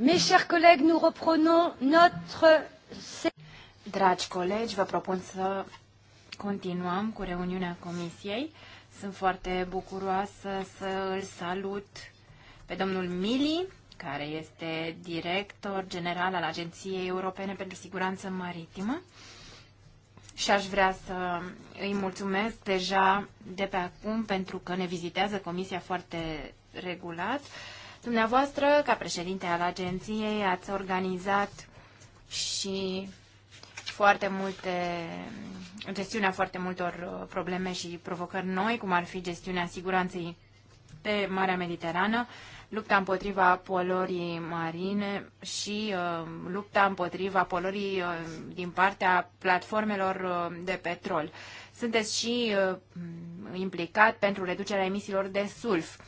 Mes chers collègues, nous reprenons notre... Dragi colegi, vă propun să continuăm cu reuniunea comisiei. Sunt foarte bucuroasă să îl salut pe domnul Mili, care este director general al Agenției Europene pentru Siguranță Maritimă. Și aș vrea să îi mulțumesc deja de pe acum pentru că ne vizitează comisia foarte regulat. Uh, Dumneavoastră, ca președinte al agenției, ați organizat și foarte multe, gestiunea foarte multor uh, probleme și provocări noi, cum ar fi gestiunea siguranței pe Marea Mediterană, lupta împotriva polorii marine și uh, lupta împotriva polorii uh, din partea platformelor uh, de petrol. Sunteți și uh, implicat pentru reducerea emisiilor de sulf. Uh,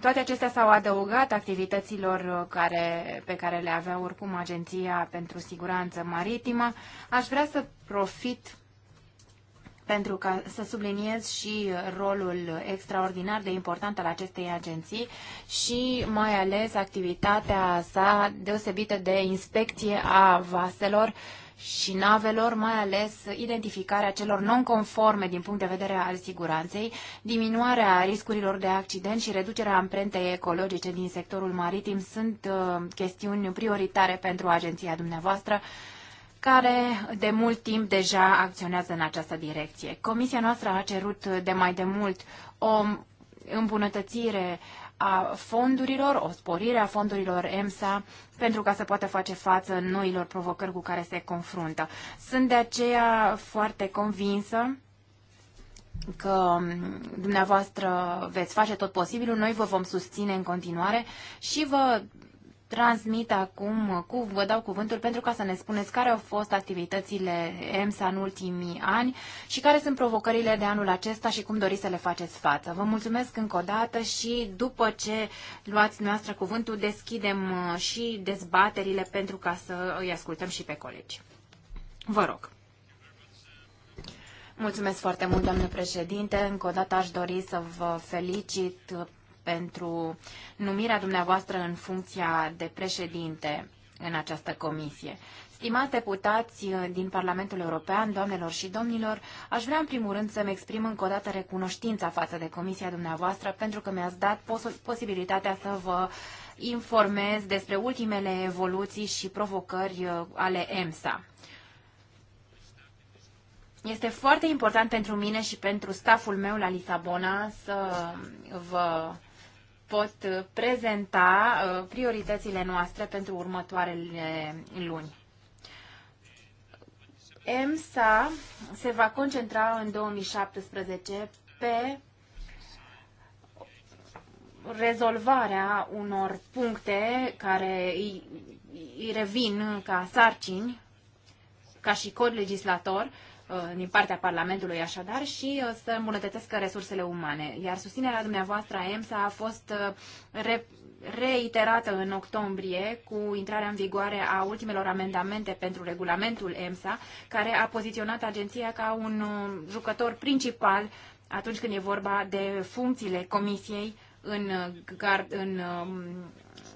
toate acestea s-au adăugat activităților uh, care, pe care le avea oricum Agenția pentru Siguranță Maritimă. Aș vrea să profit pentru ca să subliniez și rolul extraordinar de important al acestei agenții și mai ales activitatea sa deosebită de inspecție a vaselor uh, și navelor, mai ales identificarea celor nonconforme din punct de vedere al siguranței, diminuarea riscurilor de accident și reducerea amprentei ecologice din sectorul maritim sunt uh, chestiuni prioritare pentru agenția dumneavoastră care de mult timp deja acționează în această direcție. Comisia noastră a cerut de mai de mult o îmbunătățire a fondurilor, o sporire a fondurilor EMSA pentru ca să poată face față noilor provocări cu care se confruntă. Sunt de aceea foarte convinsă că um, dumneavoastră veți face tot posibilul, noi vă vom susține în continuare și vă transmit acum, cu, vă dau cuvântul pentru ca să ne spuneți care au fost activitățile EMSA în ultimii ani și care sunt provocările de anul acesta și cum doriți să le faceți față. Vă mulțumesc încă o dată și după ce luați noastră cuvântul, deschidem uh, și dezbaterile pentru ca să îi ascultăm și pe colegi. Vă rog. Mulțumesc foarte mult, doamnă președinte. Încă o dată aș dori să vă felicit pentru numirea dumneavoastră în funcția de președinte în această comisie. Stimați deputați uh, din Parlamentul European, doamnelor și domnilor, aș vrea în primul rând să-mi exprim încă o dată recunoștința față de comisia dumneavoastră pentru că mi-ați dat pos posibilitatea să vă informez despre ultimele evoluții și provocări uh, ale EMSA. Este foarte important pentru mine și pentru staful meu la Lisabona să vă pot uh, prezenta uh, prioritățile noastre pentru următoarele luni. EMSA se va concentra în 2017 pe rezolvarea unor puncte care îi, îi revin ca sarcini, ca și cod legislator, Uh, din partea Parlamentului așadar și uh, să îmbunătățesc resursele umane. Iar susținerea dumneavoastră a EMSA a fost uh, re- reiterată în octombrie cu intrarea în vigoare a ultimelor amendamente pentru regulamentul EMSA, care a poziționat agenția ca un jucător principal atunci când e vorba de funcțiile comisiei în, în, um,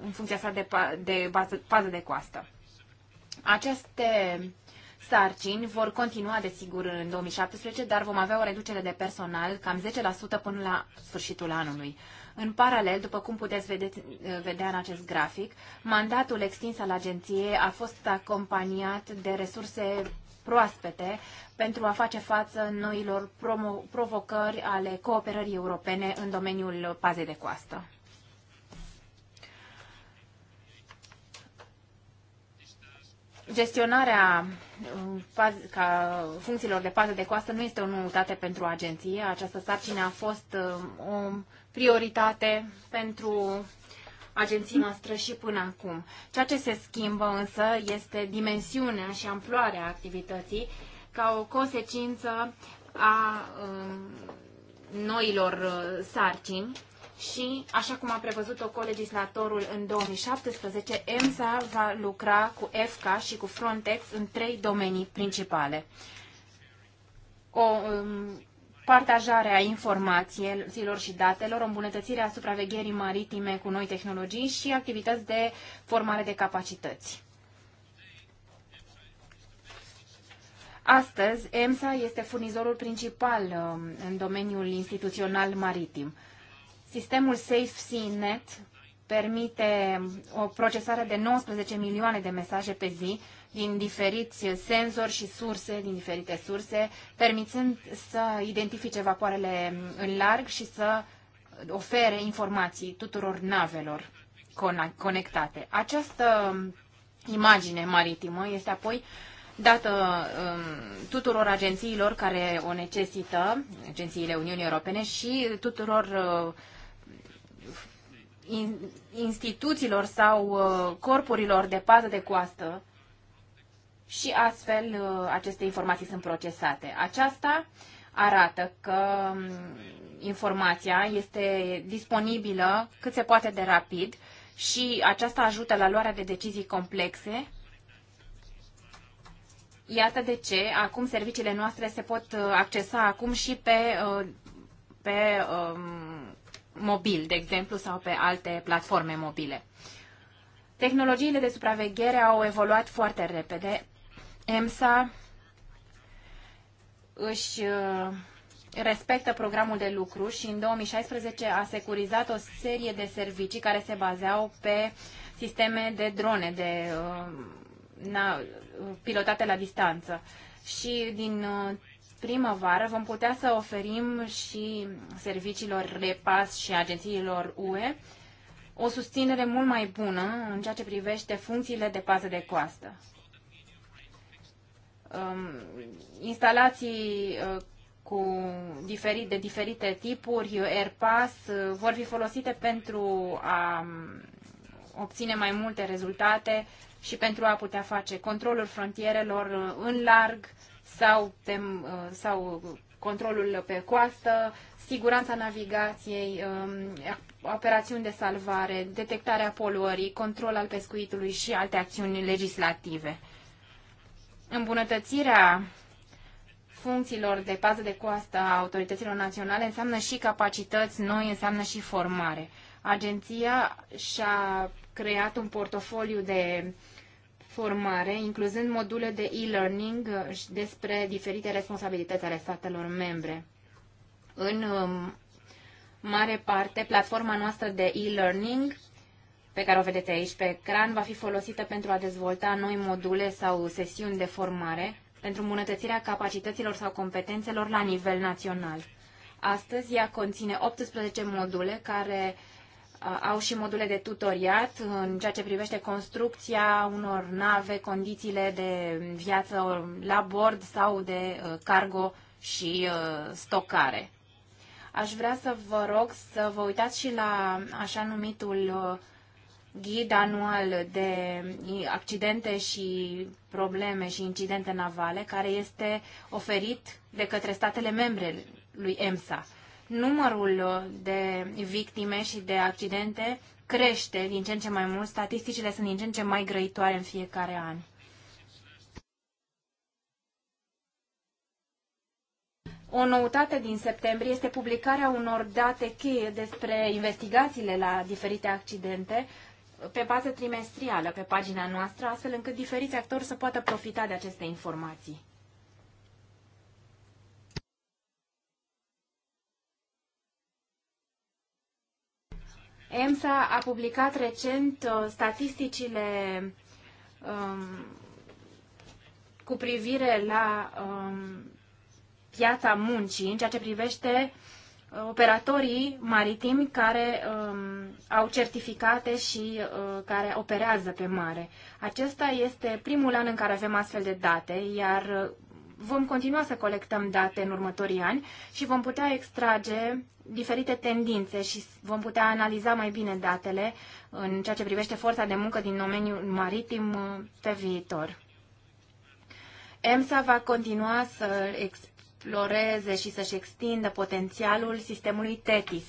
în funcția sa de, de bază, pază de coastă. Aceste sarcini vor continua, desigur, în 2017, dar vom avea o reducere de personal cam 10% până la sfârșitul anului. În paralel, după cum puteți vede, vedea în acest grafic, mandatul extins al agenției a fost acompaniat de resurse proaspete pentru a face față noilor provocări ale cooperării europene în domeniul pazei de coastă. Gestionarea mm, ca funcțiilor de pază de coastă nu este o noutate pentru agenție. Această sarcină a fost mm, o prioritate pentru agenția noastră și până acum. Ceea ce se schimbă însă este dimensiunea și amploarea activității ca o consecință a mm, noilor sarcini și, așa cum a prevăzut-o colegislatorul în 2017, EMSA va lucra cu EFCA și cu Frontex în trei domenii principale. O um, partajare a informațiilor și datelor, o a supravegherii maritime cu noi tehnologii și activități de formare de capacități. Astăzi, EMSA este furnizorul principal um, în domeniul instituțional maritim. Sistemul SafeCNet permite o procesare de 19 milioane de mesaje pe zi din diferiți senzori și surse, din diferite surse, permițând să identifice vapoarele în larg și să ofere informații tuturor navelor conectate. Această imagine maritimă este apoi dată um, tuturor agențiilor care o necesită, agențiile Uniunii Europene și tuturor uh, instituțiilor sau uh, corpurilor de pază de coastă și astfel uh, aceste informații sunt procesate. Aceasta arată că um, informația este disponibilă cât se poate de rapid și aceasta ajută la luarea de decizii complexe. Iată de ce acum serviciile noastre se pot uh, accesa acum și pe, pe um, mobil, de exemplu, sau pe alte platforme mobile. Tehnologiile de supraveghere au evoluat foarte repede. EMSA își uh, respectă programul de lucru și în 2016 a securizat o serie de servicii care se bazeau pe sisteme de drone de, uh, na, pilotate la distanță. Și din uh, primăvară vom putea să oferim și serviciilor REPAS și agențiilor UE o susținere mult mai bună în ceea ce privește funcțiile de pază de coastă. Um, instalații uh, cu diferit, de diferite tipuri, AirPass, uh, vor fi folosite pentru a um, obține mai multe rezultate și pentru a putea face controlul frontierelor uh, în larg sau, tem, uh, sau controlul pe coastă, siguranța navigației, um, operațiuni de salvare, detectarea poluării, control al pescuitului și alte acțiuni legislative. Îmbunătățirea funcțiilor de pază de coastă a autorităților naționale înseamnă și capacități noi, înseamnă și formare. Agenția și-a creat un portofoliu de uh, formare, incluzând module de e-learning uh, despre diferite responsabilități ale statelor membre. În um, mare parte, platforma noastră de e-learning pe care o vedeți aici pe ecran va fi folosită pentru a dezvolta noi module sau sesiuni de formare pentru îmbunătățirea capacităților sau competențelor la nivel național. Astăzi ea conține 18 module care uh, au și module de tutoriat în ceea ce privește construcția unor nave, condițiile de viață la bord sau de uh, cargo și uh, stocare. Aș vrea să vă rog să vă uitați și la așa numitul uh, ghid anual de accidente și probleme și incidente navale care este oferit de către statele membre lui EMSA numărul de victime și de accidente crește din ce în ce mai mult, statisticile sunt din ce în ce mai grăitoare în fiecare an. O noutate din septembrie este publicarea unor date cheie despre investigațiile la diferite accidente pe bază trimestrială pe pagina noastră, astfel încât diferiți actori să poată profita de aceste informații. EMSA a publicat recent uh, statisticile um, cu privire la um, piața muncii în ceea ce privește uh, operatorii maritimi care um, au certificate și uh, care operează pe mare. Acesta este primul an în care avem astfel de date, iar vom continua să colectăm date în următorii ani și vom putea extrage diferite tendințe și vom putea analiza mai bine datele în ceea ce privește forța de muncă din domeniul maritim uh, pe viitor. EMSA va continua să exploreze și să-și extindă potențialul sistemului TETIS.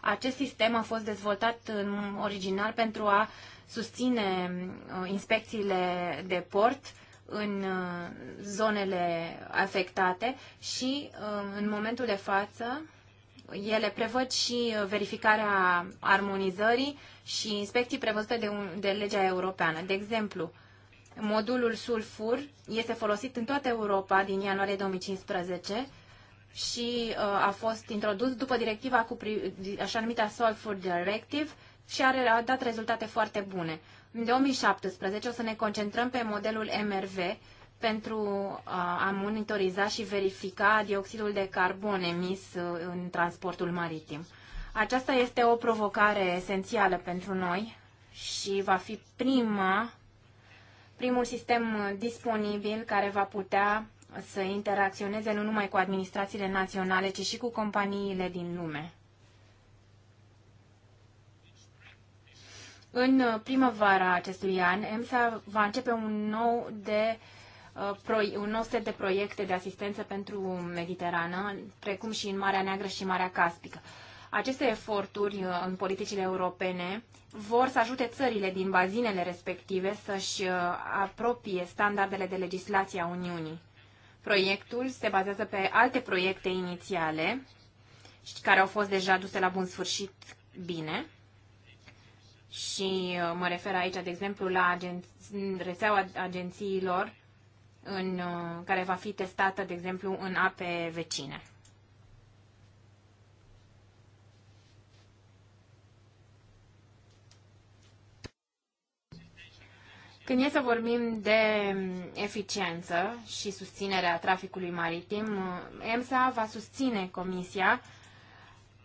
Acest sistem a fost dezvoltat în original pentru a susține uh, inspecțiile de port în uh, zonele afectate și um, în momentul de față ele prevăd și uh, verificarea armonizării și inspecții prevăzute de, un, de legea europeană. De exemplu, modulul sulfur este folosit în toată Europa din ianuarie 2015 și uh, a fost introdus după directiva cu așa numita Sulfur Directive și a dat rezultate foarte bune. În 2017 o să ne concentrăm pe modelul MRV pentru a monitoriza și verifica dioxidul de carbon emis uh, în transportul maritim. Aceasta este o provocare esențială pentru noi și va fi prima, primul sistem disponibil care va putea să interacționeze nu numai cu administrațiile naționale, ci și cu companiile din lume. În uh, primăvara acestui an, EMSA va începe un nou, de, uh, un nou set de proiecte de asistență pentru Mediterană, precum și în Marea Neagră și Marea Caspică. Aceste eforturi uh, în politicile europene vor să ajute țările din bazinele respective să-și apropie standardele de legislație a Uniunii. Proiectul se bazează pe alte proiecte inițiale care au fost deja duse la bun sfârșit bine și uh, mă refer aici, de exemplu, la agen... rețeaua agențiilor în, uh, care va fi testată, de exemplu, în ape vecine. Când e să vorbim de um, eficiență și susținerea traficului maritim, uh, EMSA va susține Comisia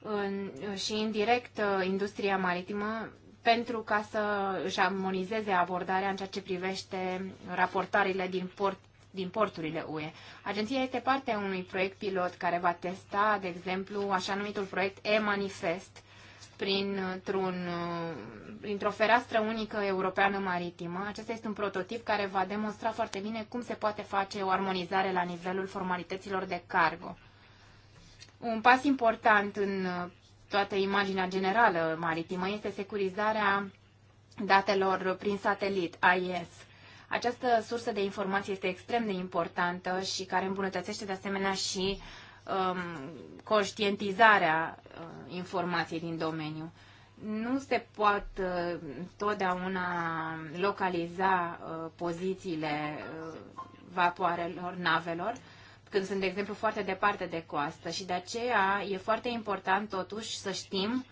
în, și indirect industria maritimă pentru ca să își armonizeze abordarea în ceea ce privește raportările din port din porturile UE. Agenția este parte a unui proiect pilot care va testa, de exemplu, așa numitul proiect e-manifest printr-un, printr-o fereastră unică europeană maritimă. Acesta este un prototip care va demonstra foarte bine cum se poate face o armonizare la nivelul formalităților de cargo. Un pas important în toată imaginea generală maritimă este securizarea datelor prin satelit, AIS. Această sursă de informație este extrem de importantă și care îmbunătățește de asemenea și um, conștientizarea uh, informației din domeniu. Nu se pot uh, totdeauna localiza uh, pozițiile uh, vapoarelor, navelor, uh, când sunt, de exemplu, foarte departe de coastă și de aceea e foarte important totuși să știm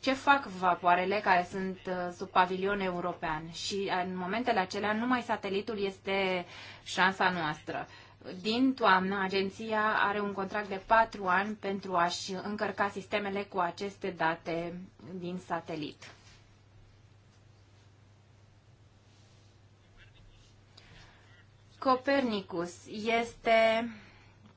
ce fac vapoarele care sunt uh, sub pavilion european și uh, în momentele acelea numai satelitul este șansa noastră. Din toamnă, agenția are un contract de patru ani pentru a-și încărca sistemele cu aceste date din satelit. Copernicus este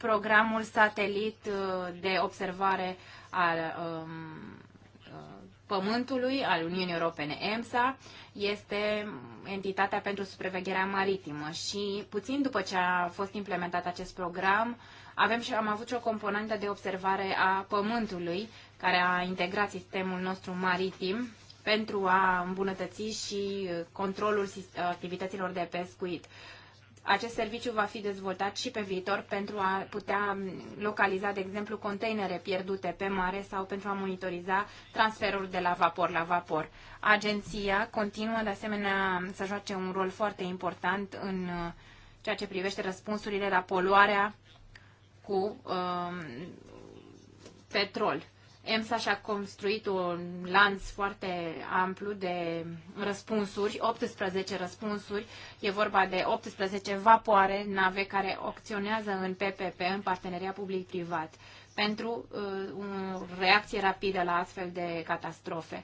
programul satelit uh, de observare al um, uh, Pământului, al Uniunii Europene, EMSA, este entitatea pentru supravegherea maritimă și puțin după ce a fost implementat acest program, avem și, am avut și o componentă de observare a Pământului, care a integrat sistemul nostru maritim pentru a îmbunătăți și controlul activităților de pescuit acest serviciu va fi dezvoltat și pe viitor pentru a putea localiza, de exemplu, containere pierdute pe mare sau pentru a monitoriza transferul de la vapor la vapor. Agenția continuă, de asemenea, să joace un rol foarte important în uh, ceea ce privește răspunsurile la poluarea cu uh, petrol. EMSA și-a construit un lanț foarte amplu de răspunsuri, 18 răspunsuri. E vorba de 18 vapoare, nave care acționează în PPP, în parteneria public-privat, pentru uh, o reacție rapidă la astfel de catastrofe.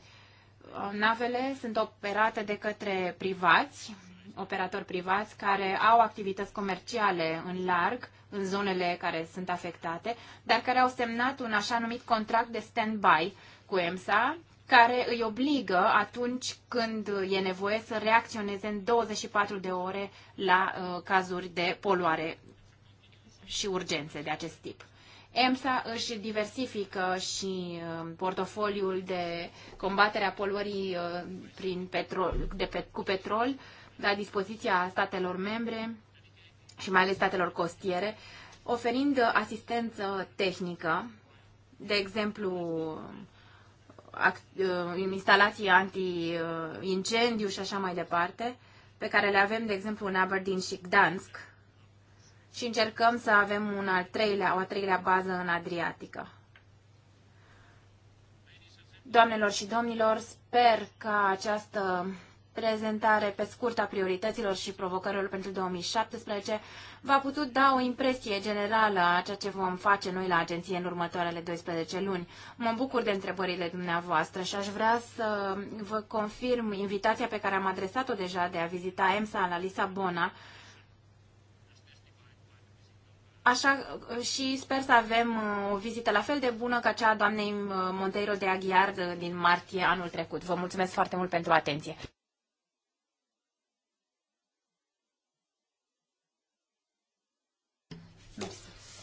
Uh, navele sunt operate de către privați, operatori privați, care au activități comerciale în larg în zonele care sunt afectate, dar care au semnat un așa numit contract de stand-by cu EMSA, care îi obligă atunci când e nevoie să reacționeze în 24 de ore la uh, cazuri de poluare și urgențe de acest tip. EMSA își diversifică și uh, portofoliul de combatere a poluării uh, prin petrol, de pe, cu petrol la dispoziția statelor membre și mai ales statelor costiere, oferind asistență tehnică, de exemplu, uh, instalații anti-incendiu și așa mai departe, pe care le avem, de exemplu, în Aberdeen și Gdansk, și încercăm să avem un al treilea, o a treilea bază în Adriatică. Doamnelor și domnilor, sper că această prezentare pe scurt a priorităților și provocărilor pentru 2017 va putut da o impresie generală a ceea ce vom face noi la agenție în următoarele 12 luni. Mă bucur de întrebările dumneavoastră și aș vrea să vă confirm invitația pe care am adresat-o deja de a vizita EMSA la Lisabona, Așa și sper să avem uh, o vizită la fel de bună ca cea a doamnei uh, Monteiro de Aghiar uh, din martie anul trecut. Vă mulțumesc foarte mult pentru atenție.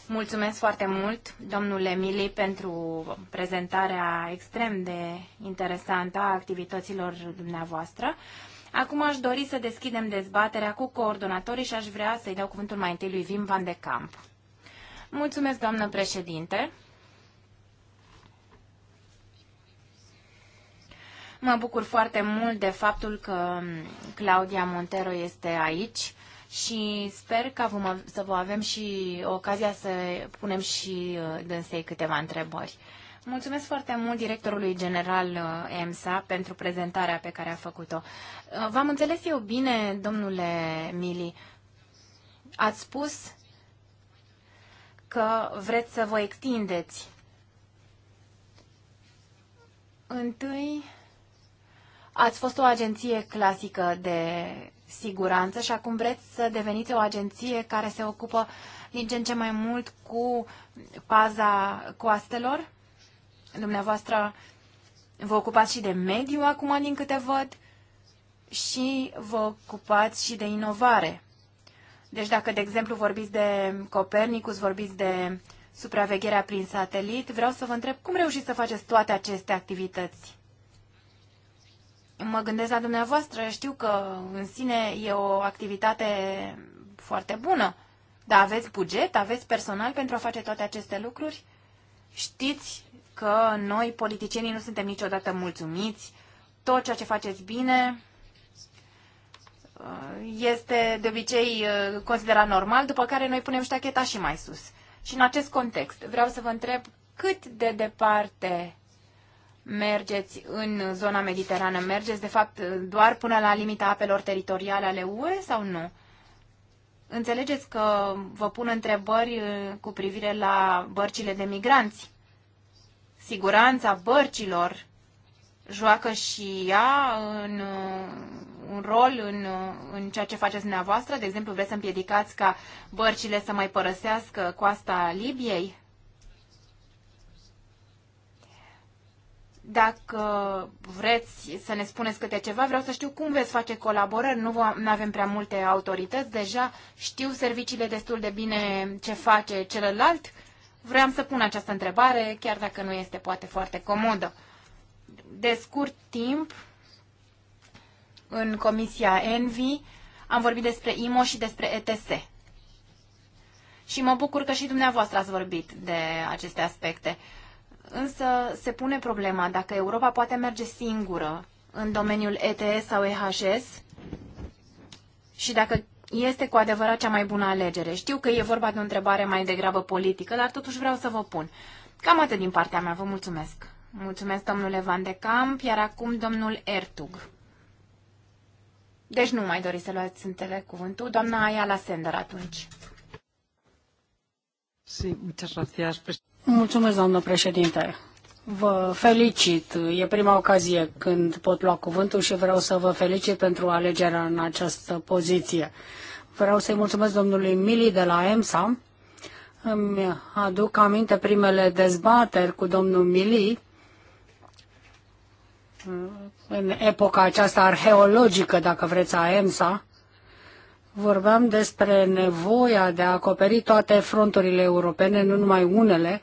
Mulțumesc foarte mult, domnule Mili, pentru prezentarea extrem de interesantă a activităților dumneavoastră. Acum aș dori să deschidem dezbaterea cu coordonatorii și aș vrea să-i dau cuvântul mai întâi lui Vim Van de Camp. Mulțumesc, doamnă președinte. Mă bucur foarte mult de faptul că Claudia Montero este aici și sper că vom, să vă avem și ocazia să punem și uh, dânsei câteva întrebări. Mulțumesc foarte mult directorului general uh, EMSA pentru prezentarea pe care a făcut-o. Uh, v-am înțeles eu bine, domnule Mili. Ați spus că vreți să vă extindeți. Întâi, ați fost o agenție clasică de siguranță și acum vreți să deveniți o agenție care se ocupă din ce în ce mai mult cu paza coastelor. Dumneavoastră vă ocupați și de mediu acum, din câte văd, și vă ocupați și de inovare. Deci dacă, de exemplu, vorbiți de Copernicus, vorbiți de supravegherea prin satelit, vreau să vă întreb cum reușiți să faceți toate aceste activități? mă gândesc la dumneavoastră, știu că în sine e o activitate foarte bună, dar aveți buget, aveți personal pentru a face toate aceste lucruri? Știți că noi, politicienii, nu suntem niciodată mulțumiți. Tot ceea ce faceți bine uh, este de obicei uh, considerat normal, după care noi punem ștacheta și mai sus. Și în acest context vreau să vă întreb cât de departe mergeți în zona mediterană, mergeți de fapt doar până la limita apelor teritoriale ale UE sau nu? Înțelegeți că vă pun întrebări uh, cu privire la bărcile de migranți. Siguranța bărcilor joacă și ea în, uh, un rol în, uh, în ceea ce faceți dumneavoastră? De exemplu, vreți să împiedicați ca bărcile să mai părăsească coasta Libiei? Dacă vreți să ne spuneți câte ceva, vreau să știu cum veți face colaborări. Nu avem prea multe autorități deja, știu serviciile destul de bine ce face celălalt. Vreau să pun această întrebare, chiar dacă nu este poate foarte comodă. De scurt timp, în Comisia Envi, am vorbit despre IMO și despre ETS. Și mă bucur că și dumneavoastră ați vorbit de aceste aspecte. Însă se pune problema dacă Europa poate merge singură în domeniul ETS sau EHS și dacă este cu adevărat cea mai bună alegere. Știu că e vorba de o întrebare mai degrabă politică, dar totuși vreau să vă pun. Cam atât din partea mea. Vă mulțumesc. Mulțumesc, domnule Van de Camp, iar acum domnul Ertug. Deci nu mai doriți să luați în tele cuvântul. Doamna Ayala Sender atunci. Sí, muchas gracias, presidente. Mulțumesc, doamnă președinte. Vă felicit. E prima ocazie când pot lua cuvântul și vreau să vă felicit pentru alegerea în această poziție. Vreau să-i mulțumesc domnului Mili de la EMSA. Îmi aduc aminte primele dezbateri cu domnul Mili în epoca aceasta arheologică, dacă vreți, a EMSA, vorbeam despre nevoia de a acoperi toate fronturile europene, nu numai unele,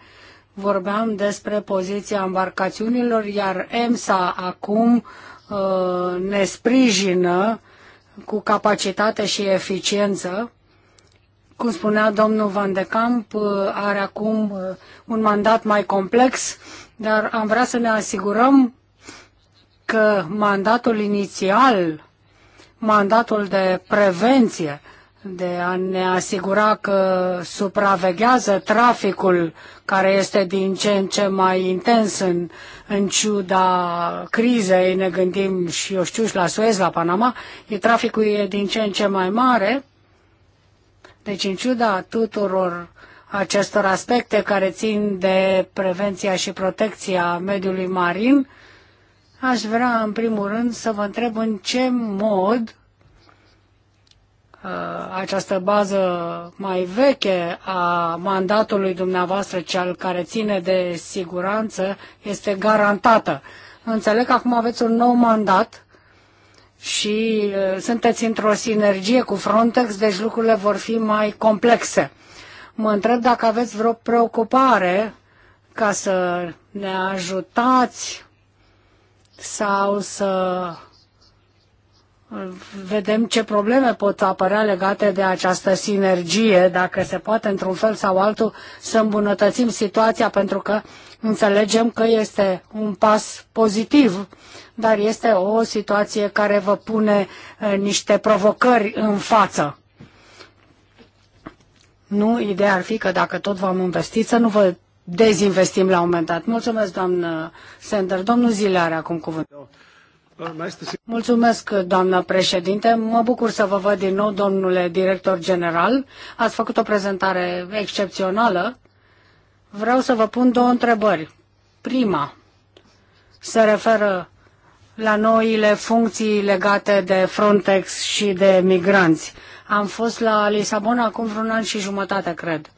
vorbeam despre poziția embarcațiunilor, iar EMSA acum uh, ne sprijină cu capacitate și eficiență. Cum spunea domnul Van de Camp, uh, are acum uh, un mandat mai complex, dar am vrea să ne asigurăm că mandatul inițial mandatul de prevenție, de a ne asigura că supraveghează traficul care este din ce în ce mai intens în, în ciuda crizei, ne gândim și eu știu și la Suez, la Panama, e, traficul e din ce în ce mai mare, deci în ciuda tuturor acestor aspecte care țin de prevenția și protecția mediului marin, uh, Aș vrea, în primul rând, să vă întreb în ce mod uh, această bază mai veche a mandatului dumneavoastră, cel care ține de siguranță, este garantată. Înțeleg că acum aveți un nou mandat și uh, sunteți într-o sinergie cu Frontex, deci lucrurile vor fi mai complexe. Mă întreb dacă aveți vreo preocupare ca să ne ajutați sau să vedem ce probleme pot apărea legate de această sinergie, dacă se poate într-un fel sau altul să îmbunătățim situația, pentru că înțelegem că este un pas pozitiv, dar este o situație care vă pune eh, niște provocări în față. Nu, ideea ar fi că dacă tot v-am investit, să nu vă dezinvestim la un moment dat. Mulțumesc, doamnă Sender. Domnul Zile are acum cuvântul. Mulțumesc, doamnă președinte. Mă bucur să vă văd din nou, domnule director general. Ați făcut o prezentare excepțională. Vreau să vă pun două întrebări. Prima se referă la noile funcții legate de Frontex și de migranți. Am fost la Lisabona acum vreun an și jumătate, cred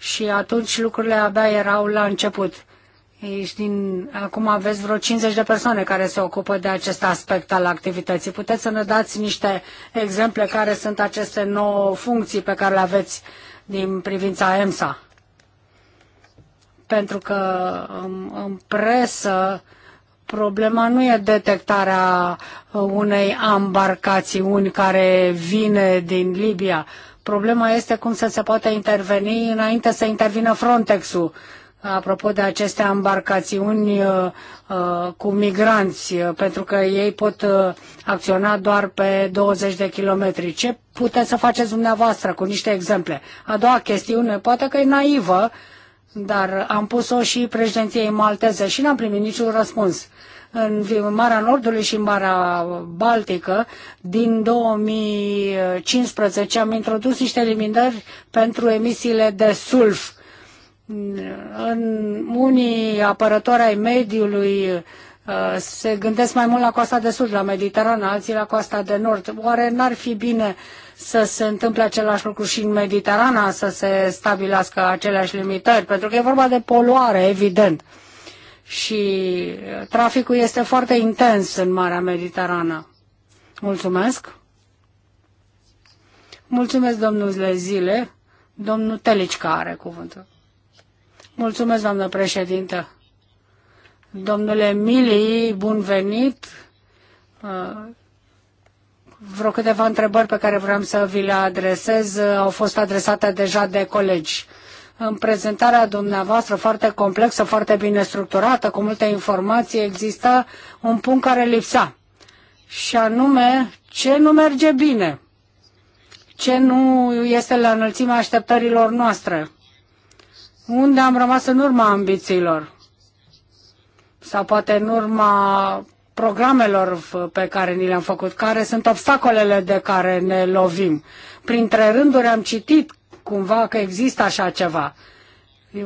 și atunci lucrurile abia erau la început. Ești din, acum aveți vreo 50 de persoane care se ocupă de acest aspect al activității. Puteți să ne dați niște exemple care sunt aceste nouă funcții pe care le aveți din privința EMSA? Pentru că în, în presă problema nu e detectarea unei ambarcațiuni care vine din Libia. Uh, Problema este cum să se poate interveni înainte să intervină Frontex-ul. Apropo de aceste embarcațiuni uh, uh cu migranți, uh, pentru că ei pot uh, acționa doar pe 20 de kilometri. Ce puteți să faceți dumneavoastră cu niște exemple? A doua chestiune, poate că e naivă, dar am pus-o și președinției malteze și n-am primit niciun răspuns. Uh, în Marea Nordului și în Marea Baltică. Din 2015 am introdus niște limitări pentru emisiile de sulf. În unii apărători ai mediului uh, se gândesc mai mult la coasta de sud, la Mediterană, alții la coasta de nord. Oare n-ar fi bine să se întâmple același lucru și în Mediterana, să se stabilească aceleași limitări? Pentru că e vorba de poluare, evident și uh, traficul este foarte intens în Marea Mediterană. Mulțumesc! Mulțumesc, domnul Zile. Domnul Telicca are cuvântul. Mulțumesc, doamnă președintă. Domnule Mili, bun venit. Uh, vreo câteva întrebări pe care vreau să vi le adresez uh, au fost adresate deja de colegi în prezentarea dumneavoastră foarte complexă, foarte bine structurată, cu multe informații, exista un punct care lipsa. Și anume, ce nu merge bine? Ce nu este la înălțimea așteptărilor noastre? Unde am rămas în urma ambițiilor? Sau poate în urma programelor pe care ni le-am făcut, care sunt obstacolele de care ne lovim. Printre rânduri am citit cumva că există așa ceva.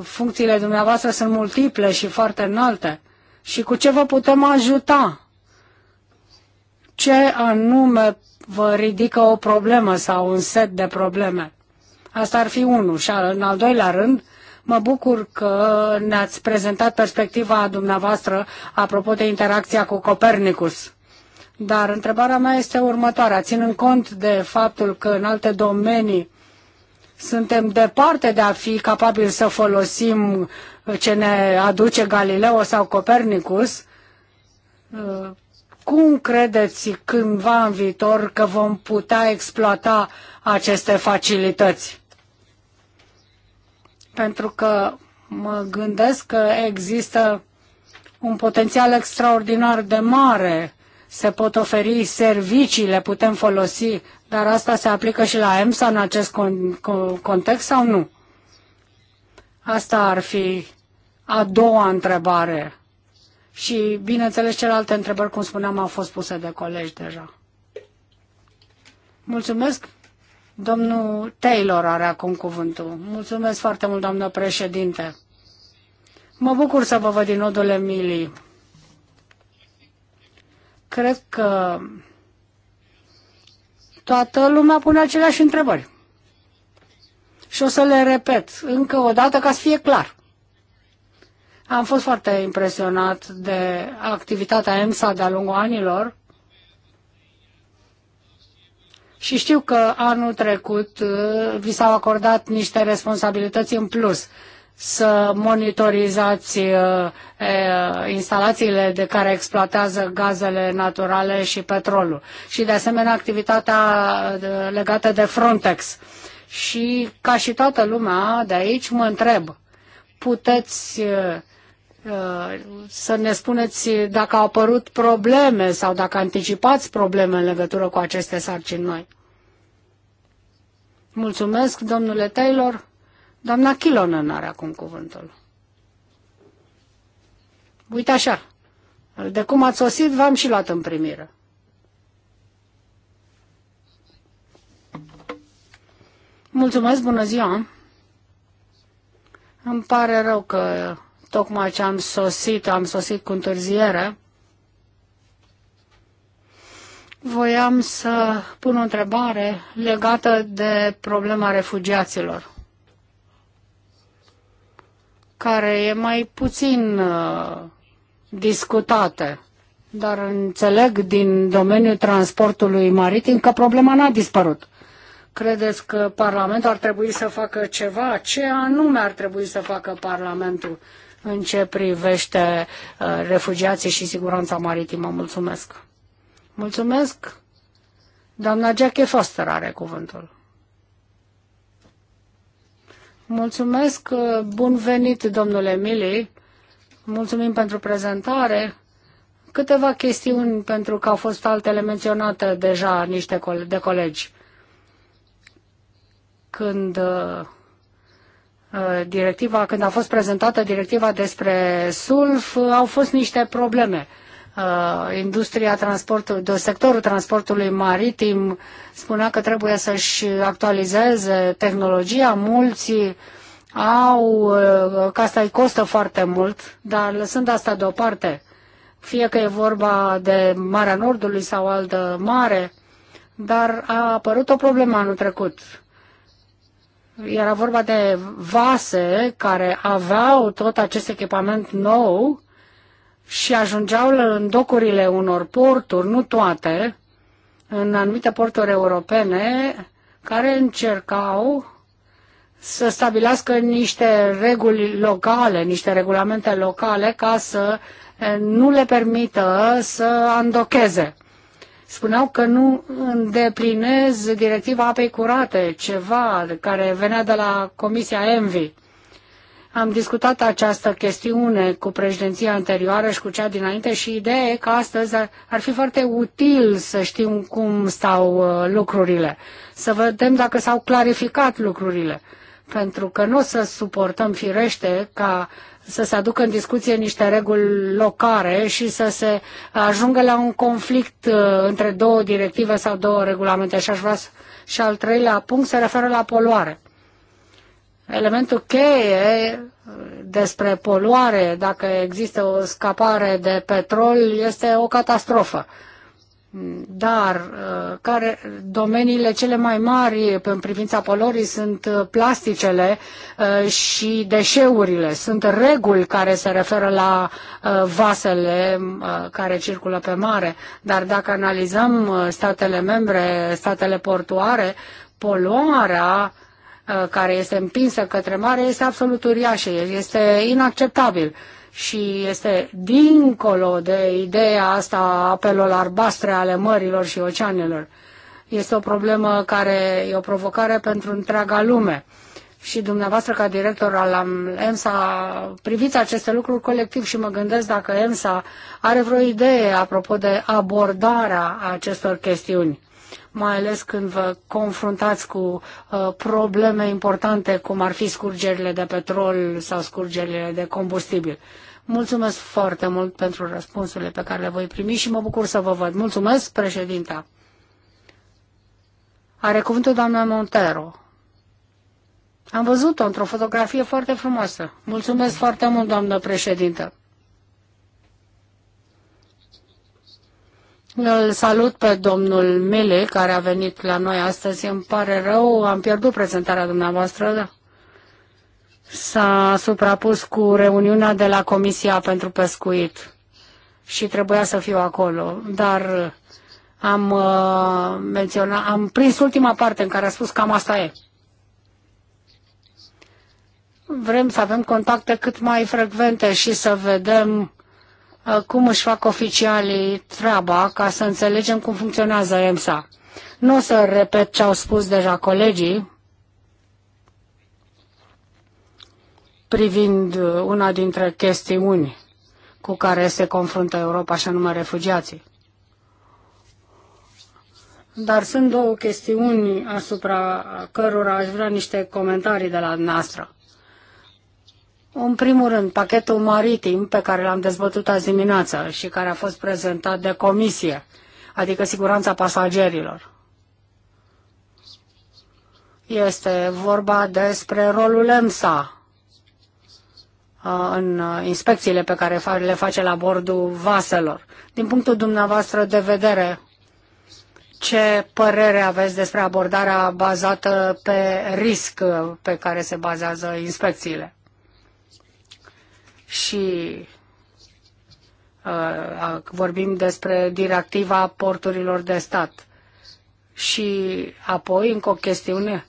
Funcțiile dumneavoastră sunt multiple și foarte înalte. Și cu ce vă putem ajuta? Ce anume vă ridică o problemă sau un set de probleme? Asta ar fi unul. Și în al doilea rând, mă bucur că ne-ați prezentat perspectiva dumneavoastră apropo de interacția cu Copernicus. Dar întrebarea mea este următoarea. Ținând cont de faptul că în alte domenii suntem departe de a fi capabili să folosim ce ne aduce Galileo sau Copernicus. Cum credeți cândva în viitor că vom putea exploata aceste facilități? Pentru că mă gândesc că există un potențial extraordinar de mare se pot oferi servicii, le putem folosi, dar asta se aplică și la EMSA în acest con- context sau nu? Asta ar fi a doua întrebare. Și, bineînțeles, celelalte întrebări, cum spuneam, au fost puse de colegi deja. Mulțumesc. Domnul Taylor are acum cuvântul. Mulțumesc foarte mult, doamnă președinte. Mă bucur să vă văd din nodul Emilii. Cred că toată lumea pune aceleași întrebări. Și o să le repet încă o dată ca să fie clar. Am fost foarte impresionat de activitatea EMSA de-a lungul anilor și știu că anul trecut uh, vi s-au acordat niște responsabilități în plus să monitorizați uh, instalațiile de care exploatează gazele naturale și petrolul și de asemenea activitatea uh, legată de Frontex. Și ca și toată lumea de aici mă întreb, puteți uh, să ne spuneți dacă au apărut probleme sau dacă anticipați probleme în legătură cu aceste sarcini noi. Mulțumesc, domnule Taylor. Doamna Chilonen are acum cuvântul. Uite așa, de cum ați sosit, v-am și luat în primiră. Mulțumesc, bună ziua! Îmi pare rău că tocmai ce am sosit, am sosit cu întârziere. Voiam să pun o întrebare legată de problema refugiaților care e mai puțin uh, discutată. Dar înțeleg din domeniul transportului maritim că problema n-a dispărut. Credeți că Parlamentul ar trebui să facă ceva? Ce anume ar trebui să facă Parlamentul în ce privește uh, refugiații și siguranța maritimă? Mulțumesc! Mulțumesc! Doamna Jackie Foster are cuvântul. Mulțumesc, uh, bun venit, domnule Mili. Mulțumim pentru prezentare. Câteva chestiuni, pentru că au fost altele menționate deja niște de colegi. Când uh, uh, directiva, când a fost prezentată directiva despre sulf, au fost niște probleme. Uh, industria transportului, de sectorul transportului maritim spunea că trebuie să-și actualizeze tehnologia. Mulți au, ca uh, că asta îi costă foarte mult, dar lăsând asta deoparte, fie că e vorba de Marea Nordului sau altă mare, dar a apărut o problemă anul trecut. Era vorba de vase care aveau tot acest echipament nou și ajungeau în docurile unor porturi, nu toate, în anumite porturi europene, care încercau să stabilească niște reguli locale, niște regulamente locale ca să eh, nu le permită să andocheze. Spuneau că nu îndeplinez directiva apei curate, ceva care venea de la Comisia Envi. Am discutat această chestiune cu președinția anterioară și cu cea dinainte și ideea e că astăzi ar fi foarte util să știm cum stau uh, lucrurile, să vedem dacă s-au clarificat lucrurile, pentru că nu o să suportăm firește ca să se aducă în discuție niște reguli locare și să se ajungă la un conflict uh, între două directive sau două regulamente. Și aș vrea să... Și al treilea punct se referă la poluare elementul cheie despre poluare, dacă există o scapare de petrol, este o catastrofă. Dar uh, care, domeniile cele mai mari în privința poluării sunt plasticele uh, și deșeurile. Sunt reguli care se referă la uh, vasele care circulă pe mare. Dar dacă analizăm statele membre, statele portoare, poluarea Uh, care este împinsă către mare este absolut uriașă, este inacceptabil și este dincolo de ideea asta a apelor albastre ale mărilor și oceanelor. Este o problemă care e o provocare pentru întreaga lume. Și dumneavoastră, ca director al EMSA, priviți aceste lucruri colectiv și mă gândesc dacă EMSA are vreo idee apropo de abordarea acestor chestiuni mai ales când vă confruntați cu uh, probleme importante, cum ar fi scurgerile de petrol sau scurgerile de combustibil. Mulțumesc foarte mult pentru răspunsurile pe care le voi primi și mă bucur să vă văd. Mulțumesc, președinta. Are cuvântul doamna Montero. Am văzut-o într-o fotografie foarte frumoasă. Mulțumesc foarte mult, doamnă președintă. Îl salut pe domnul Mele, care a venit la noi astăzi. Îmi pare rău, am pierdut prezentarea dumneavoastră. Da. S-a suprapus cu reuniunea de la Comisia pentru Pescuit și trebuia să fiu acolo, dar am uh, menționat, am prins ultima parte în care a spus cam asta e. Vrem să avem contacte cât mai frecvente și să vedem Uh, cum își fac oficialii treaba ca să înțelegem cum funcționează EMSA. Nu o să repet ce au spus deja colegii privind uh, una dintre chestiuni cu care se confruntă Europa și anume refugiații. Dar sunt două chestiuni asupra cărora aș vrea niște comentarii de la noastră. În primul rând, pachetul maritim pe care l-am dezbătut azi dimineață și care a fost prezentat de comisie, adică siguranța pasagerilor. Este vorba despre rolul EMSA uh, în inspecțiile pe care le face la bordul vaselor. Din punctul dumneavoastră de vedere, ce părere aveți despre abordarea bazată pe risc pe care se bazează inspecțiile? și uh, vorbim despre directiva porturilor de stat. Și apoi, încă o chestiune,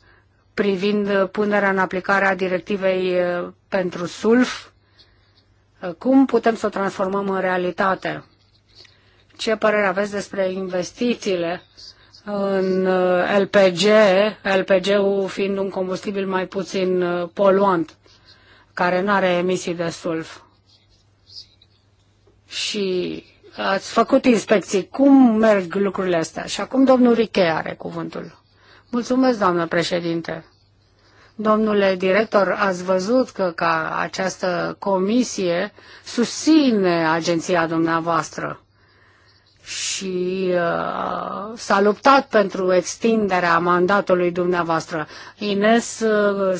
privind punerea în aplicare a directivei uh, pentru sulf, uh, cum putem să o transformăm în realitate? Ce părere aveți despre investițiile în uh, LPG, LPG-ul fiind un combustibil mai puțin poluant? care nu are emisii de sulf. Și ați făcut inspecții. Cum merg lucrurile astea? Și acum domnul Riche are cuvântul. Mulțumesc, doamnă președinte. Domnule director, ați văzut că ca această comisie susține agenția dumneavoastră și uh, s-a luptat pentru extinderea mandatului dumneavoastră. Ines uh,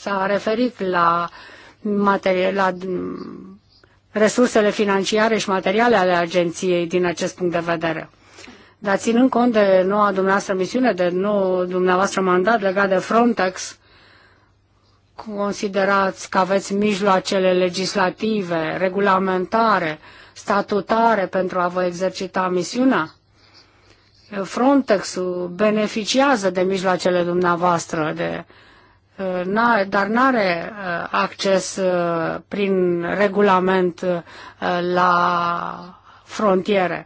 s-a referit la la resursele financiare și materiale ale agenției din acest punct de vedere. Dar ținând cont de noua dumneavoastră misiune, de nou dumneavoastră mandat legat de Frontex, considerați că aveți mijloacele legislative, regulamentare, statutare pentru a vă exercita misiunea? Frontex-ul beneficiază de mijloacele dumneavoastră, de uh, dar nu are uh, acces uh, prin regulament uh, la frontiere.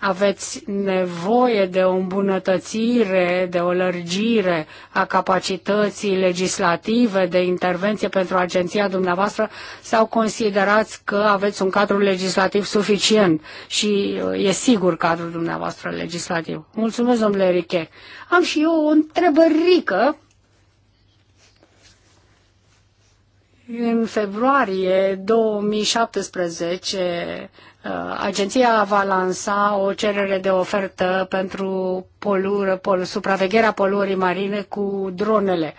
Aveți nevoie de o îmbunătățire, de o lărgire a capacității legislative de intervenție pentru agenția dumneavoastră sau considerați că aveți un cadru legislativ suficient și e sigur cadrul dumneavoastră legislativ? Mulțumesc, domnule Riche. Am și eu o întrebărică În februarie 2017, uh, agenția va lansa o cerere de ofertă pentru polură, pol, supravegherea poluării marine cu dronele.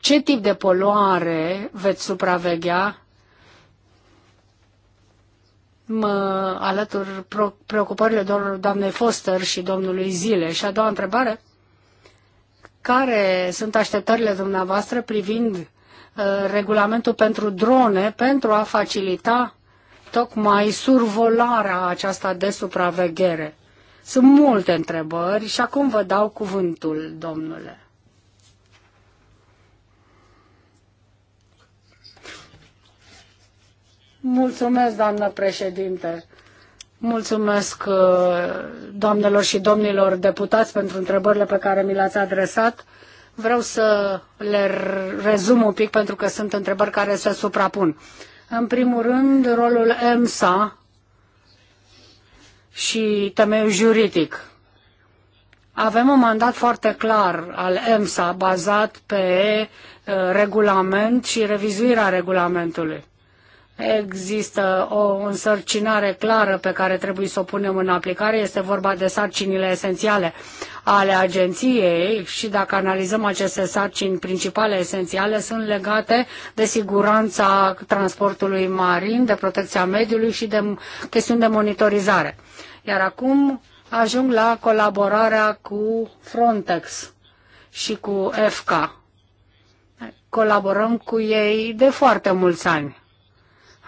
Ce tip de poluare veți supraveghea? Mă alătur preocupările doamnei Foster și domnului Zile. Și a doua întrebare, care sunt așteptările dumneavoastră privind Uh, regulamentul pentru drone pentru a facilita tocmai survolarea aceasta de supraveghere. Sunt multe întrebări și acum vă dau cuvântul, domnule. Mulțumesc, doamnă președinte. Mulțumesc uh, doamnelor și domnilor deputați pentru întrebările pe care mi le-ați adresat. Vreau să le rezum un pic pentru că sunt întrebări care se suprapun. În primul rând, rolul EMSA și temeiul juridic. Avem un mandat foarte clar al EMSA bazat pe uh, regulament și revizuirea regulamentului. Există o însărcinare clară pe care trebuie să o punem în aplicare. Este vorba de sarcinile esențiale ale agenției și dacă analizăm aceste sarcini principale esențiale, sunt legate de siguranța transportului marin, de protecția mediului și de chestiuni de monitorizare. Iar acum ajung la colaborarea cu Frontex și cu FK. Colaborăm cu ei de foarte mulți ani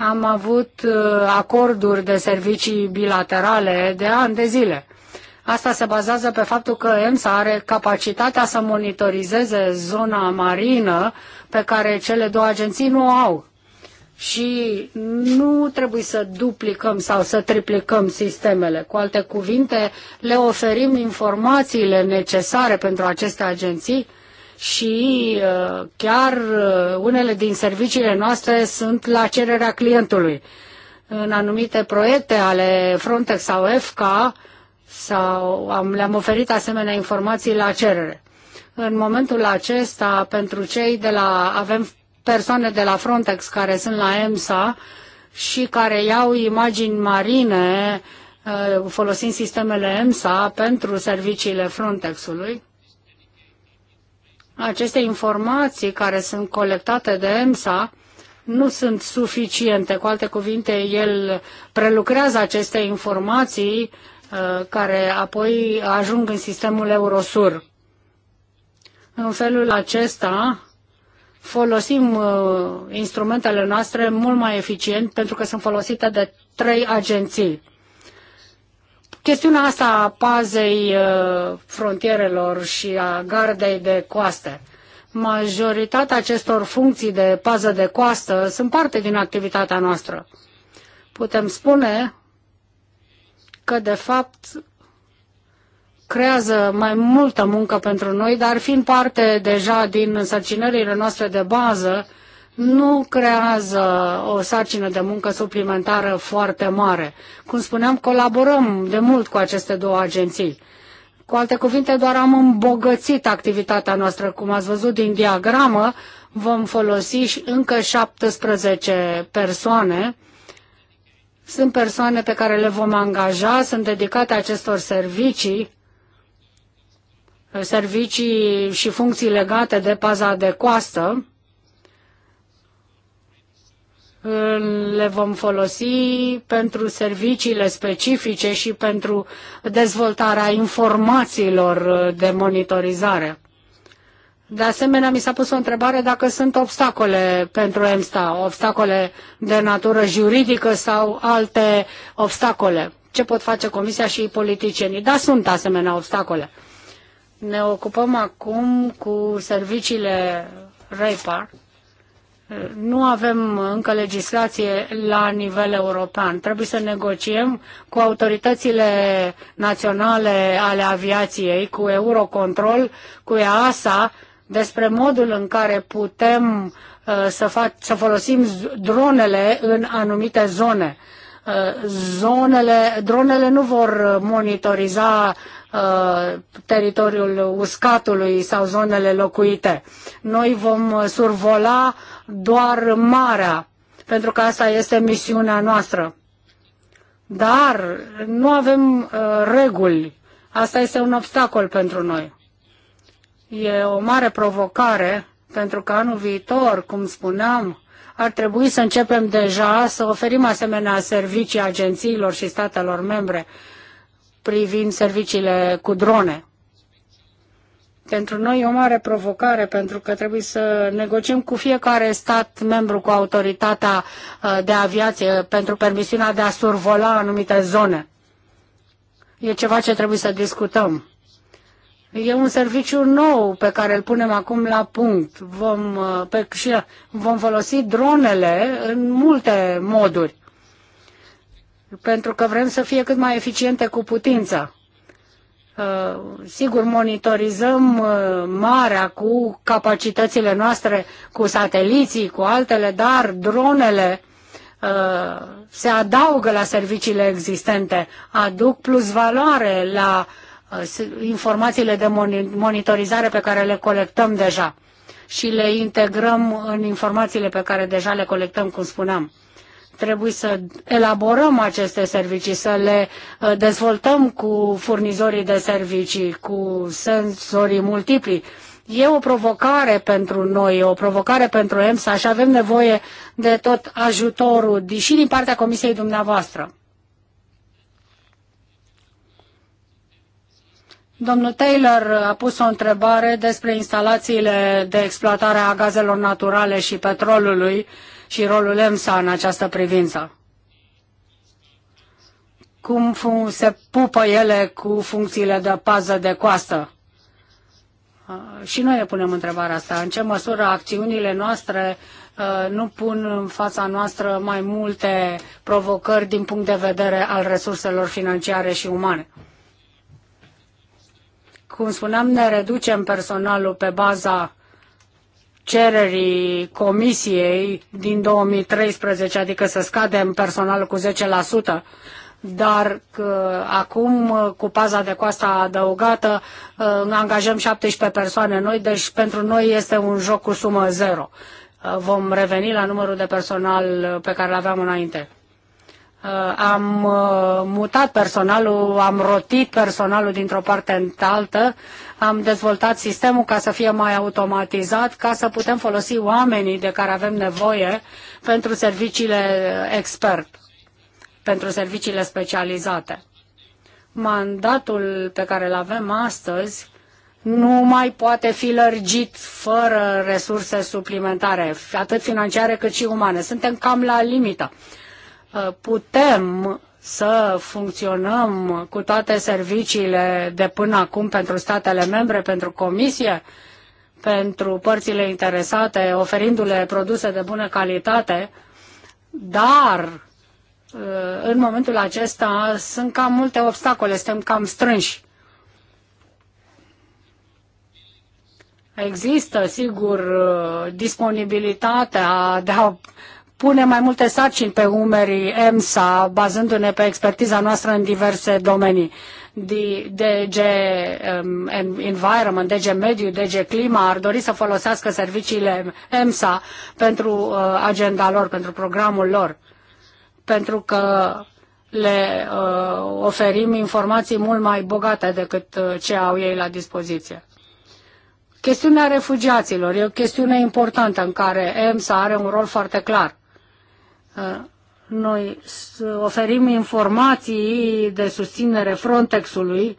am avut uh, acorduri de servicii bilaterale de ani de zile. Asta se bazează pe faptul că EMSA are capacitatea să monitorizeze zona marină pe care cele două agenții nu au. Și nu trebuie să duplicăm sau să triplicăm sistemele. Cu alte cuvinte, le oferim informațiile necesare pentru aceste agenții și uh, chiar uh, unele din serviciile noastre sunt la cererea clientului. În anumite proiecte ale Frontex sau FK sau am, le-am oferit asemenea informații la cerere. În momentul acesta, pentru cei de la, avem persoane de la Frontex care sunt la EMSA și care iau imagini marine uh, folosind sistemele EMSA pentru serviciile Frontexului aceste informații care sunt colectate de EMSA nu sunt suficiente. Cu alte cuvinte, el prelucrează aceste informații uh, care apoi ajung în sistemul Eurosur. În felul acesta folosim uh, instrumentele noastre mult mai eficient pentru că sunt folosite de trei agenții. Chestiunea asta a pazei uh, frontierelor și a gardei de coastă. Majoritatea acestor funcții de pază de coastă sunt parte din activitatea noastră. Putem spune că, de fapt, creează mai multă muncă pentru noi, dar fiind parte deja din însărcinările noastre de bază, nu creează o sarcină de muncă suplimentară foarte mare. Cum spuneam, colaborăm de mult cu aceste două agenții. Cu alte cuvinte, doar am îmbogățit activitatea noastră. Cum ați văzut din diagramă, vom folosi și încă 17 persoane. Sunt persoane pe care le vom angaja, sunt dedicate acestor servicii, servicii și funcții legate de paza de coastă le vom folosi pentru serviciile specifice și pentru dezvoltarea informațiilor uh, de monitorizare. De asemenea, mi s-a pus o întrebare dacă sunt obstacole pentru EMSTA, obstacole de natură juridică sau alte obstacole. Ce pot face Comisia și politicienii? Da, sunt asemenea obstacole. Ne ocupăm acum cu serviciile RAPAR, nu avem încă legislație la nivel european. Trebuie să negociem cu autoritățile naționale ale aviației, cu Eurocontrol, cu EASA, despre modul în care putem uh, să, fac, să folosim dronele în anumite zone. Uh, zonele, dronele nu vor monitoriza uh, teritoriul uscatului sau zonele locuite. Noi vom survola doar marea, pentru că asta este misiunea noastră. Dar nu avem uh, reguli. Asta este un obstacol pentru noi. E o mare provocare, pentru că anul viitor, cum spuneam, ar trebui să începem deja să oferim asemenea servicii agențiilor și statelor membre privind serviciile cu drone pentru noi e o mare provocare, pentru că trebuie să negociem cu fiecare stat membru, cu autoritatea uh, de aviație, pentru permisiunea de a survola anumite zone. E ceva ce trebuie să discutăm. E un serviciu nou pe care îl punem acum la punct. Vom, uh, pe, și uh, vom folosi dronele în multe moduri, pentru că vrem să fie cât mai eficiente cu putință Uh, sigur, monitorizăm uh, marea cu capacitățile noastre, cu sateliții, cu altele, dar dronele uh, se adaugă la serviciile existente, aduc plus valoare la informațiile de monitorizare pe care le colectăm deja și le integrăm în informațiile pe care deja le colectăm, cum spuneam. Trebuie să elaborăm aceste servicii, să le uh, dezvoltăm cu furnizorii de servicii, cu senzorii multipli. E o provocare pentru noi, o provocare pentru EMSA și avem nevoie de tot ajutorul și din partea Comisiei dumneavoastră. Domnul Taylor a pus o întrebare despre instalațiile de exploatare a gazelor naturale și petrolului și rolul EMSA în această privință. Cum se pupă ele cu funcțiile de pază de coastă? Și noi ne punem întrebarea asta. În ce măsură acțiunile noastre nu pun în fața noastră mai multe provocări din punct de vedere al resurselor financiare și umane? Cum spuneam, ne reducem personalul pe baza cererii comisiei din 2013, adică să scadem personalul cu 10%, dar că acum cu paza de coasta adăugată uh, angajăm 17 persoane noi, deci pentru noi este un joc cu sumă zero. Uh, vom reveni la numărul de personal pe care îl aveam înainte. Uh, am uh, mutat personalul, am rotit personalul dintr-o parte în altă, am dezvoltat sistemul ca să fie mai automatizat, ca să putem folosi oamenii de care avem nevoie pentru serviciile expert, pentru serviciile specializate. Mandatul pe care îl avem astăzi nu mai poate fi lărgit fără resurse suplimentare, atât financiare cât și umane. Suntem cam la limită Uh, putem să funcționăm cu toate serviciile de până acum pentru statele membre, pentru comisie, pentru părțile interesate, oferindu-le produse de bună calitate, dar uh, în momentul acesta sunt cam multe obstacole, suntem cam strânși. Există, sigur, uh, disponibilitatea de a pune mai multe sarcini pe umerii EMSA, bazându-ne pe expertiza noastră în diverse domenii. DG um, Environment, DG Mediu, DG Clima ar dori să folosească serviciile EMSA pentru uh, agenda lor, pentru programul lor, pentru că le uh, oferim informații mult mai bogate decât uh, ce au ei la dispoziție. Chestiunea refugiaților e o chestiune importantă în care EMSA are un rol foarte clar. Uh, noi oferim informații de susținere Frontexului,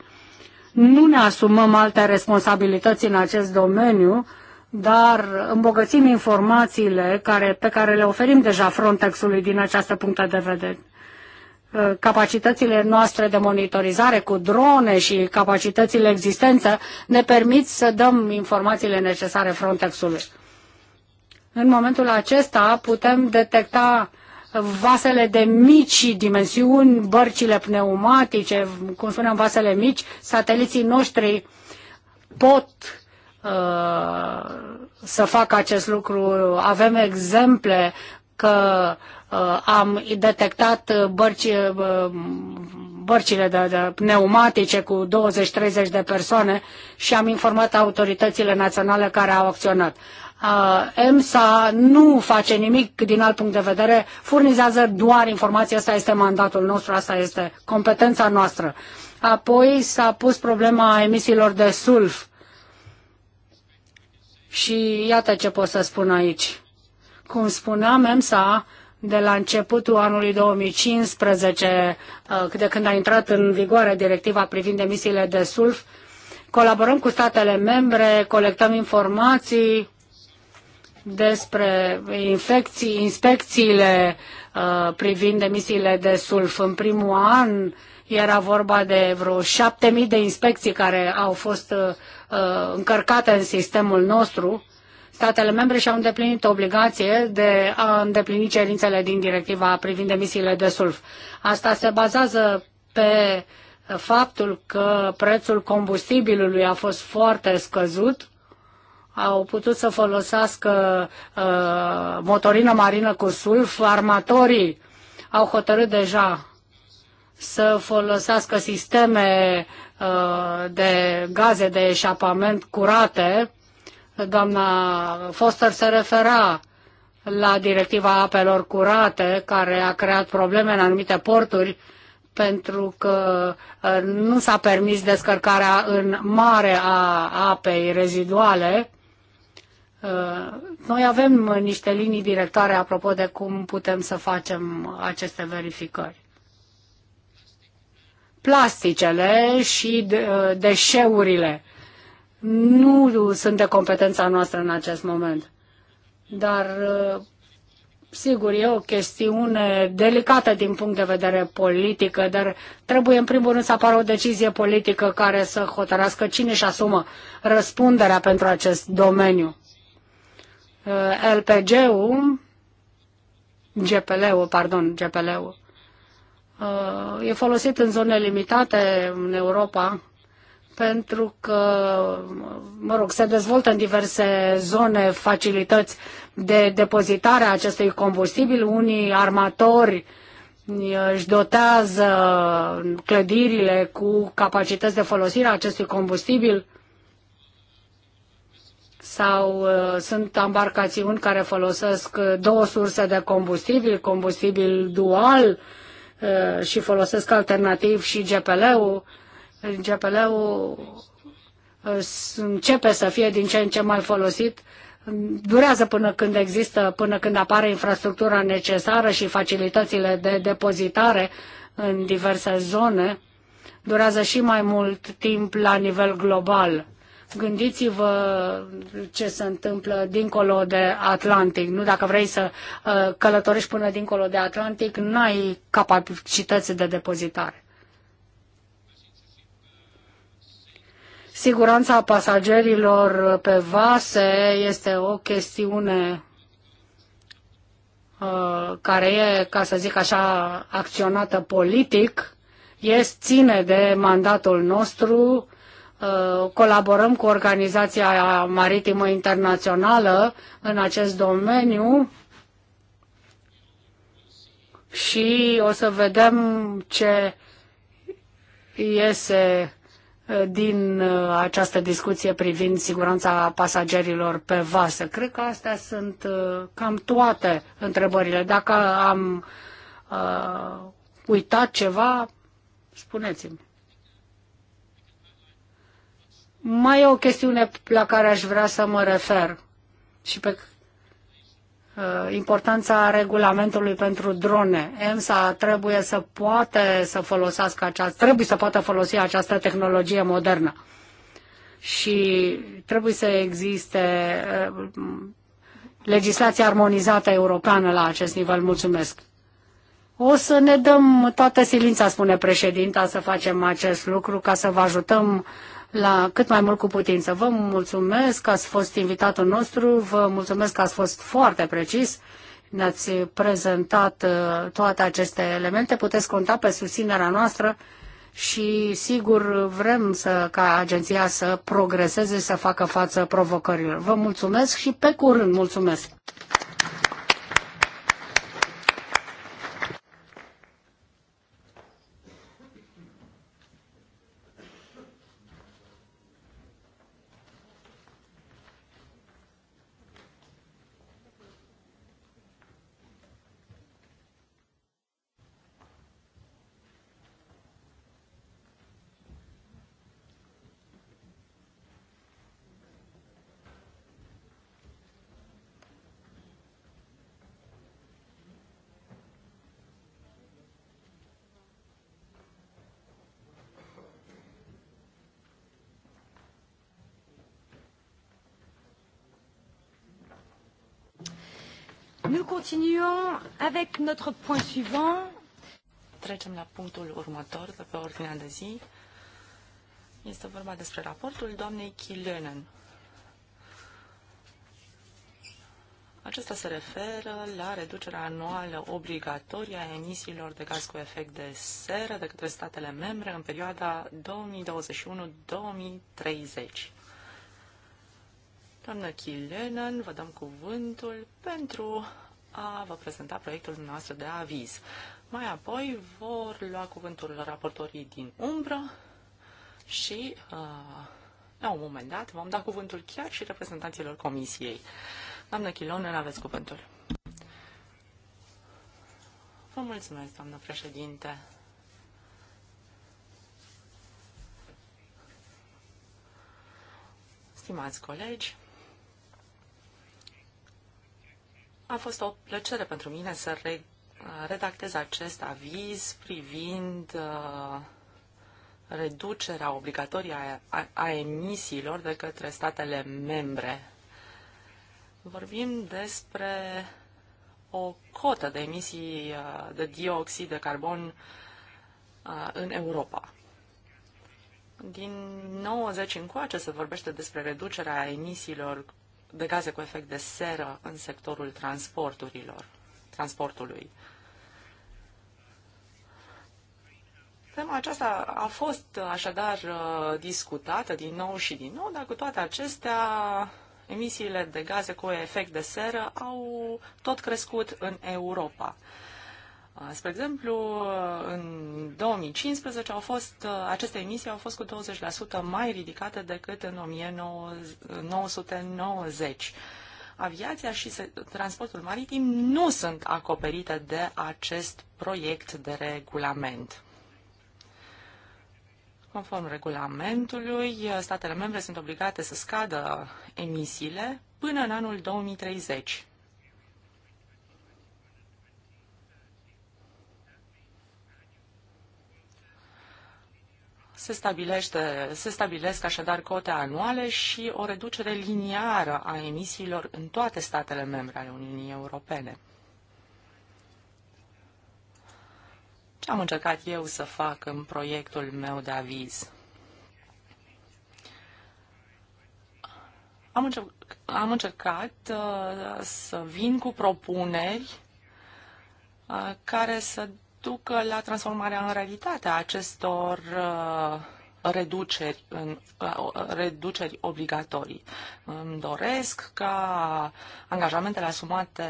nu ne asumăm alte responsabilități în acest domeniu, dar îmbogățim informațiile care, pe care le oferim deja Frontexului din această punctă de vedere uh, capacitățile noastre de monitorizare cu drone și capacitățile existență ne permit să dăm informațiile necesare Frontexului. În momentul acesta putem detecta vasele de mici dimensiuni, bărcile pneumatice, cum spunem, vasele mici, sateliții noștri pot uh, să facă acest lucru. Avem exemple că uh, am detectat bărci, uh, bărcile de, de pneumatice cu 20-30 de persoane și am informat autoritățile naționale care au acționat. EMSA nu face nimic din alt punct de vedere, furnizează doar informații, asta este mandatul nostru, asta este competența noastră. Apoi s-a pus problema emisiilor de sulf. Și iată ce pot să spun aici. Cum spuneam, EMSA de la începutul anului 2015, de când a intrat în vigoare directiva privind emisiile de sulf, colaborăm cu statele membre, colectăm informații, despre infecții, inspecțiile uh, privind emisiile de sulf. În primul an era vorba de vreo 7.000 de inspecții care au fost uh, uh, încărcate în sistemul nostru. Statele membre și-au îndeplinit obligație de a îndeplini cerințele din directiva privind emisiile de sulf. Asta se bazează pe faptul că prețul combustibilului a fost foarte scăzut au putut să folosească uh, motorină marină cu sulf, armatorii au hotărât deja să folosească sisteme uh, de gaze de eșapament curate. Doamna Foster se refera la directiva apelor curate, care a creat probleme în anumite porturi, pentru că uh, nu s-a permis descărcarea în mare a apei reziduale Uh, noi avem niște linii directoare apropo de cum putem să facem aceste verificări. Plasticele și uh, deșeurile nu sunt de competența noastră în acest moment. Dar, uh, sigur, e o chestiune delicată din punct de vedere politică, dar trebuie în primul rând să apară o decizie politică care să hotărască cine își asumă răspunderea pentru acest domeniu. Uh, LPG-ul, GPL-ul, pardon, GPL-ul, uh, e folosit în zone limitate în Europa pentru că, mă rog, se dezvoltă în diverse zone facilități de depozitare a acestui combustibil. Unii armatori uh, își dotează clădirile cu capacități de folosire a acestui combustibil sau uh, sunt embarcațiuni care folosesc uh, două surse de combustibil, combustibil dual uh, și folosesc alternativ și GPL-ul. GPL-ul uh, începe să fie din ce în ce mai folosit durează până când există, până când apare infrastructura necesară și facilitățile de depozitare în diverse zone, durează și mai mult timp la nivel global. Gândiți-vă ce se întâmplă dincolo de Atlantic. Nu dacă vrei să uh, călătorești până dincolo de Atlantic, n-ai capacități de depozitare. Siguranța pasagerilor pe vase este o chestiune uh, care e, ca să zic așa, acționată politic, este, ține de mandatul nostru Uh, colaborăm cu Organizația Maritimă Internațională în acest domeniu și o să vedem ce iese uh, din uh, această discuție privind siguranța pasagerilor pe vasă. Cred că astea sunt cam toate întrebările. Dacă am uh, uitat ceva, spuneți-mi. Mai e o chestiune la care aș vrea să mă refer și pe uh, importanța regulamentului pentru drone. EMSA trebuie să poate să folosească această, trebuie să poată folosi această tehnologie modernă. Și trebuie să existe uh, legislație armonizată europeană la acest nivel. Mulțumesc. O să ne dăm toată silința, spune președinta, să facem acest lucru ca să vă ajutăm uh, la cât mai mult cu putință. Vă mulțumesc că ați fost invitatul nostru, vă mulțumesc că ați fost foarte precis, ne-ați prezentat uh, toate aceste elemente, puteți conta pe susținerea noastră și sigur vrem să, ca agenția să progreseze, să facă față provocărilor. Vă mulțumesc și pe curând mulțumesc! nous continuons avec notre point suivant. Trecem la punctul următor de pe ordinea de zi. Este vorba despre raportul doamnei Kilönen. Acesta se referă la reducerea anuală obligatorie a emisiilor de gaz cu efect de seră de către statele membre în perioada 2021-2030. Doamnă Chilenen, vă dăm cuvântul pentru a vă prezenta proiectul nostru de aviz. Mai apoi vor lua cuvântul raportorii din umbră și uh, la un moment dat vom da cuvântul chiar și reprezentanților comisiei. Doamnă Chilonen, aveți cuvântul. Vă mulțumesc, doamnă președinte. Stimați colegi, A fost o plăcere pentru mine să re- redactez acest aviz privind uh, reducerea obligatorie a, a, a emisiilor de către statele membre. Vorbim despre o cotă de emisii uh, de dioxid de carbon uh, în Europa. Din 90 încoace se vorbește despre reducerea emisiilor de gaze cu efect de seră în sectorul transporturilor, transportului. Tema aceasta a fost așadar discutată din nou și din nou, dar cu toate acestea emisiile de gaze cu efect de seră au tot crescut în Europa. Spre exemplu, în 2015 au fost, aceste emisii au fost cu 20% mai ridicate decât în 1990. Aviația și transportul maritim nu sunt acoperite de acest proiect de regulament. Conform regulamentului, statele membre sunt obligate să scadă emisiile până în anul 2030. Se, stabilește, se stabilesc așadar cote anuale și o reducere liniară a emisiilor în toate statele membre ale Uniunii Europene. Ce am încercat eu să fac în proiectul meu de aviz? Am, încerc, am încercat uh, să vin cu propuneri uh, care să ducă la transformarea în realitate a acestor uh, reduceri, în, uh, reduceri obligatorii. Îmi doresc ca angajamentele asumate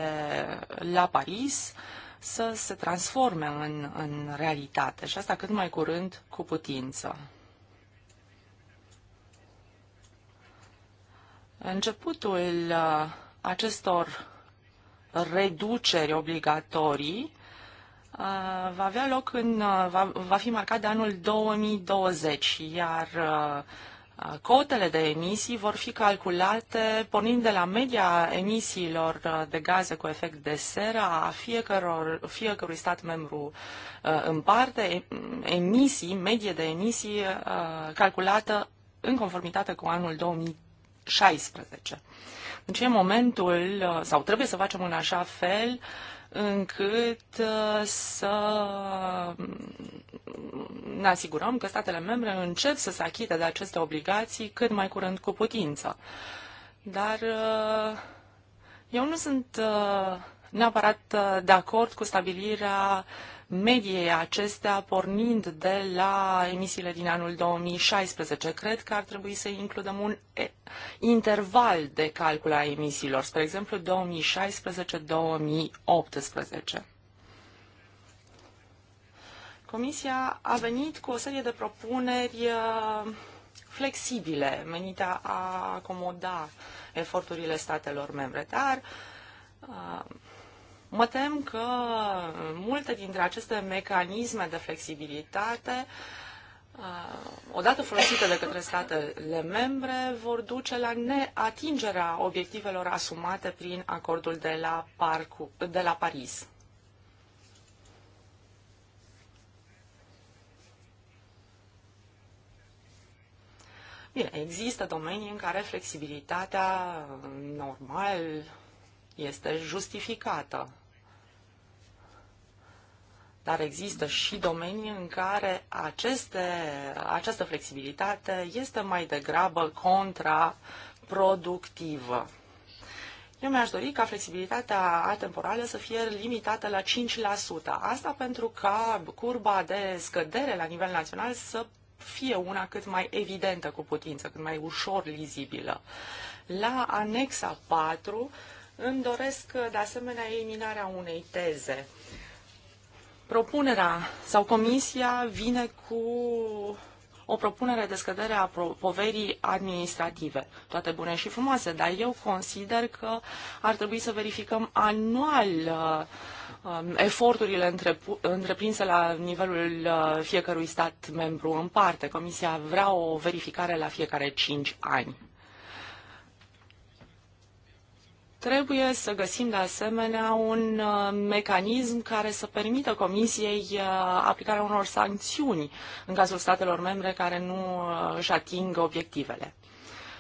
la Paris să se transforme în, în realitate și asta cât mai curând cu putință. Începutul uh, acestor reduceri obligatorii Uh, va avea loc în, uh, va, va fi marcat de anul 2020, iar uh, cotele de emisii vor fi calculate pornind de la media emisiilor de gaze cu efect de seră a fiecăror, fiecărui stat membru în parte, emisii, medie de emisii calculată în conformitate cu anul 2016. Deci e momentul, sau trebuie să facem în așa fel, uh, încât uh, să mm, ne asigurăm că statele membre încep să se achite de aceste obligații cât mai curând cu putință. Dar uh, eu nu sunt uh, neapărat de acord cu stabilirea uh, mediei acestea pornind de la emisiile din anul 2016. Cred că ar trebui să includem un interval de calcul a emisiilor, spre exemplu 2016-2018. Comisia a venit cu o serie de propuneri uh, flexibile menite a acomoda eforturile statelor membre, dar uh, Mă tem că multe dintre aceste mecanisme de flexibilitate, uh, odată folosite de către statele membre, vor duce la neatingerea obiectivelor asumate prin acordul de la, Parcu, de la Paris. Bine, există domenii în care flexibilitatea normal este justificată. Dar există și domenii în care aceste, această flexibilitate este mai degrabă contraproductivă. Eu mi-aș dori ca flexibilitatea atemporală să fie limitată la 5%. Asta pentru ca curba de scădere la nivel național să fie una cât mai evidentă cu putință, cât mai ușor lizibilă. La anexa 4 îmi doresc de asemenea eliminarea unei teze. Uh, propunerea sau comisia vine cu o propunere de scădere a poverii administrative. Toate bune și frumoase, dar eu consider că ar trebui să verificăm anual uh, um, eforturile întreprinse la nivelul uh, fiecărui stat membru în parte. Comisia vrea o verificare la fiecare 5 ani. Trebuie să găsim de asemenea un uh, mecanism care să permită Comisiei uh, aplicarea unor sancțiuni în cazul statelor membre care nu uh, își ating obiectivele.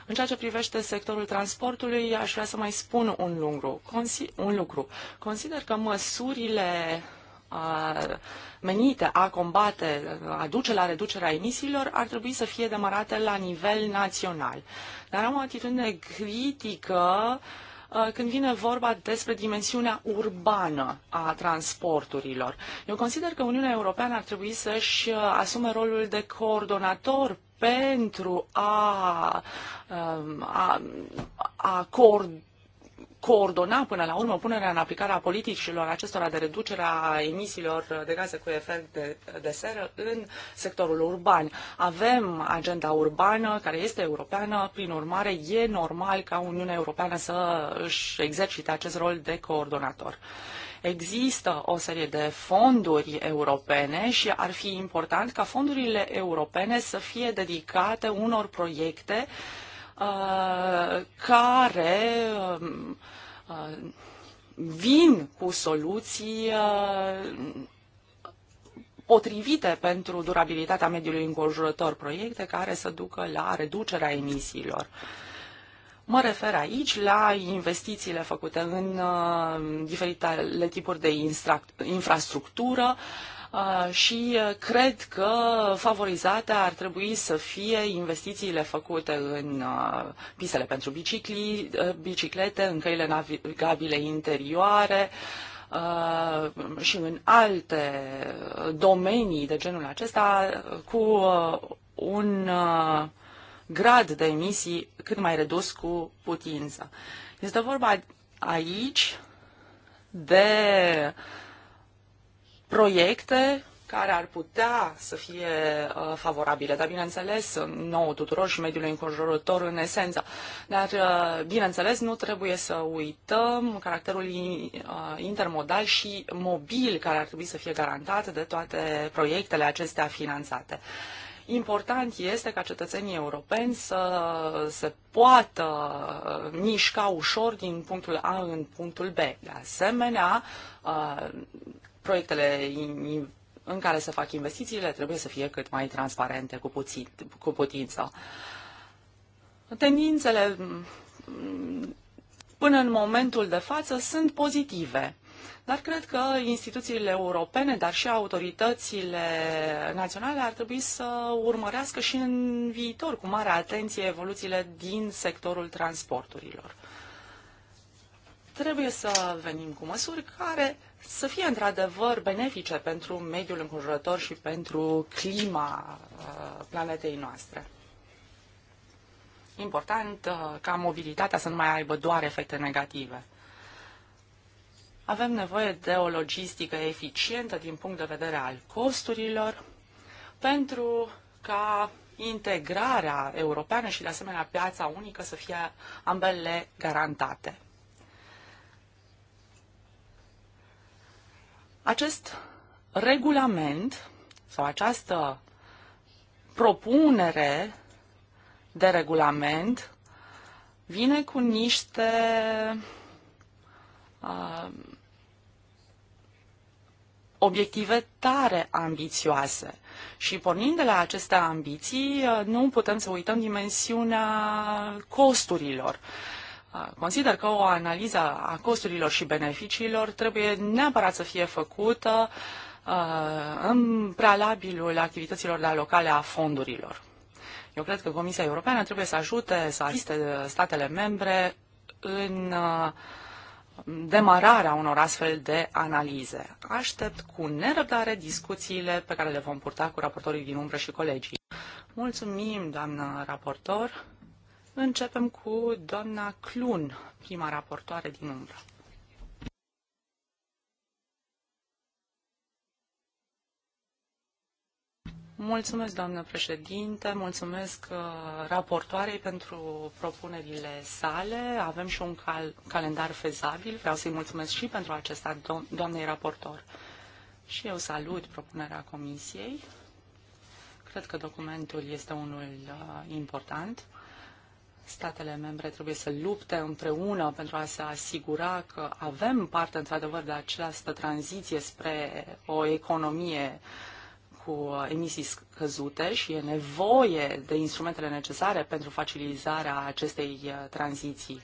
În ceea ce privește sectorul transportului, aș vrea să mai spun un lucru. Consi- un lucru. Consider că măsurile menite a combate, a duce la reducerea emisiilor, ar trebui să fie demarate la nivel național. Dar am o atitudine critică uh, Uh, când vine vorba despre dimensiunea urbană a transporturilor. Eu consider că Uniunea Europeană ar trebui să-și uh, asume rolul de coordonator pentru a, um, a, a coordona coordona până la urmă punerea în aplicare a politicilor acestora de reducere a emisiilor de gaze cu efect de, de seră în sectorul urban. Avem agenda urbană care este europeană, prin urmare e normal ca Uniunea Europeană să își exercite acest rol de coordonator există o serie de fonduri europene și ar fi important ca fondurile europene să fie dedicate unor proiecte uh, care um, Uh, vin cu soluții uh, potrivite pentru durabilitatea mediului înconjurător, proiecte care să ducă la reducerea emisiilor. Mă refer aici la investițiile făcute în uh, diferitele tipuri de infrastructură, și cred că favorizate ar trebui să fie investițiile făcute în pisele pentru bicicli, biciclete, în căile navigabile interioare, și în alte domenii de genul acesta cu un grad de emisii cât mai redus cu putință. Este vorba aici de uh, proiecte care ar putea să fie uh, favorabile, dar bineînțeles nouă tuturor și mediului înconjurător în esență. Dar uh, bineînțeles nu trebuie să uităm caracterul uh, intermodal și mobil care ar trebui să fie garantat de toate proiectele acestea finanțate. Important este ca cetățenii europeni să se poată uh, mișca ușor din punctul A în punctul B. De asemenea, uh, proiectele în care se fac investițiile trebuie să fie cât mai transparente cu, puțin, cu putință. Tendințele mm, până în momentul de față sunt pozitive. Dar cred că instituțiile europene, dar și autoritățile naționale ar trebui să urmărească și în viitor cu mare atenție evoluțiile din sectorul transporturilor. Trebuie să venim cu măsuri care să fie într-adevăr benefice pentru mediul înconjurător și pentru clima uh, planetei noastre. Important uh, ca mobilitatea să nu mai aibă doar efecte negative. Avem nevoie de o logistică eficientă din punct de vedere al costurilor pentru ca integrarea europeană și de asemenea piața unică să fie ambele garantate. Acest regulament sau această propunere de regulament vine cu niște uh, obiective tare ambițioase. Și pornind de la aceste ambiții, uh, nu putem să uităm dimensiunea costurilor. Uh, Consider că o analiză a costurilor și beneficiilor trebuie neapărat să fie făcută în prealabilul activităților la alocare a fondurilor. Eu cred că Comisia Europeană trebuie să ajute, să asiste statele membre în demararea unor astfel de analize. Aștept cu nerăbdare discuțiile pe care le vom purta cu raportorii din umbră și colegii. Mulțumim, doamnă raportor. Începem cu doamna Clun, prima raportoare din umbră. Mulțumesc, doamnă președinte, mulțumesc uh, raportoarei pentru propunerile sale. Avem și un cal calendar fezabil. Vreau să-i mulțumesc și pentru acesta, do doamnei raportor. Și eu salut propunerea comisiei. Cred că documentul este unul uh, important statele membre trebuie să lupte împreună pentru a se asigura că avem parte, într-adevăr, de această tranziție spre o economie cu emisii scăzute și e nevoie de instrumentele necesare pentru facilitarea acestei uh, tranziții.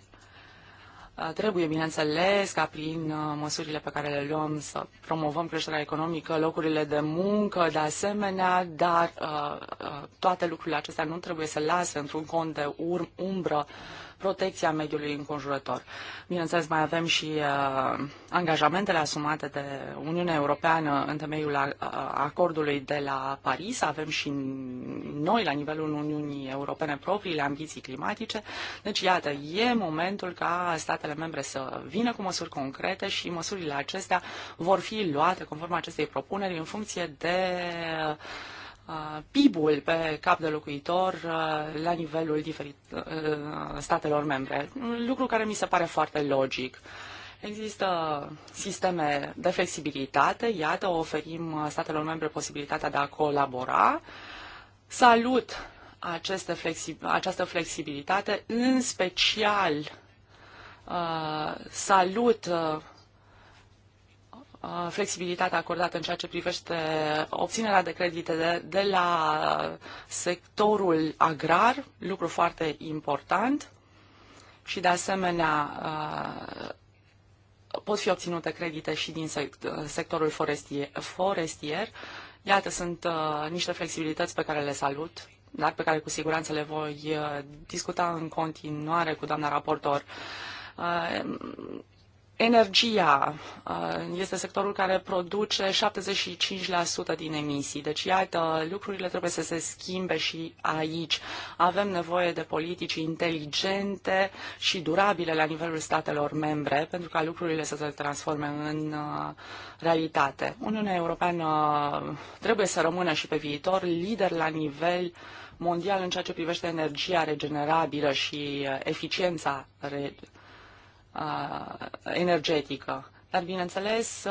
Uh, trebuie, bineînțeles, ca prin uh, măsurile pe care le luăm să promovăm creșterea economică, locurile de muncă, de asemenea, dar uh, toate lucrurile acestea nu trebuie să lase într-un cont de umbră protecția mediului înconjurător. Bineînțeles, mai avem și uh, angajamentele asumate de Uniunea Europeană în temeiul a, uh, a, acordului de la Paris. Avem și noi, la nivelul Uniunii Europene, propriile ambiții climatice. Deci, iată, e momentul ca statele membre să vină cu măsuri concrete și măsurile acestea vor fi luate conform acestei propuneri în funcție de uh, Uh, PIB-ul pe cap de locuitor uh, la nivelul diferit uh, statelor membre, lucru care mi se pare foarte logic. Există sisteme de flexibilitate, iată, oferim statelor membre posibilitatea de a colabora. Salut aceste flexi, această flexibilitate, în special salut Uh, flexibilitatea acordată în ceea ce privește obținerea de credite de, de la sectorul agrar, lucru foarte important și de asemenea uh, pot fi obținute credite și din uh, sectorul forestier. forestier. Iată, sunt niște flexibilități pe care le salut, dar pe care cu siguranță le voi discuta în continuare cu doamna raportor. Energia uh, este sectorul care produce 75% din emisii. Deci, iată, lucrurile trebuie să se schimbe și aici. Avem nevoie de politici inteligente și durabile la nivelul statelor membre pentru ca lucrurile să se transforme în uh, realitate. Uniunea Europeană trebuie să rămână și pe viitor lider la nivel mondial în ceea ce privește energia regenerabilă și uh, eficiența regenerabilă energetică. Dar, bineînțeles,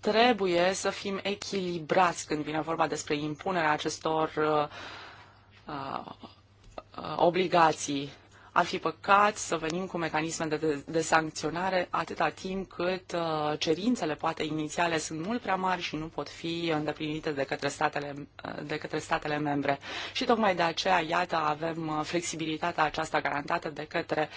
trebuie să fim echilibrați când vine vorba despre impunerea acestor obligații ar fi păcat să venim cu mecanisme de, de, de sancționare atâta timp cât uh, cerințele, poate inițiale, sunt mult prea mari și nu pot fi îndeplinite de către statele, uh, de către statele membre. Și tocmai de aceea, iată, avem uh, flexibilitatea aceasta garantată de către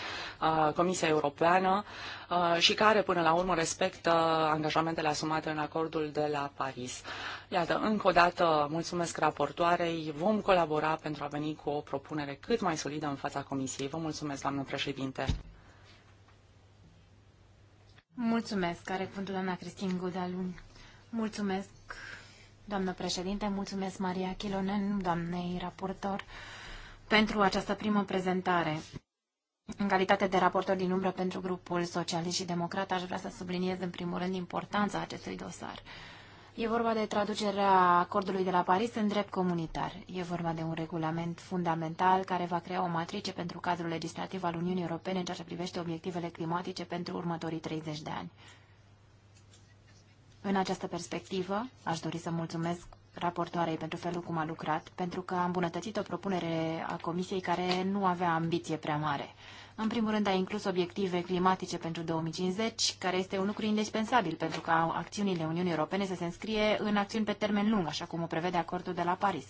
uh, Comisia Europeană uh, și care, până la urmă, respectă angajamentele asumate în acordul de la Paris. Iată, încă o dată, mulțumesc raportoarei, vom colabora pentru a veni cu o propunere cât mai solidă în fața Comisiei. Vă mulțumesc! Mulțumesc, doamnă președinte. Mulțumesc, care cuvântul doamna Cristin Gudalun. Mulțumesc, doamnă președinte, mulțumesc Maria Chilonen, doamnei raportor, pentru această primă prezentare. În calitate de raportor din umbră pentru grupul socialist și democrat, aș vrea să subliniez în primul rând importanța acestui dosar. E vorba de traducerea acordului de la Paris în drept comunitar. E vorba de un regulament fundamental care va crea o matrice pentru cadrul legislativ al Uniunii Europene în ceea ce privește obiectivele climatice pentru următorii 30 de ani. În această perspectivă, aș dori să mulțumesc raportoarei pentru felul cum a lucrat, pentru că a îmbunătățit o propunere a Comisiei care nu avea ambiție prea mare. În primul rând, a inclus obiective climatice pentru 2050, care este un lucru indispensabil pentru ca acțiunile Uniunii Europene să se înscrie în acțiuni pe termen lung, așa cum o prevede acordul de la Paris.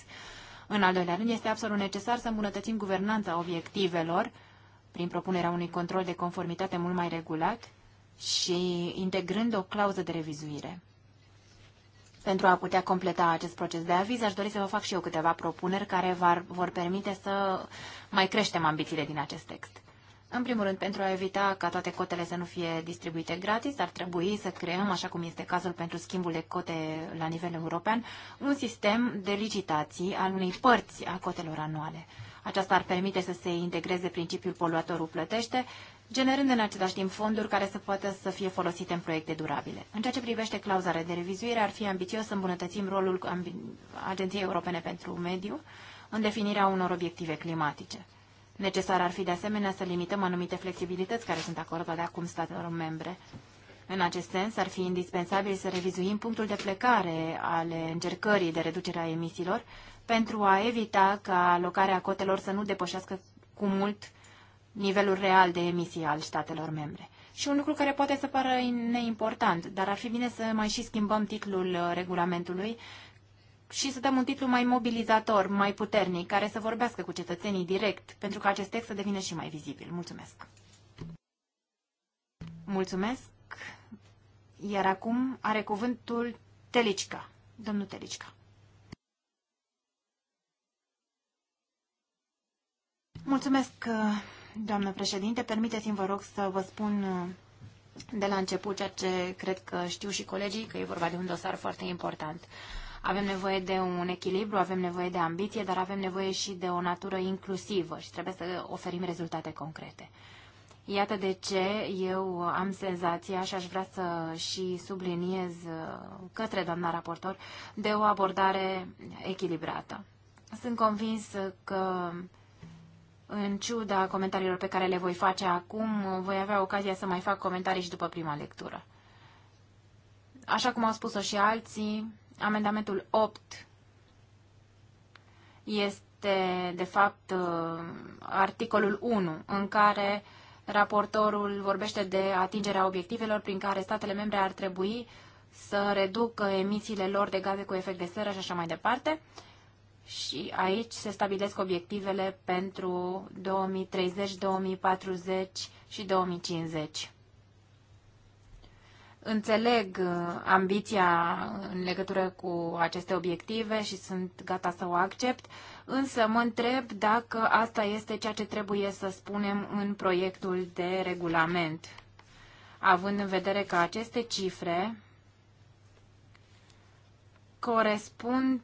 În al doilea rând, este absolut necesar să îmbunătățim guvernanța obiectivelor prin propunerea unui control de conformitate mult mai regulat și integrând o clauză de revizuire. Pentru a putea completa acest proces de aviz, aș dori să vă fac și eu câteva propuneri care vor permite să mai creștem ambițiile din acest text. În primul rând, pentru a evita ca toate cotele să nu fie distribuite gratis, ar trebui să creăm, așa cum este cazul pentru schimbul de cote la nivel european, un sistem de licitații al unei părți a cotelor anuale. Aceasta ar permite să se integreze principiul poluatorul plătește, generând în același timp fonduri care să poată să fie folosite în proiecte durabile. În ceea ce privește clauza de revizuire, ar fi ambițios să îmbunătățim rolul Agenției Europene pentru Mediu în definirea unor obiective climatice. Necesar ar fi de asemenea să limităm anumite flexibilități care sunt acordate acum statelor membre. În acest sens, ar fi indispensabil să revizuim punctul de plecare ale încercării de reducere a emisiilor pentru a evita ca alocarea cotelor să nu depășească cu mult nivelul real de emisii al statelor membre. Și un lucru care poate să pară neimportant, dar ar fi bine să mai și schimbăm titlul regulamentului și să dăm un titlu mai mobilizator, mai puternic, care să vorbească cu cetățenii direct, pentru ca acest text să devină și mai vizibil. Mulțumesc! Mulțumesc! Iar acum are cuvântul Telicica, domnul Telicica. Mulțumesc, doamnă președinte. Permiteți-mi, vă rog, să vă spun de la început ceea ce cred că știu și colegii, că e vorba de un dosar foarte important. Avem nevoie de un echilibru, avem nevoie de ambiție, dar avem nevoie și de o natură inclusivă și trebuie să oferim rezultate concrete. Iată de ce eu am senzația și aș vrea să și subliniez uh, către doamna raportor de o abordare echilibrată. Sunt convins că în ciuda comentariilor pe care le voi face acum, voi avea ocazia să mai fac comentarii și după prima lectură. Așa cum au spus-o și alții, Amendamentul 8 este, de fapt, uh, articolul 1, în care raportorul vorbește de atingerea obiectivelor prin care statele membre ar trebui să reducă emisiile lor de gaze cu efect de seră și așa mai departe. Și aici se stabilesc obiectivele pentru 2030, 2040 și 2050. Înțeleg uh, ambiția în legătură cu aceste obiective și sunt gata să o accept, însă mă întreb dacă asta este ceea ce trebuie să spunem în proiectul de regulament, având în vedere că aceste cifre corespund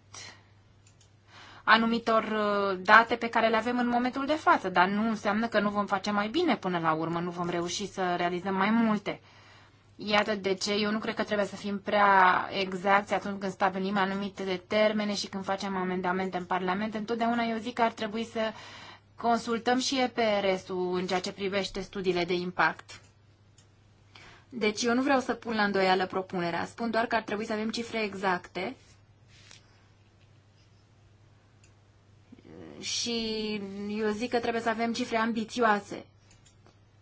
anumitor uh, date pe care le avem în momentul de față, dar nu înseamnă că nu vom face mai bine până la urmă, nu vom reuși să realizăm mai multe. Iată de ce eu nu cred că trebuie să fim prea exacti atunci când stabilim anumite termene și când facem amendamente în Parlament. Întotdeauna eu zic că ar trebui să consultăm și EPRS-ul în ceea ce privește studiile de impact. Deci eu nu vreau să pun la îndoială propunerea. Spun doar că ar trebui să avem cifre exacte și eu zic că trebuie să avem cifre ambițioase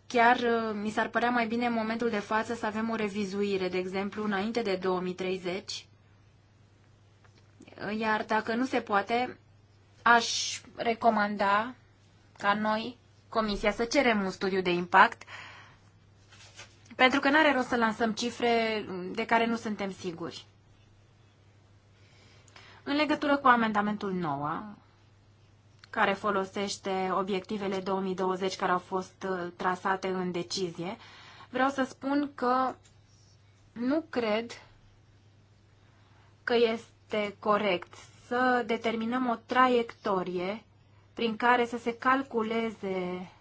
Chiar uh, mi s-ar părea mai bine în momentul de față să avem o revizuire, de exemplu, înainte de 2030. Uh, iar dacă nu se poate, aș recomanda ca noi, Comisia, să cerem un studiu de impact, pentru că n-are rost să lansăm cifre uh, de care nu suntem siguri. În legătură cu amendamentul 9, care folosește obiectivele 2020 care au fost uh, trasate în decizie. Vreau să spun că nu cred că este corect să determinăm o traiectorie prin care să se calculeze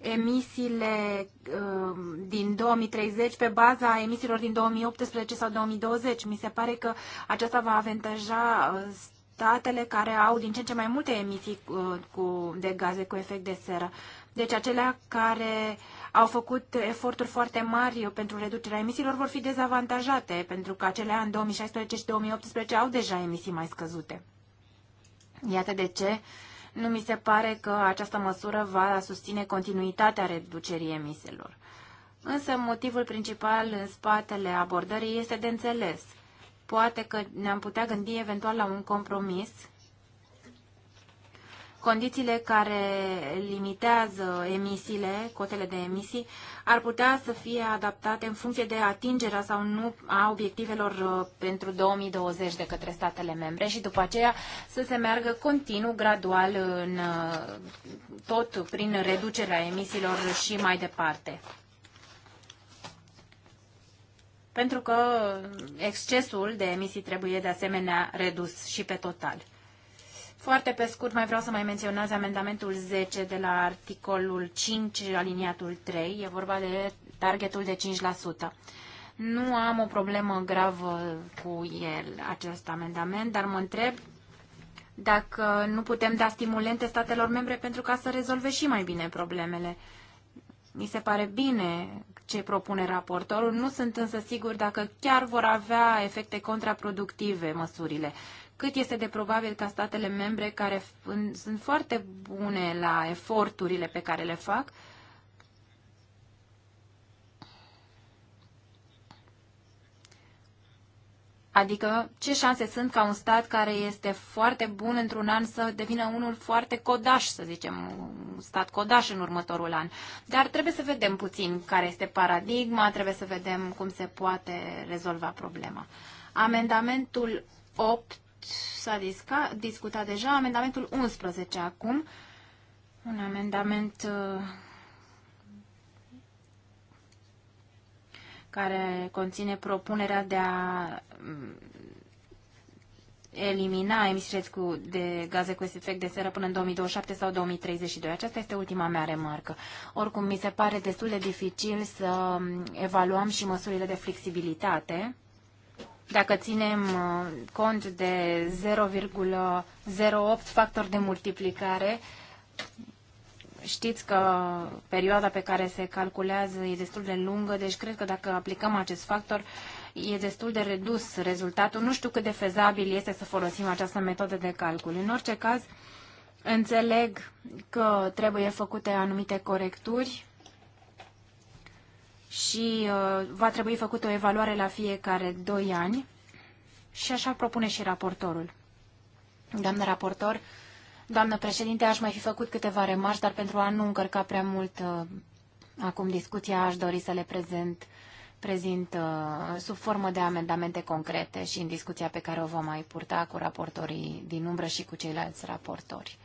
emisiile uh, din 2030 pe baza emisiilor din 2018 sau 2020. Mi se pare că aceasta va avantaja uh, statele care au din ce în ce mai multe emisii uh, cu, de gaze cu efect de seră. Deci acelea care au făcut eforturi foarte mari pentru reducerea emisiilor vor fi dezavantajate, pentru că acelea în 2016 și 2018 au deja emisii mai scăzute. Iată de ce nu mi se pare că această măsură va susține continuitatea reducerii emisiilor. Însă motivul principal în spatele abordării este de înțeles – poate că ne-am putea gândi eventual la un compromis. Condițiile care limitează emisiile, cotele de emisii, ar putea să fie adaptate în funcție de atingerea sau nu a obiectivelor uh, pentru 2020 de către statele membre și după aceea să se meargă continuu, gradual, în, uh, tot prin reducerea emisiilor și mai departe pentru că excesul de emisii trebuie de asemenea redus și pe total. Foarte pe scurt, mai vreau să mai menționez amendamentul 10 de la articolul 5, aliniatul 3. E vorba de targetul de 5%. Nu am o problemă gravă cu el, acest amendament, dar mă întreb dacă nu putem da stimulente statelor membre pentru ca să rezolve și mai bine problemele. Mi se pare bine ce propune raportorul, nu sunt însă sigur dacă chiar vor avea efecte contraproductive măsurile. Cât este de probabil ca statele membre care sunt foarte bune la eforturile pe care le fac, Adică ce șanse sunt ca un stat care este foarte bun într-un an să devină unul foarte codaș, să zicem, un stat codaș în următorul an. Dar trebuie să vedem puțin care este paradigma, trebuie să vedem cum se poate rezolva problema. Amendamentul 8 s-a discutat deja, amendamentul 11 acum, un amendament uh, care conține propunerea de a mm, elimina emisiile de gaze cu efect de seră până în 2027 sau 2032. Aceasta este ultima mea remarcă. Oricum, mi se pare destul de dificil să mm, evaluăm și măsurile de flexibilitate. Dacă ținem mm, cont de 0,08 factor de multiplicare, Știți că perioada pe care se calculează e destul de lungă, deci cred că dacă aplicăm acest factor, e destul de redus rezultatul. Nu știu cât de fezabil este să folosim această metodă de calcul. În orice caz, înțeleg că trebuie făcute anumite corecturi și uh, va trebui făcută o evaluare la fiecare 2 ani și așa propune și raportorul. Doamnă raportor, Doamnă președinte, aș mai fi făcut câteva remarci, dar pentru a nu încărca prea mult uh, acum discuția, aș dori să le prezent, prezint uh, sub formă de amendamente concrete și în discuția pe care o vom mai purta cu raportorii din umbră și cu ceilalți raportori.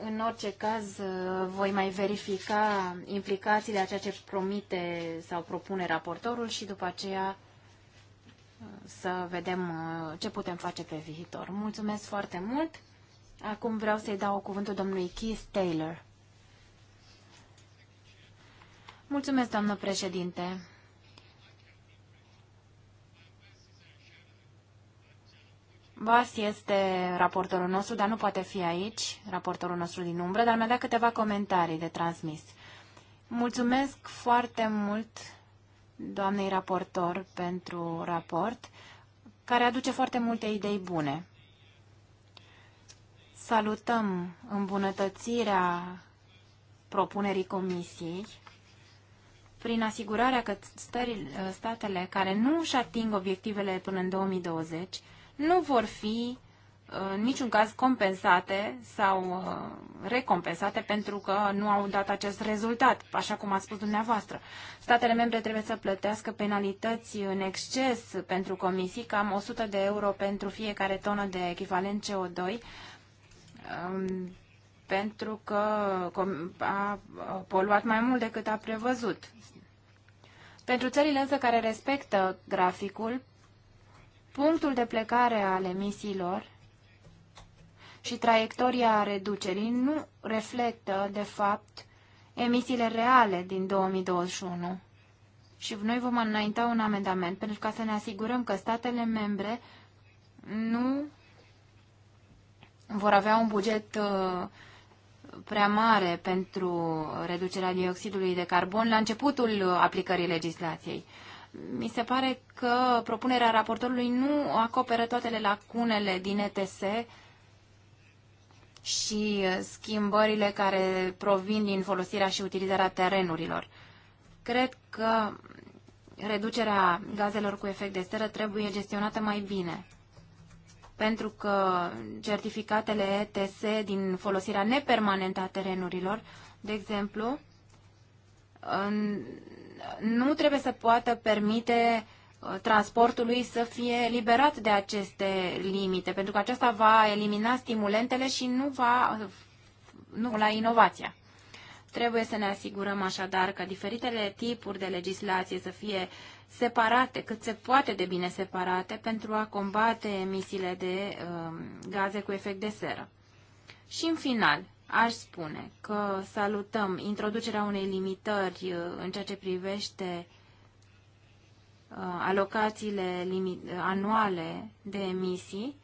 În orice caz, uh, voi mai verifica implicațiile a ceea ce promite sau propune raportorul și după aceea să vedem uh, ce putem face pe viitor. Mulțumesc foarte mult! Acum vreau să-i dau cuvântul domnului Keith Taylor. Mulțumesc, doamnă președinte! Bas este raportorul nostru, dar nu poate fi aici, raportorul nostru din umbră, dar mi-a dat câteva comentarii de transmis. Mulțumesc foarte mult doamnei raportor pentru raport, care aduce foarte multe idei bune. Salutăm îmbunătățirea propunerii comisiei prin asigurarea că statele care nu își ating obiectivele până în 2020 nu vor fi în niciun caz compensate sau uh, recompensate pentru că nu au dat acest rezultat, așa cum a spus dumneavoastră. Statele membre trebuie să plătească penalități în exces pentru comisii, cam 100 de euro pentru fiecare tonă de echivalent CO2, um, pentru că a poluat mai mult decât a prevăzut. Pentru țările însă care respectă graficul, punctul de plecare al emisiilor și traiectoria reducerii nu reflectă, de fapt, emisiile reale din 2021. Și noi vom înainta un amendament pentru ca să ne asigurăm că statele membre nu vor avea un buget uh, prea mare pentru reducerea dioxidului de carbon la începutul uh, aplicării legislației. Mi se pare că propunerea raportorului nu acoperă toate lacunele din ETS și uh, schimbările care provin din folosirea și utilizarea terenurilor. Cred că reducerea gazelor cu efect de seră trebuie gestionată mai bine, pentru că certificatele ETS din folosirea nepermanentă a terenurilor, de exemplu, nu trebuie să poată permite uh, transportului să fie liberat de aceste limite, pentru că aceasta va elimina stimulentele și nu va nu la inovația. Trebuie să ne asigurăm așadar că diferitele tipuri de legislație să fie separate, cât se poate de bine separate, pentru a combate emisiile de um, gaze cu efect de seră. Și în final, aș spune că salutăm introducerea unei limitări uh, în ceea ce privește uh, Uh, alocațiile anuale de emisii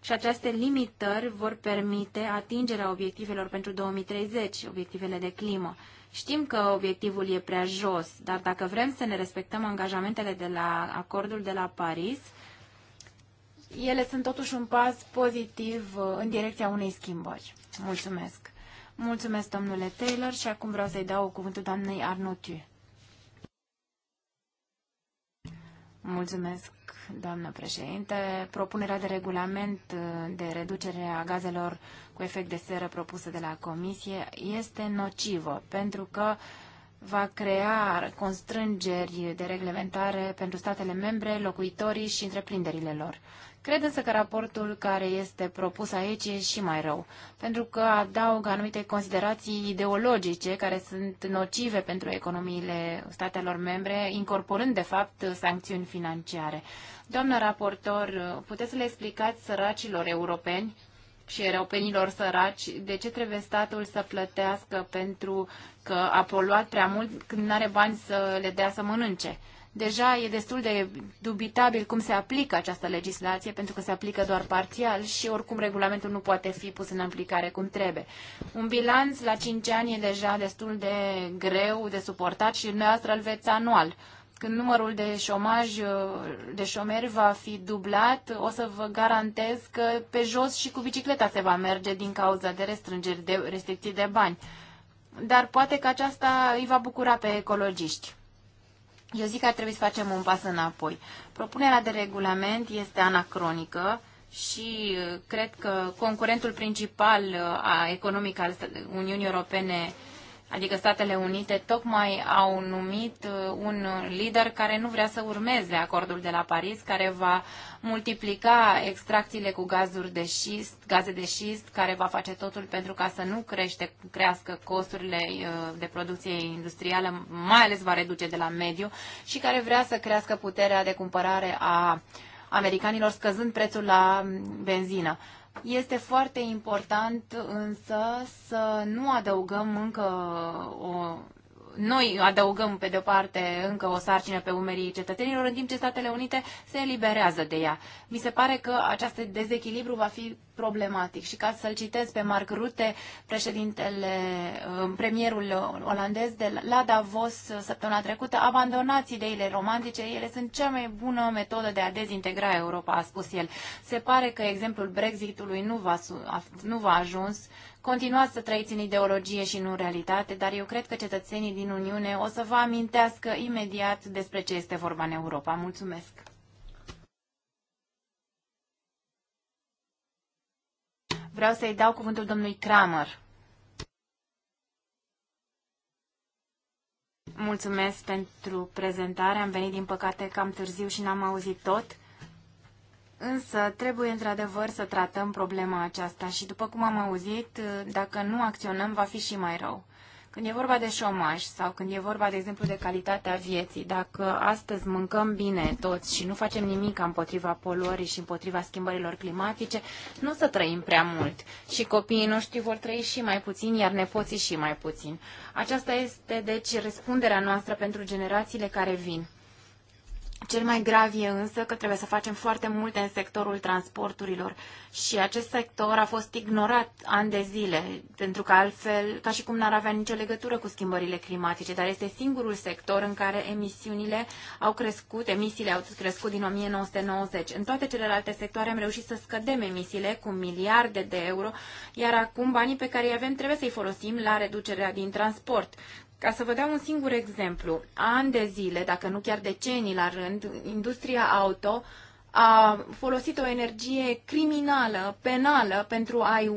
și aceste limitări vor permite atingerea obiectivelor pentru 2030, obiectivele de climă. Știm că obiectivul e prea jos, dar dacă vrem să ne respectăm angajamentele de la acordul de la Paris, ele sunt totuși un pas pozitiv uh, în direcția unei schimbări. Mulțumesc! Mulțumesc, domnule Taylor, și acum vreau să-i dau cuvântul doamnei Arnotiu. Mulțumesc, doamnă președinte. Propunerea de regulament uh, de reducere a gazelor cu efect de seră propusă de la Comisie este nocivă pentru că va crea constrângeri de reglementare pentru statele membre, locuitorii și întreprinderile lor. Cred însă că raportul care este propus aici e și mai rău, pentru că adaugă anumite considerații ideologice care sunt nocive pentru economiile statelor membre, incorporând de fapt sancțiuni financiare. Doamnă raportor, puteți să le explicați săracilor europeni și europenilor săraci, de ce trebuie statul să plătească pentru că a poluat prea mult când nu are bani să le dea să mănânce? Deja e destul de dubitabil cum se aplică această legislație, pentru că se aplică doar parțial și oricum regulamentul nu poate fi pus în aplicare cum trebuie. Un bilanț la 5 ani e deja destul de greu de suportat și dumneavoastră îl veți anual când numărul de șomaj, de șomeri va fi dublat, o să vă garantez că pe jos și cu bicicleta se va merge din cauza de restrângeri, de restricții de bani. Dar poate că aceasta îi va bucura pe ecologiști. Eu zic că ar trebui să facem un pas înapoi. Propunerea de regulament este anacronică și uh, cred că concurentul principal uh, a economic al Uniunii Europene adică Statele Unite, tocmai au numit uh, un lider care nu vrea să urmeze acordul de la Paris, care va multiplica extracțiile cu gazuri de șist, gaze de șist, care va face totul pentru ca să nu crește, crească costurile uh, de producție industrială, mai ales va reduce de la mediu, și care vrea să crească puterea de cumpărare a americanilor, scăzând prețul la benzină. Este foarte important însă să nu adăugăm încă o noi adăugăm pe de-o parte încă o sarcină pe umerii cetățenilor, în timp ce Statele Unite se eliberează de ea. Mi se pare că acest dezechilibru va fi problematic și ca să-l citez pe Mark Rutte, președintele, um, premierul olandez de la Davos săptămâna trecută, abandonați ideile romantice, ele sunt cea mai bună metodă de a dezintegra Europa, a spus el. Se pare că exemplul Brexitului nu va, nu va ajuns Continuați să trăiți în ideologie și nu în realitate, dar eu cred că cetățenii din Uniune o să vă amintească imediat despre ce este vorba în Europa. Mulțumesc! Vreau să-i dau cuvântul domnului Kramer. Mulțumesc pentru prezentare. Am venit, din păcate, cam târziu și n-am auzit tot. Însă trebuie într-adevăr să tratăm problema aceasta și după cum am auzit, dacă nu acționăm va fi și mai rău. Când e vorba de șomaj sau când e vorba, de exemplu, de calitatea vieții, dacă astăzi mâncăm bine toți și nu facem nimic împotriva poluării și împotriva schimbărilor climatice, nu o să trăim prea mult și copiii noștri vor trăi și mai puțin, iar nepoții și mai puțin. Aceasta este, deci, răspunderea noastră pentru generațiile care vin. Cel mai grav e însă că trebuie să facem foarte multe în sectorul transporturilor și acest sector a fost ignorat ani de zile, pentru că altfel, ca și cum n-ar avea nicio legătură cu schimbările climatice, dar este singurul sector în care emisiunile au crescut, emisiile au crescut din 1990. În toate celelalte sectoare am reușit să scădem emisiile cu miliarde de euro, iar acum banii pe care îi avem trebuie să-i folosim la reducerea din transport. Ca să vă dau un singur exemplu, ani de zile, dacă nu chiar decenii la rând, industria auto a folosit o energie criminală, penală, pentru a-i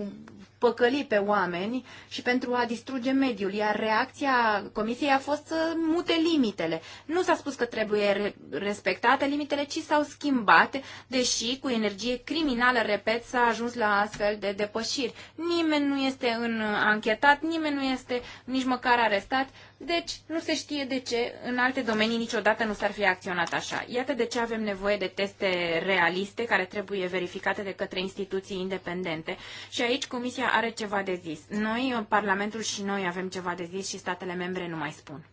păcăli pe oameni și pentru a distruge mediul, iar reacția Comisiei a fost să mute limitele. Nu s-a spus că trebuie respectate limitele, ci s-au schimbat, deși cu energie criminală, repet, s-a ajuns la astfel de depășiri. Nimeni nu este în anchetat, nimeni nu este nici măcar arestat. Deci, nu se știe de ce în alte domenii niciodată nu s-ar fi acționat așa. Iată de ce avem nevoie de teste realiste care trebuie verificate de către instituții independente. Și aici Comisia are ceva de zis. Noi, Parlamentul și noi avem ceva de zis și statele membre nu mai spun.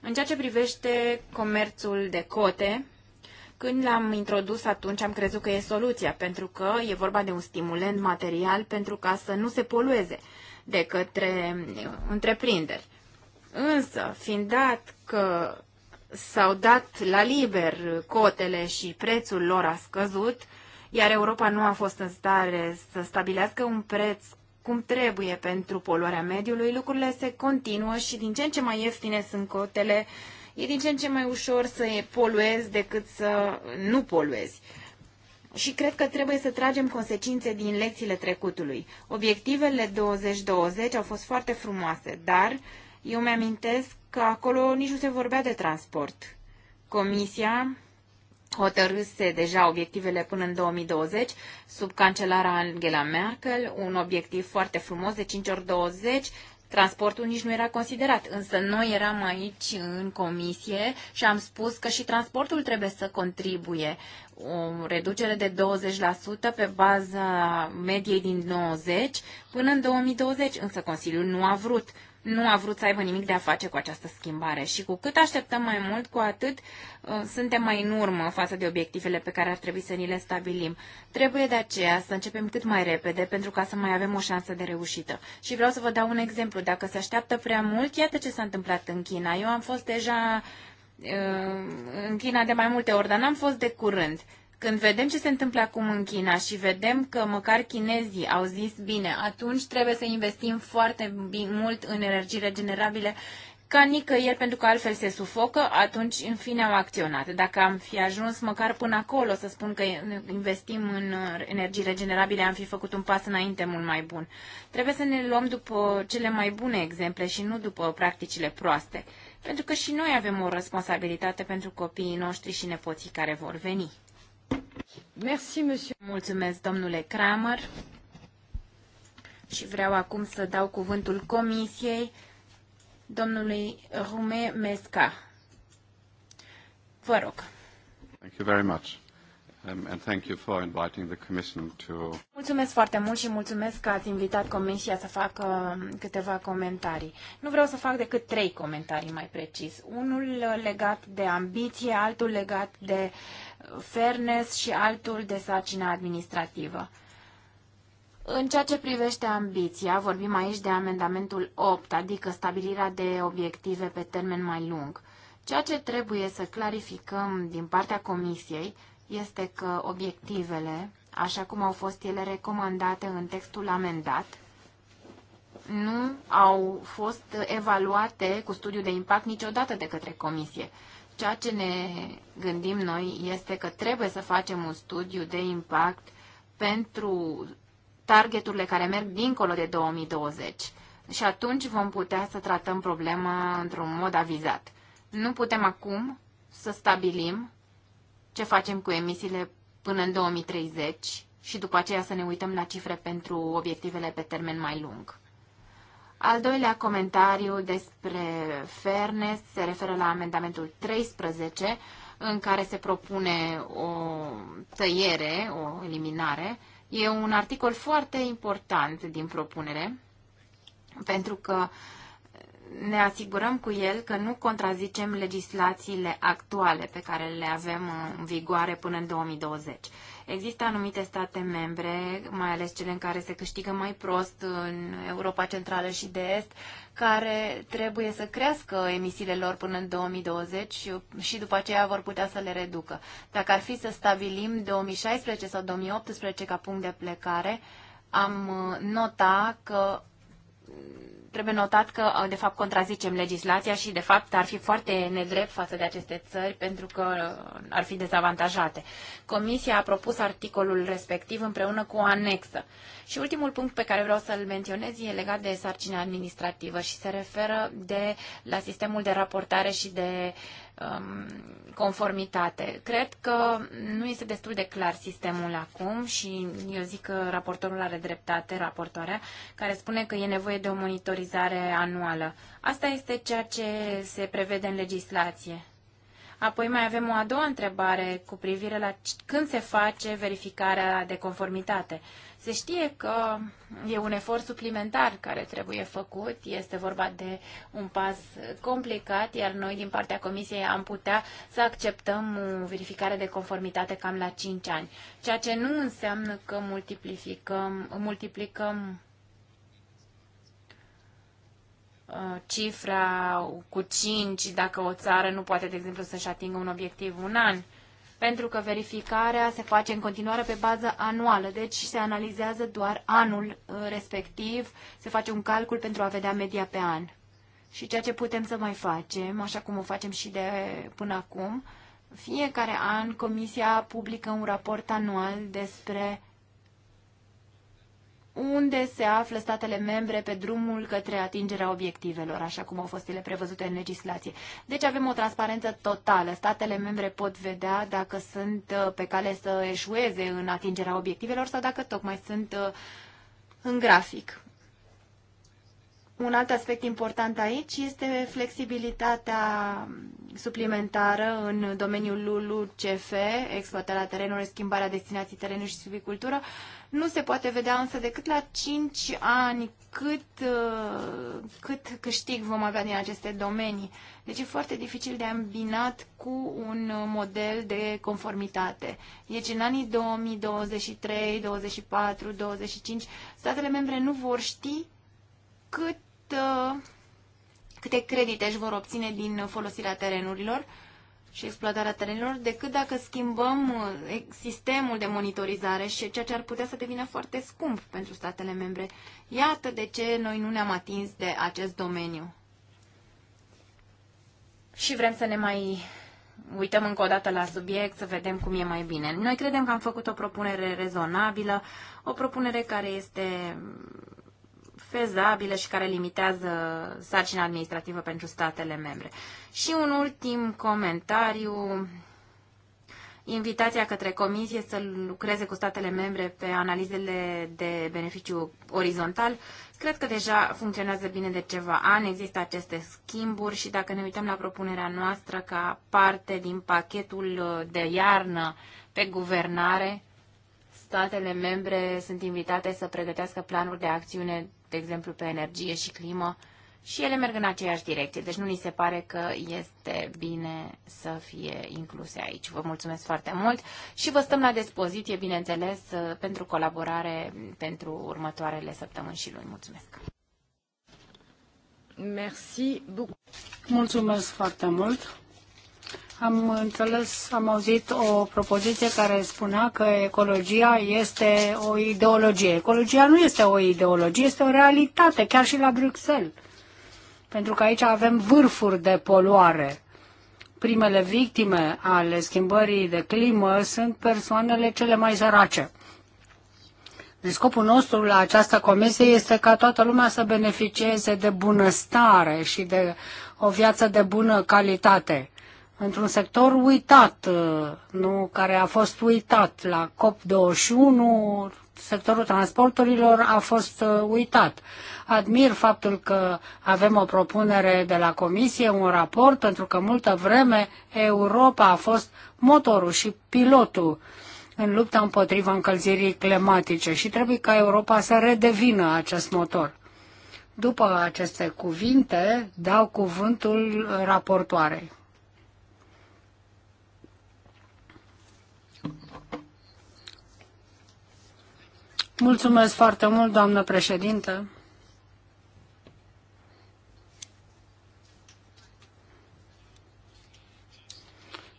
În ceea ce privește comerțul de cote, când l-am introdus atunci am crezut că e soluția, pentru că e vorba de un stimulent material pentru ca să nu se polueze de către întreprinderi. Însă, fiind dat că s-au dat la liber cotele și prețul lor a scăzut, iar Europa nu a fost în stare să stabilească un preț cum trebuie pentru poluarea mediului, lucrurile se continuă și din ce în ce mai ieftine sunt cotele, e din ce în ce mai ușor să poluezi decât să nu poluezi și cred că trebuie să tragem consecințe din lecțiile trecutului. Obiectivele 2020 au fost foarte frumoase, dar eu mi-amintesc că acolo nici nu se vorbea de transport. Comisia hotărâse deja obiectivele până în 2020 sub cancelara Angela Merkel, un obiectiv foarte frumos de 5 ori 20 Transportul nici nu era considerat, însă noi eram aici în comisie și am spus că și transportul trebuie să contribuie. O reducere de 20% pe baza mediei din 90 până în 2020, însă Consiliul nu a vrut nu a vrut să aibă nimic de a face cu această schimbare și cu cât așteptăm mai mult, cu atât uh, suntem mai în urmă față de obiectivele pe care ar trebui să ni le stabilim. Trebuie de aceea să începem cât mai repede pentru ca să mai avem o șansă de reușită. Și vreau să vă dau un exemplu. Dacă se așteaptă prea mult, iată ce s-a întâmplat în China. Eu am fost deja uh, în China de mai multe ori, dar n-am fost de curând. Când vedem ce se întâmplă acum în China și vedem că măcar chinezii au zis bine, atunci trebuie să investim foarte mult în energii regenerabile ca nicăieri, pentru că altfel se sufocă, atunci în fine au acționat. Dacă am fi ajuns măcar până acolo să spun că investim în uh, energii regenerabile, am fi făcut un pas înainte mult mai bun. Trebuie să ne luăm după cele mai bune exemple și nu după practicile proaste, pentru că și noi avem o responsabilitate pentru copiii noștri și nepoții care vor veni. Merci, monsieur. Mulțumesc, domnule Kramer. Și vreau acum să dau cuvântul comisiei domnului Rume Mesca. Vă rog. Thank you very much. Um, and thank you for inviting the commission to... Mulțumesc foarte mult și mulțumesc că ați invitat Comisia să facă um, câteva comentarii. Nu vreau să fac decât trei comentarii mai precis. Unul legat de ambiție, altul legat de uh, fairness și altul de sarcină administrativă. În ceea ce privește ambiția, vorbim aici de amendamentul 8, adică stabilirea de obiective pe termen mai lung. Ceea ce trebuie să clarificăm din partea Comisiei este că obiectivele, așa cum au fost ele recomandate în textul amendat, nu au fost evaluate cu studiu de impact niciodată de către Comisie. Ceea ce ne gândim noi este că trebuie să facem un studiu de impact pentru targeturile care merg dincolo de 2020 și atunci vom putea să tratăm problema într-un mod avizat. Nu putem acum să stabilim ce facem cu emisiile până în 2030 și după aceea să ne uităm la cifre pentru obiectivele pe termen mai lung. Al doilea comentariu despre fairness se referă la amendamentul 13, în care se propune o tăiere, o eliminare. E un articol foarte important din propunere, pentru că ne asigurăm cu el că nu contrazicem legislațiile actuale pe care le avem în vigoare până în 2020. Există anumite state membre, mai ales cele în care se câștigă mai prost în Europa Centrală și de Est, care trebuie să crească emisiile lor până în 2020 și după aceea vor putea să le reducă. Dacă ar fi să stabilim 2016 sau 2018 ca punct de plecare, am nota că Trebuie notat că, uh, de fapt, contrazicem legislația și, de fapt, ar fi foarte nedrept față de aceste țări pentru că uh, ar fi dezavantajate. Comisia a propus articolul respectiv împreună cu o anexă. Și ultimul punct pe care vreau să-l menționez e legat de sarcina administrativă și se referă de, la sistemul de raportare și de uh, um, conformitate. Cred că nu este destul de clar sistemul acum și eu zic că raportorul are dreptate, raportoarea, care spune că e nevoie de o monitorizare anuală. Asta este ceea ce se prevede în legislație. Apoi mai avem o a doua întrebare cu privire la când se face verificarea de conformitate. Se știe că e un efort suplimentar care trebuie făcut, este vorba de un pas complicat, iar noi din partea Comisiei am putea să acceptăm o verificare de conformitate cam la 5 ani, ceea ce nu înseamnă că multiplicăm, multiplicăm Uh, cifra cu 5 dacă o țară nu poate, de exemplu, să-și atingă un obiectiv un an, pentru că verificarea se face în continuare pe bază anuală, deci se analizează doar anul uh, respectiv, se face un calcul pentru a vedea media pe an. Și ceea ce putem să mai facem, așa cum o facem și de până acum, fiecare an Comisia publică un raport anual despre unde se află statele membre pe drumul către atingerea obiectivelor, așa cum au fost ele prevăzute în legislație. Deci avem o transparență totală. Statele membre pot vedea dacă sunt uh, pe cale să eșueze în atingerea obiectivelor sau dacă tocmai sunt uh, în grafic. Un alt aspect important aici este flexibilitatea suplimentară în domeniul LULUCF, exploatarea terenului, schimbarea destinației terenului și subicultură. Nu se poate vedea însă decât la 5 ani cât, uh, cât câștig vom avea din aceste domenii. Deci e foarte dificil de ambinat cu un model de conformitate. Deci în anii 2023, 2024, 2025, statele membre nu vor ști cât Uh, câte credite își vor obține din folosirea terenurilor și exploatarea terenurilor, decât dacă schimbăm uh, sistemul de monitorizare și ceea ce ar putea să devină foarte scump pentru statele membre. Iată de ce noi nu ne-am atins de acest domeniu. Și vrem să ne mai uităm încă o dată la subiect, să vedem cum e mai bine. Noi credem că am făcut o propunere rezonabilă, o propunere care este fezabilă și care limitează sarcina administrativă pentru statele membre. Și un ultim comentariu, invitația către comisie să lucreze cu statele membre pe analizele de beneficiu orizontal. Cred că deja funcționează bine de ceva ani, există aceste schimburi și dacă ne uităm la propunerea noastră ca parte din pachetul de iarnă pe guvernare, statele membre sunt invitate să pregătească planuri de acțiune de exemplu, pe energie și climă, și ele merg în aceeași direcție. Deci nu ni se pare că este bine să fie incluse aici. Vă mulțumesc foarte mult și vă stăm la dispoziție, bineînțeles, pentru colaborare pentru următoarele săptămâni și luni. Mulțumesc! Merci beaucoup. Mulțumesc foarte mult! Am înțeles, am auzit o propoziție care spunea că ecologia este o ideologie. Ecologia nu este o ideologie, este o realitate, chiar și la Bruxelles. Pentru că aici avem vârfuri de poluare. Primele victime ale schimbării de climă sunt persoanele cele mai sărace. Deci scopul nostru la această comisie este ca toată lumea să beneficieze de bunăstare și de o viață de bună calitate într-un sector uitat, uh, nu, care a fost uitat la COP21, sectorul transporturilor a fost uh, uitat. Admir faptul că avem o propunere de la Comisie, un raport, pentru că multă vreme Europa a fost motorul și pilotul în lupta împotriva încălzirii climatice și trebuie ca Europa să redevină acest motor. După aceste cuvinte, dau cuvântul raportoarei. Mulțumesc foarte mult, doamnă președintă.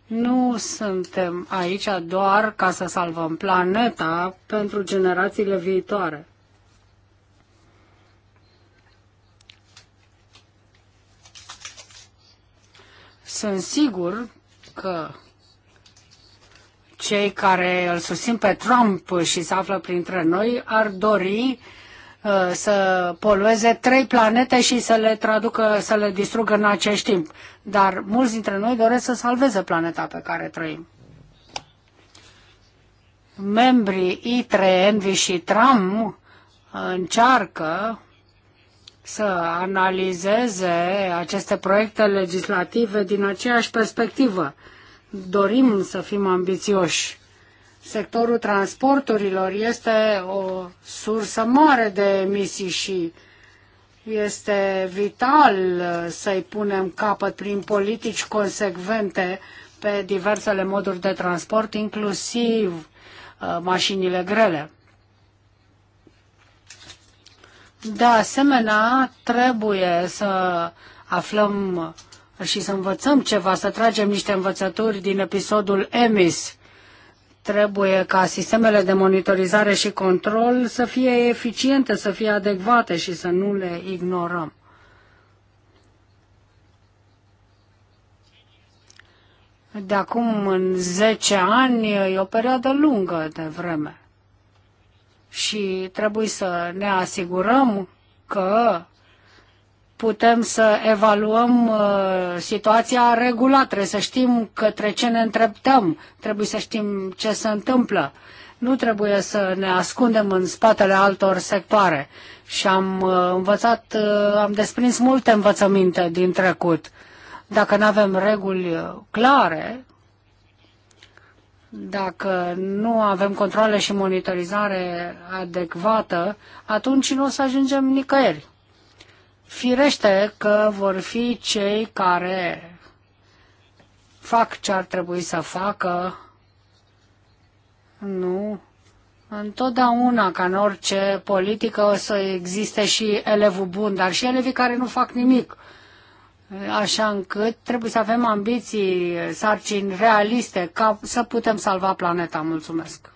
Nu suntem aici doar ca să salvăm planeta pentru generațiile viitoare. Sunt sigur că cei care îl susțin pe Trump și se află printre noi ar dori uh, să polueze trei planete și să le traducă, să le distrugă în acest timp. Dar mulți dintre noi doresc să salveze planeta pe care trăim. Membrii ITRE, Envi și TRAM încearcă să analizeze aceste proiecte legislative din aceeași perspectivă dorim să fim ambițioși. Sectorul transporturilor este o sursă mare de emisii și este vital să-i punem capăt prin politici consecvente pe diversele moduri de transport, inclusiv uh, mașinile grele. De asemenea, trebuie să aflăm și să învățăm ceva, să tragem niște învățături din episodul EMIS. Trebuie ca sistemele de monitorizare și control să fie eficiente, să fie adecvate și să nu le ignorăm. De acum în 10 ani e o perioadă lungă de vreme și trebuie să ne asigurăm că putem să evaluăm uh, situația regulat, trebuie să știm către ce ne întreptăm, trebuie să știm ce se întâmplă. Nu trebuie să ne ascundem în spatele altor sectoare. Și am uh, învățat, uh, am desprins multe învățăminte din trecut. Dacă nu avem reguli uh, clare, dacă nu avem controle și monitorizare adecvată, atunci nu o să ajungem nicăieri. Firește că vor fi cei care fac ce ar trebui să facă, nu. Întotdeauna, ca în orice politică, o să existe și elevul bun, dar și elevii care nu fac nimic. Așa încât trebuie să avem ambiții, sarcini realiste, ca să putem salva planeta. Mulțumesc!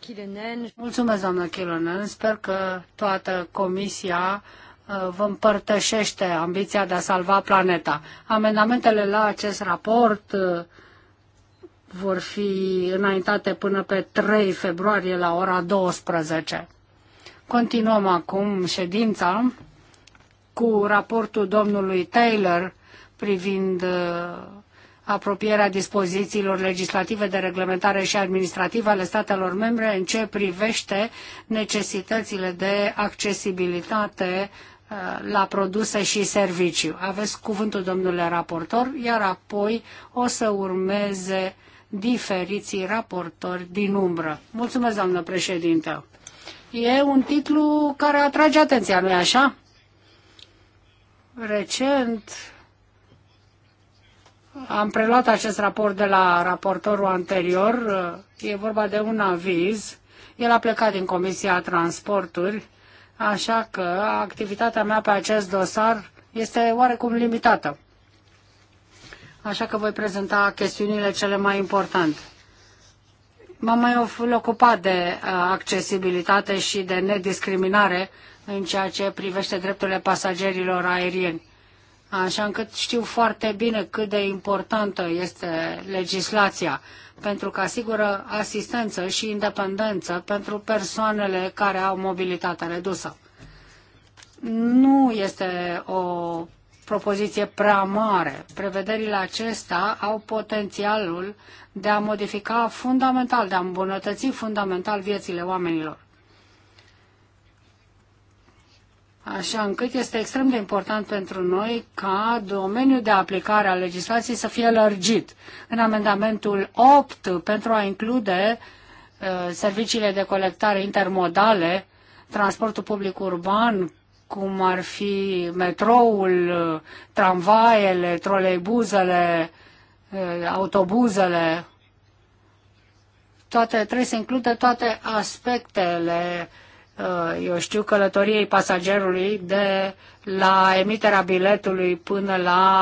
Kilonen. Mulțumesc, doamnă Kilonen. Sper că toată comisia uh, vă împărtășește ambiția de a salva planeta. Amendamentele la acest raport uh, vor fi înaintate până pe 3 februarie la ora 12. Continuăm acum ședința cu raportul domnului Taylor privind uh, apropierea dispozițiilor legislative de reglementare și administrativă ale statelor membre în ce privește necesitățile de accesibilitate uh, la produse și serviciu. Aveți cuvântul, domnule raportor, iar apoi o să urmeze diferiții raportori din umbră. Mulțumesc, doamnă președintă. E un titlu care atrage atenția, nu-i așa? Recent, am preluat acest raport de la raportorul anterior. E vorba de un aviz. El a plecat din Comisia Transporturi, așa că activitatea mea pe acest dosar este oarecum limitată. Așa că voi prezenta chestiunile cele mai importante. M-am mai ocupat de uh, accesibilitate și de nediscriminare în ceea ce privește drepturile pasagerilor aerieni așa încât știu foarte bine cât de importantă este legislația, pentru că asigură asistență și independență pentru persoanele care au mobilitate redusă. Nu este o propoziție prea mare. Prevederile acestea au potențialul de a modifica fundamental, de a îmbunătăți fundamental viețile oamenilor. așa încât este extrem de important pentru noi ca domeniul de aplicare a legislației să fie lărgit. În amendamentul 8, pentru a include uh, serviciile de colectare intermodale, transportul public urban, cum ar fi metroul, uh, tramvaiele, troleibuzele, uh, autobuzele, toate, trebuie să includă toate aspectele uh, Uh, eu știu, călătoriei pasagerului de la emiterea biletului până la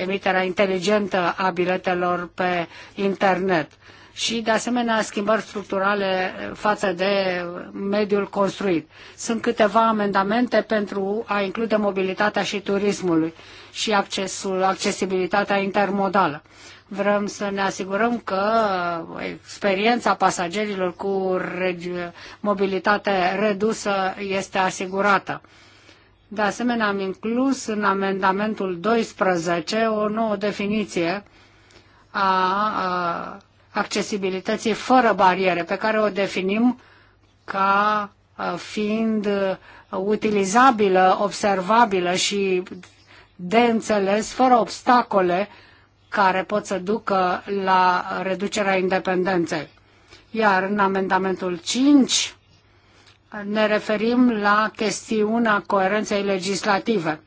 emiterea inteligentă a biletelor pe internet și, de asemenea, schimbări structurale față de mediul construit. Sunt câteva amendamente pentru a include mobilitatea și turismului și accesul, accesibilitatea intermodală. Vrem să ne asigurăm că experiența pasagerilor cu mobilitate redusă este asigurată. De asemenea, am inclus în amendamentul 12 o nouă definiție a, a accesibilității fără bariere, pe care o definim ca uh, fiind uh, utilizabilă, observabilă și de înțeles, fără obstacole care pot să ducă la reducerea independenței. Iar în amendamentul 5 uh, ne referim la chestiunea coerenței legislative.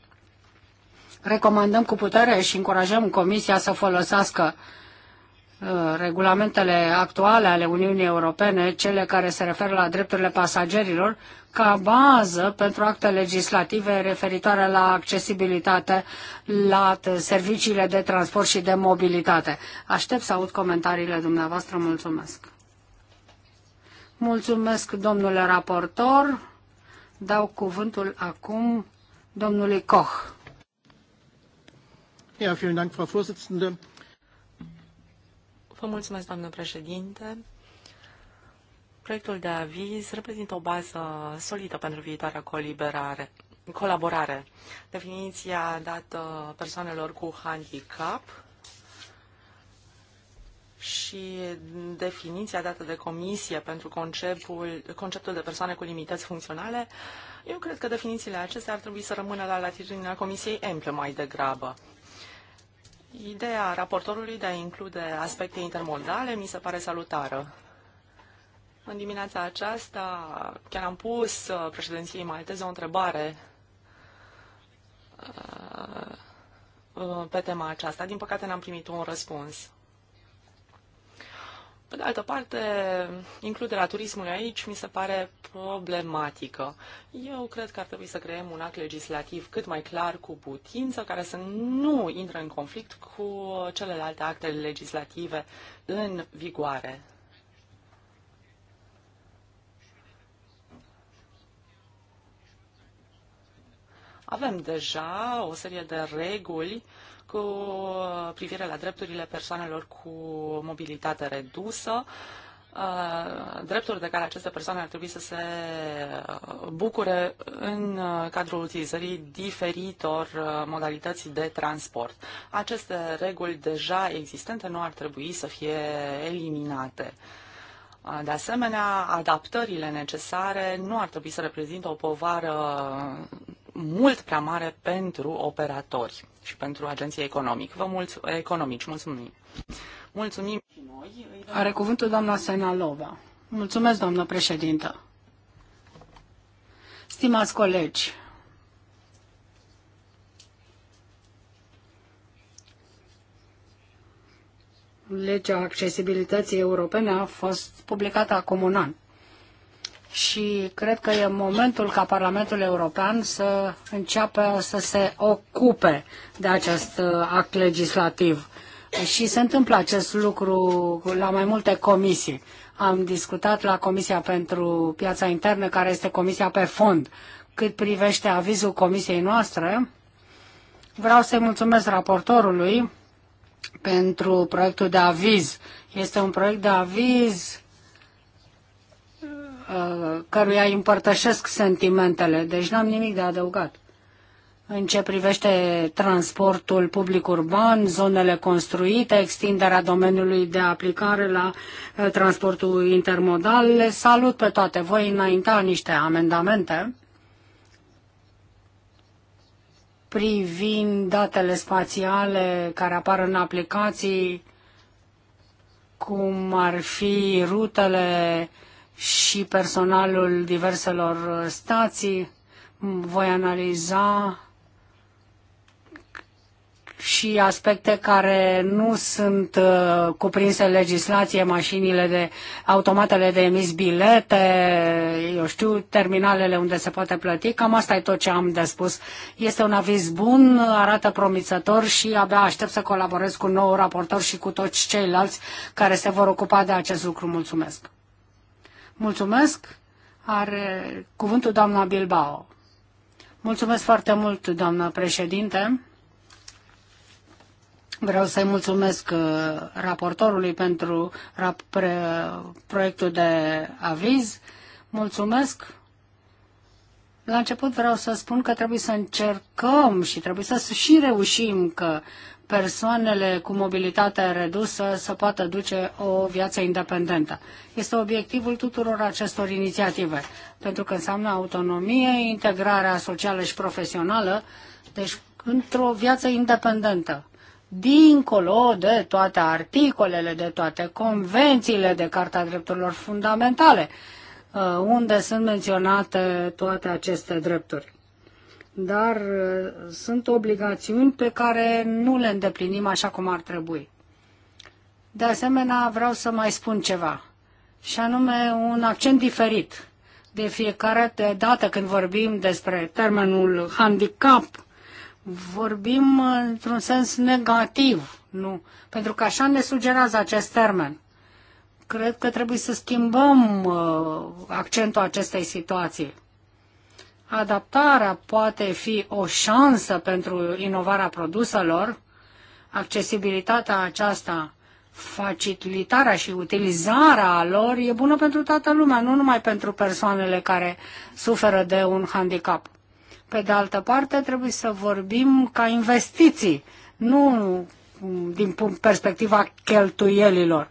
Recomandăm cu putere și încurajăm Comisia să folosească uh, Uh, regulamentele actuale ale Uniunii Europene, cele care se referă la drepturile pasagerilor, ca bază pentru acte legislative referitoare la accesibilitate, la serviciile de transport și de mobilitate. Aștept să aud comentariile dumneavoastră. Mulțumesc. Mulțumesc, domnule raportor. Dau cuvântul acum domnului Koch. Ja, vielen Dank, Frau Vorsitzende. Vă mulțumesc, doamnă președinte. Proiectul de aviz reprezintă o bază solidă pentru viitoarea coliberare, colaborare. Definiția dată persoanelor cu handicap și definiția dată de comisie pentru conceptul, conceptul de persoane cu limități funcționale, eu cred că definițiile acestea ar trebui să rămână la latitudinea comisiei emple mai degrabă. Ideea raportorului de a include aspecte intermodale mi se pare salutară. În dimineața aceasta chiar am pus uh, președinției malteze o întrebare uh, uh, pe tema aceasta. Din păcate n-am primit un răspuns. Pe de altă parte, includerea turismului aici mi se pare problematică. Eu cred că ar trebui să creăm un act legislativ cât mai clar cu putință, care să nu intre în conflict cu celelalte acte legislative în vigoare. Avem deja o serie de reguli uh, cu privire la drepturile persoanelor cu mobilitate redusă, uh, drepturi de care aceste persoane ar trebui să se bucure în cadrul utilizării diferitor uh, modalități de transport. Aceste reguli deja existente nu ar trebui să fie eliminate. Uh, de asemenea, adaptările necesare nu ar trebui să reprezintă o povară mult prea mare pentru operatori și pentru agenții economic. Vă mulț- economici. Mulțumim. Mulțumim și noi. Are cuvântul doamna Senalova. Mulțumesc, doamnă președintă. Stimați colegi, legea accesibilității europene a fost publicată acum un an și cred că e momentul ca Parlamentul European să înceapă să se ocupe de acest uh, act legislativ. Și se întâmplă acest lucru la mai multe comisii. Am discutat la Comisia pentru Piața Internă, care este comisia pe fond. Cât privește avizul comisiei noastre, vreau să-i mulțumesc raportorului pentru proiectul de aviz. Este un proiect de aviz Uh, căruia îi împărtășesc sentimentele, deci n-am nimic de adăugat. În ce privește transportul public urban, zonele construite, extinderea domeniului de aplicare la uh, transportul intermodal, le salut pe toate. Voi înainta niște amendamente privind datele spațiale care apar în aplicații, cum ar fi rutele uh, și personalul diverselor stații. Voi analiza și aspecte care nu sunt uh, cuprinse în legislație, mașinile de automatele de emis bilete, eu știu, terminalele unde se poate plăti. Cam asta e tot ce am de spus. Este un aviz bun, arată promițător și abia aștept să colaborez cu nou raportor și cu toți ceilalți care se vor ocupa de acest lucru. Mulțumesc. Mulțumesc. Are cuvântul doamna Bilbao. Mulțumesc foarte mult, doamna președinte. Vreau să-i mulțumesc uh, raportorului pentru rap pre proiectul de aviz. Mulțumesc. La început vreau să spun că trebuie să încercăm și trebuie să și reușim că persoanele cu mobilitate redusă să poată duce o viață independentă. Este obiectivul tuturor acestor inițiative, pentru că înseamnă autonomie, integrarea socială și profesională, deci într-o viață independentă dincolo de toate articolele, de toate convențiile de Carta Drepturilor Fundamentale, uh, unde sunt menționate toate aceste drepturi dar uh, sunt obligațiuni pe care nu le îndeplinim așa cum ar trebui. De asemenea, vreau să mai spun ceva, și anume un accent diferit. De fiecare dată când vorbim despre termenul handicap, vorbim într-un sens negativ, nu? Pentru că așa ne sugerează acest termen. Cred că trebuie să schimbăm uh, accentul acestei situații. Adaptarea poate fi o șansă pentru inovarea produselor, accesibilitatea aceasta, facilitarea și utilizarea lor e bună pentru toată lumea, nu numai pentru persoanele care suferă de un handicap. Pe de altă parte, trebuie să vorbim ca investiții, nu din perspectiva cheltuielilor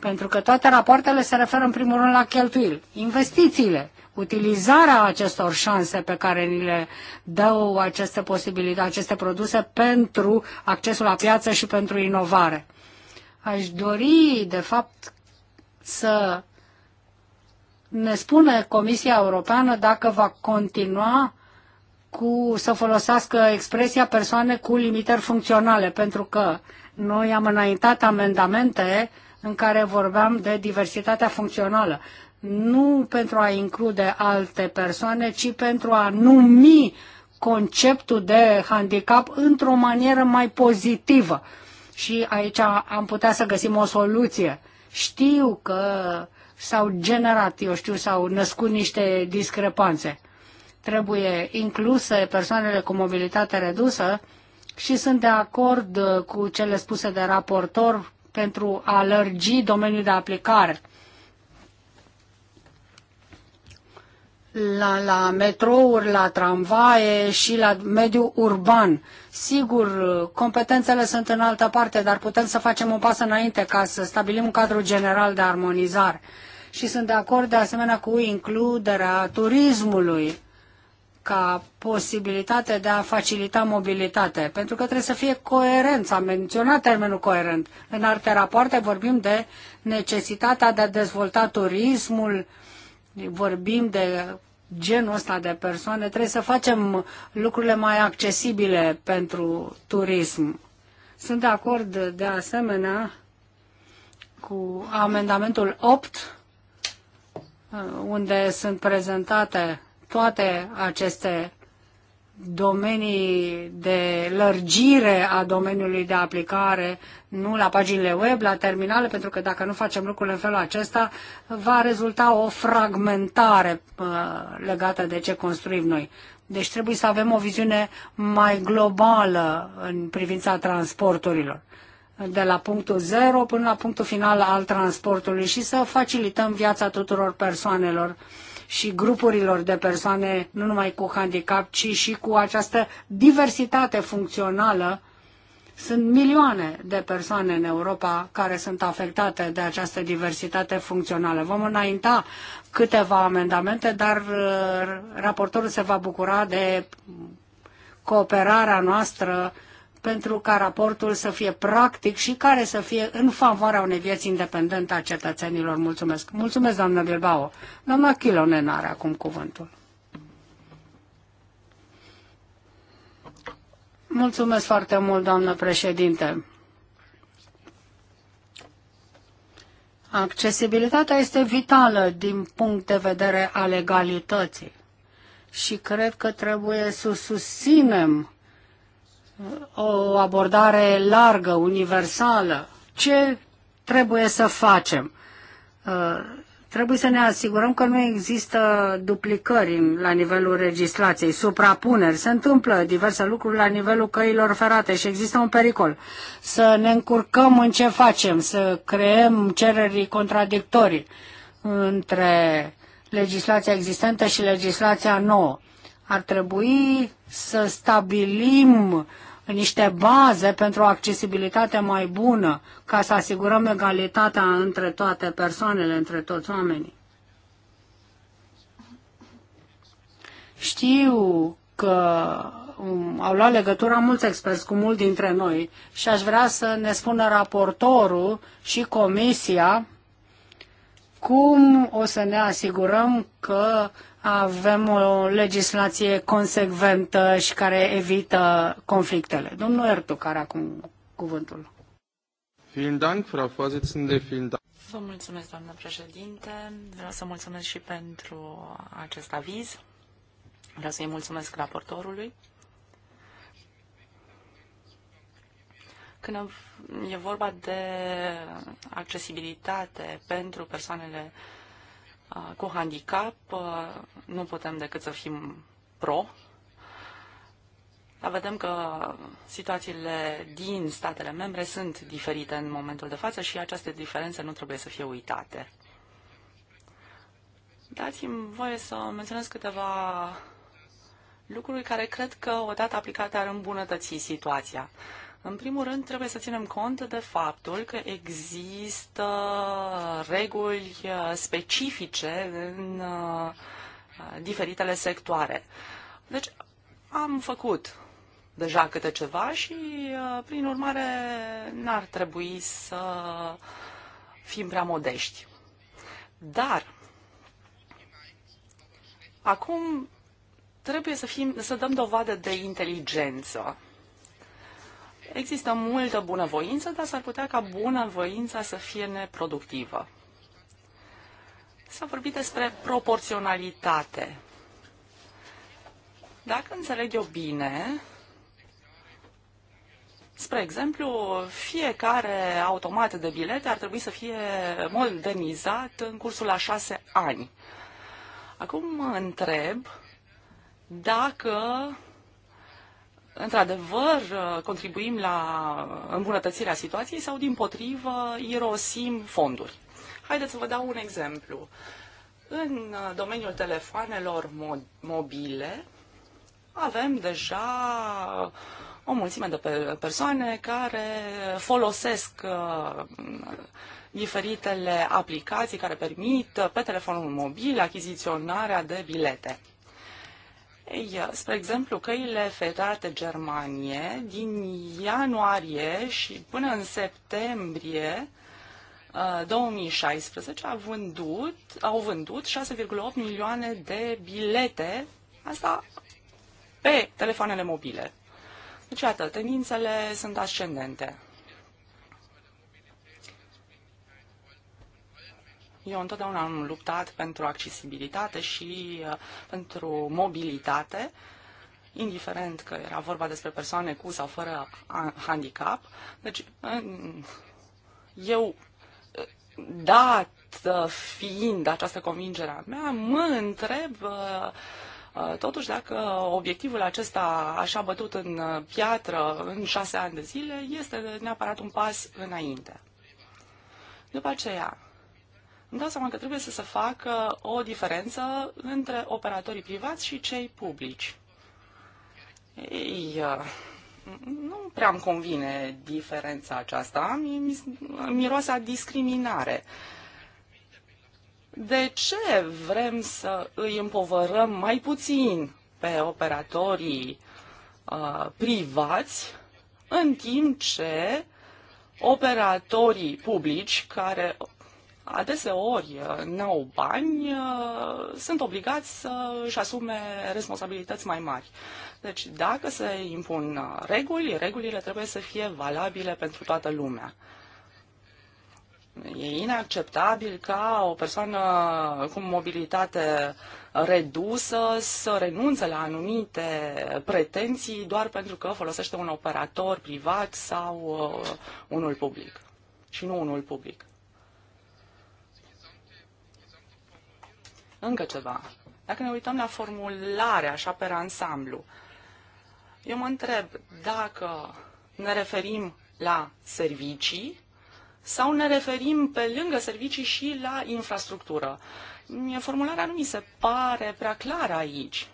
pentru că toate rapoartele se referă în primul rând la cheltuieli, investițiile, utilizarea acestor șanse pe care ni le dau aceste posibilități, aceste produse pentru accesul la piață și pentru inovare. Aș dori, de fapt, să ne spune Comisia Europeană dacă va continua cu, să folosească expresia persoane cu limitări funcționale, pentru că noi am înaintat amendamente uh, în care vorbeam de diversitatea funcțională. Nu pentru a include alte persoane, ci pentru a numi conceptul de handicap într-o manieră mai pozitivă. Și aici am putea să găsim o soluție. Știu că s-au generat, eu știu, s-au născut niște discrepanțe. Trebuie incluse persoanele cu mobilitate redusă și sunt de acord cu cele spuse de raportor pentru a lărgi domeniul de aplicare. la, la metrouri, la tramvaie și la mediul urban. Sigur, competențele sunt în altă parte, dar putem să facem un pas înainte ca să stabilim un cadru general de armonizare. Și sunt de acord de asemenea cu includerea turismului ca posibilitate de a facilita mobilitate, pentru că trebuie să fie coerent, am menționat termenul coerent. În alte rapoarte vorbim de necesitatea de a dezvolta turismul, vorbim de genul ăsta de persoane, trebuie să facem lucrurile mai accesibile pentru turism. Sunt de acord de asemenea cu amendamentul 8, uh, unde sunt prezentate toate aceste domenii de lărgire a domeniului de aplicare, nu la paginile web, la terminale, pentru că dacă nu facem lucrurile în felul acesta, va rezulta o fragmentare uh, legată de ce construim noi. Deci trebuie să avem o viziune mai globală în privința transporturilor, de la punctul zero până la punctul final al transportului și să facilităm viața tuturor persoanelor uh, și grupurilor de persoane, nu numai cu handicap, ci și cu această diversitate funcțională. Sunt milioane de persoane în Europa care sunt afectate de această diversitate funcțională. Vom înainta câteva amendamente, dar uh, raportorul se va bucura de cooperarea noastră pentru ca raportul să fie practic și care să fie în favoarea unei vieți independente a cetățenilor. Mulțumesc. Mulțumesc, doamnă Bilbao. Doamna Chilonen are acum cuvântul. Mulțumesc foarte mult, doamnă președinte. Accesibilitatea este vitală din punct de vedere al egalității și cred că trebuie să susținem o abordare largă, universală. Ce trebuie să facem? Uh, trebuie să ne asigurăm că nu există duplicări la nivelul legislației, suprapuneri. Se întâmplă diverse lucruri la nivelul căilor ferate și există un pericol. Să ne încurcăm în ce facem, să creăm cereri contradictorii între legislația existentă și legislația nouă. Ar trebui să stabilim niște baze pentru o accesibilitate mai bună, ca să asigurăm egalitatea între toate persoanele, între toți oamenii. Știu că um, au luat legătura mulți experți cu mulți dintre noi și aș vrea să ne spună raportorul și comisia cum o să ne asigurăm că avem o legislație consecventă și care evită conflictele. Domnul Ertu, care acum cuvântul. Vă mulțumesc, doamnă președinte. Vreau să mulțumesc și pentru acest aviz. Vreau să-i mulțumesc raportorului. Când e vorba de accesibilitate pentru persoanele uh, cu handicap, nu putem decât să fim pro. Dar vedem că situațiile din statele membre sunt diferite în momentul de față și aceste diferențe nu trebuie să fie uitate. Dați-mi voie să menționez câteva lucruri care cred că, odată aplicate, ar îmbunătăți situația. Uh, în primul rând, trebuie să ținem cont de faptul că există reguli uh, specifice în uh, diferitele sectoare. Deci, am făcut deja câte ceva și, uh, prin urmare, n-ar trebui să fim prea modești. Dar, acum trebuie să, fim, să dăm dovadă de inteligență. Există multă bunăvoință, dar s-ar putea ca bunăvoința să fie neproductivă. S-a vorbit despre proporționalitate. Dacă înțeleg eu bine, spre exemplu, fiecare automat de bilete ar trebui să fie modernizat în cursul a șase ani. Acum mă întreb dacă într-adevăr, contribuim la îmbunătățirea situației sau, din potrivă, irosim fonduri. Haideți să vă dau un exemplu. În domeniul telefoanelor mobile avem deja o mulțime de persoane care folosesc uh, diferitele aplicații care permit uh, pe telefonul mobil achiziționarea de bilete. Ei, spre exemplu, căile fetate Germanie din ianuarie și până în septembrie 2016 uh, au vândut, au vândut 6,8 milioane de bilete, asta pe telefoanele mobile. Deci, iată, tendințele sunt ascendente. Eu întotdeauna am luptat pentru accesibilitate și uh, pentru mobilitate, indiferent că era vorba despre persoane cu sau fără handicap. Deci, eu, uh, dat fiind această convingere a mea, mă întreb uh, totuși dacă obiectivul acesta așa bătut în piatră în șase ani de zile este neapărat un pas înainte. După aceea, îmi dau seama că trebuie să se facă o diferență între operatorii privați și cei publici. Ei, uh, nu prea îmi convine diferența aceasta, miroase a discriminare. De ce vrem să îi împovărăm mai puțin pe operatorii uh, privați, în timp ce operatorii publici care adeseori uh, n-au bani, uh, sunt obligați să își asume responsabilități mai mari. Deci dacă se impun uh, reguli, regulile trebuie să fie valabile pentru toată lumea. E inacceptabil ca o persoană cu mobilitate redusă să renunțe la anumite pretenții doar pentru că folosește un operator privat sau unul public și nu unul public. Încă ceva. Dacă ne uităm la formulare, așa pe ansamblu, eu mă întreb dacă ne referim la servicii sau ne referim pe lângă servicii și la infrastructură. Formularea nu mi se pare prea clară aici.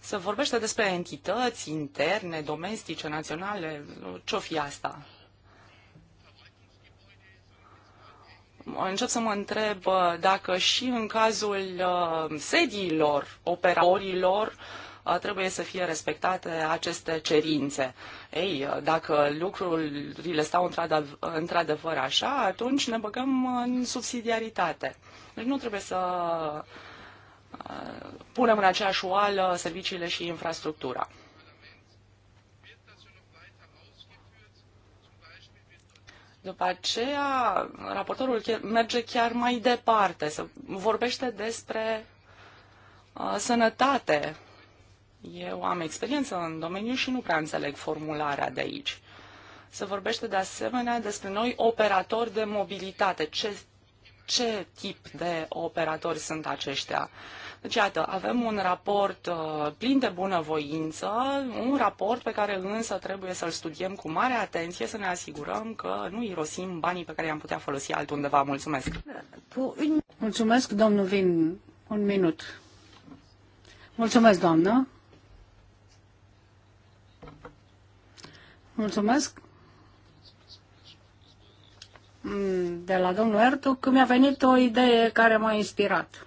Se vorbește despre entități interne, domestice, naționale, ce-o fi asta? încep să mă întreb uh, dacă și în cazul uh, sediilor operatorilor uh, trebuie să fie respectate aceste cerințe. Ei, dacă lucrurile stau într-adevăr așa, atunci ne băgăm în subsidiaritate. Deci nu trebuie să punem în aceeași oală serviciile și infrastructura. După aceea, raportorul merge chiar mai departe, să vorbește despre uh, sănătate. Eu am experiență în domeniu și nu prea înțeleg formularea de aici. Se vorbește de asemenea despre noi operatori de mobilitate. Ce, ce tip de operatori sunt aceștia? Uh, deci, iată, avem un raport uh, plin de bunăvoință, un raport pe care însă trebuie să-l studiem cu mare atenție, să ne asigurăm că nu irosim banii pe care i-am putea folosi altundeva. Mulțumesc! Mulțumesc, domnul Vin. Un minut. Mulțumesc, doamnă. Mulțumesc. Mm, de la domnul Ertuc mi-a venit o idee care m-a inspirat.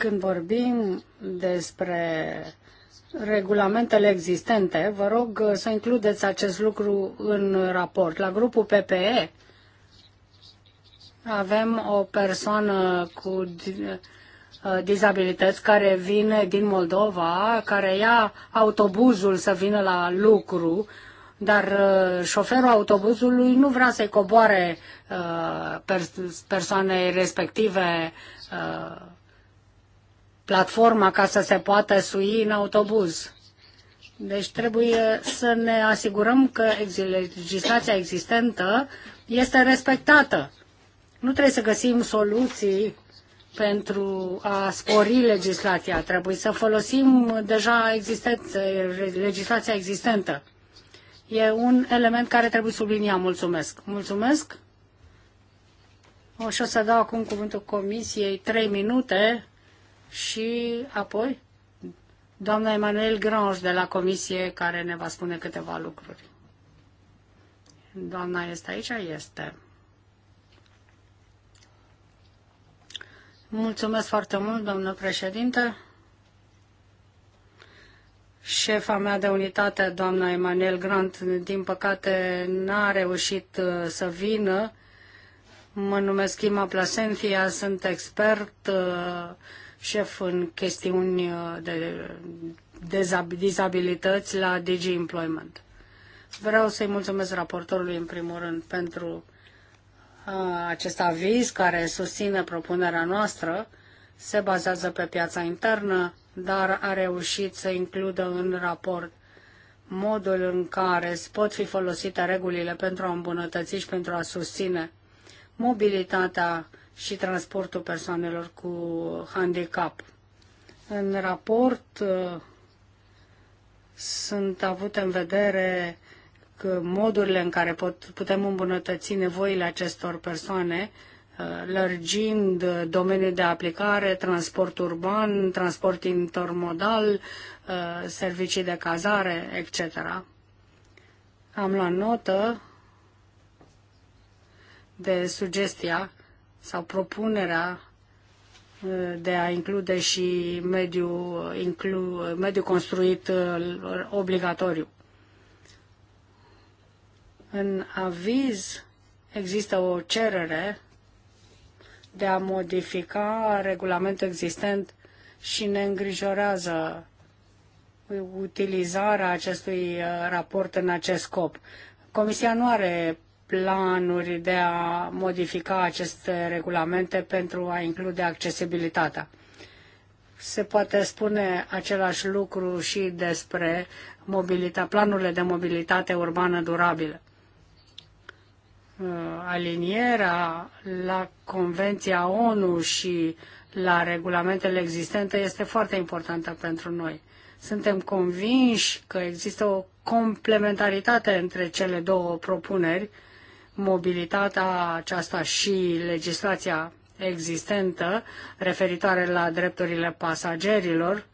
Când vorbim despre regulamentele existente, vă rog uh, să includeți acest lucru în raport. La grupul PPE avem o persoană cu uh, dizabilități care vine din Moldova, care ia autobuzul să vină la lucru, dar uh, șoferul autobuzului nu vrea să-i coboare persoanei respective platforma ca să se poată sui în autobuz. Deci trebuie să ne asigurăm că legislația existentă este respectată. Nu trebuie să găsim soluții pentru a spori legislația. Trebuie să folosim deja existență, legislația existentă. E un element care trebuie subliniat. Mulțumesc. Mulțumesc. O, și o să dau acum cuvântul comisiei trei minute și apoi doamna Emanuel Grange de la comisie care ne va spune câteva lucruri. Doamna este aici? Este. Mulțumesc foarte mult, domnul președinte. Șefa mea de unitate, doamna Emanuel Grant, din păcate n-a reușit uh, să vină. Mă numesc Ima Plasenfia, sunt expert uh, șef în chestiuni uh, de dizabilități la DG Employment. Vreau să-i mulțumesc raportorului, în primul rând, pentru uh, acest aviz care susține propunerea noastră, se bazează pe piața internă, dar a reușit să includă în raport modul în care pot fi folosite regulile pentru a îmbunătăți și pentru a susține mobilitatea și transportul persoanelor cu handicap. În raport uh, sunt avute în vedere că modurile în care pot, putem îmbunătăți nevoile acestor persoane, uh, lărgind uh, domeniul de aplicare, transport urban, transport intermodal, servicii de cazare, etc. Am luat notă de sugestia sau propunerea uh, de a include și mediul, inclu, mediul construit uh, obligatoriu. În aviz există o cerere de a modifica regulamentul existent și ne îngrijorează utilizarea acestui uh, raport în acest scop. Comisia nu are planuri de a modifica aceste regulamente pentru a include accesibilitatea. Se poate spune același lucru și despre mobilita, planurile de mobilitate urbană durabilă. Uh, alinierea la Convenția ONU și la regulamentele existente este foarte importantă pentru noi. Suntem convinși că există o complementaritate între cele două propuneri mobilitatea aceasta și legislația existentă referitoare la drepturile pasagerilor,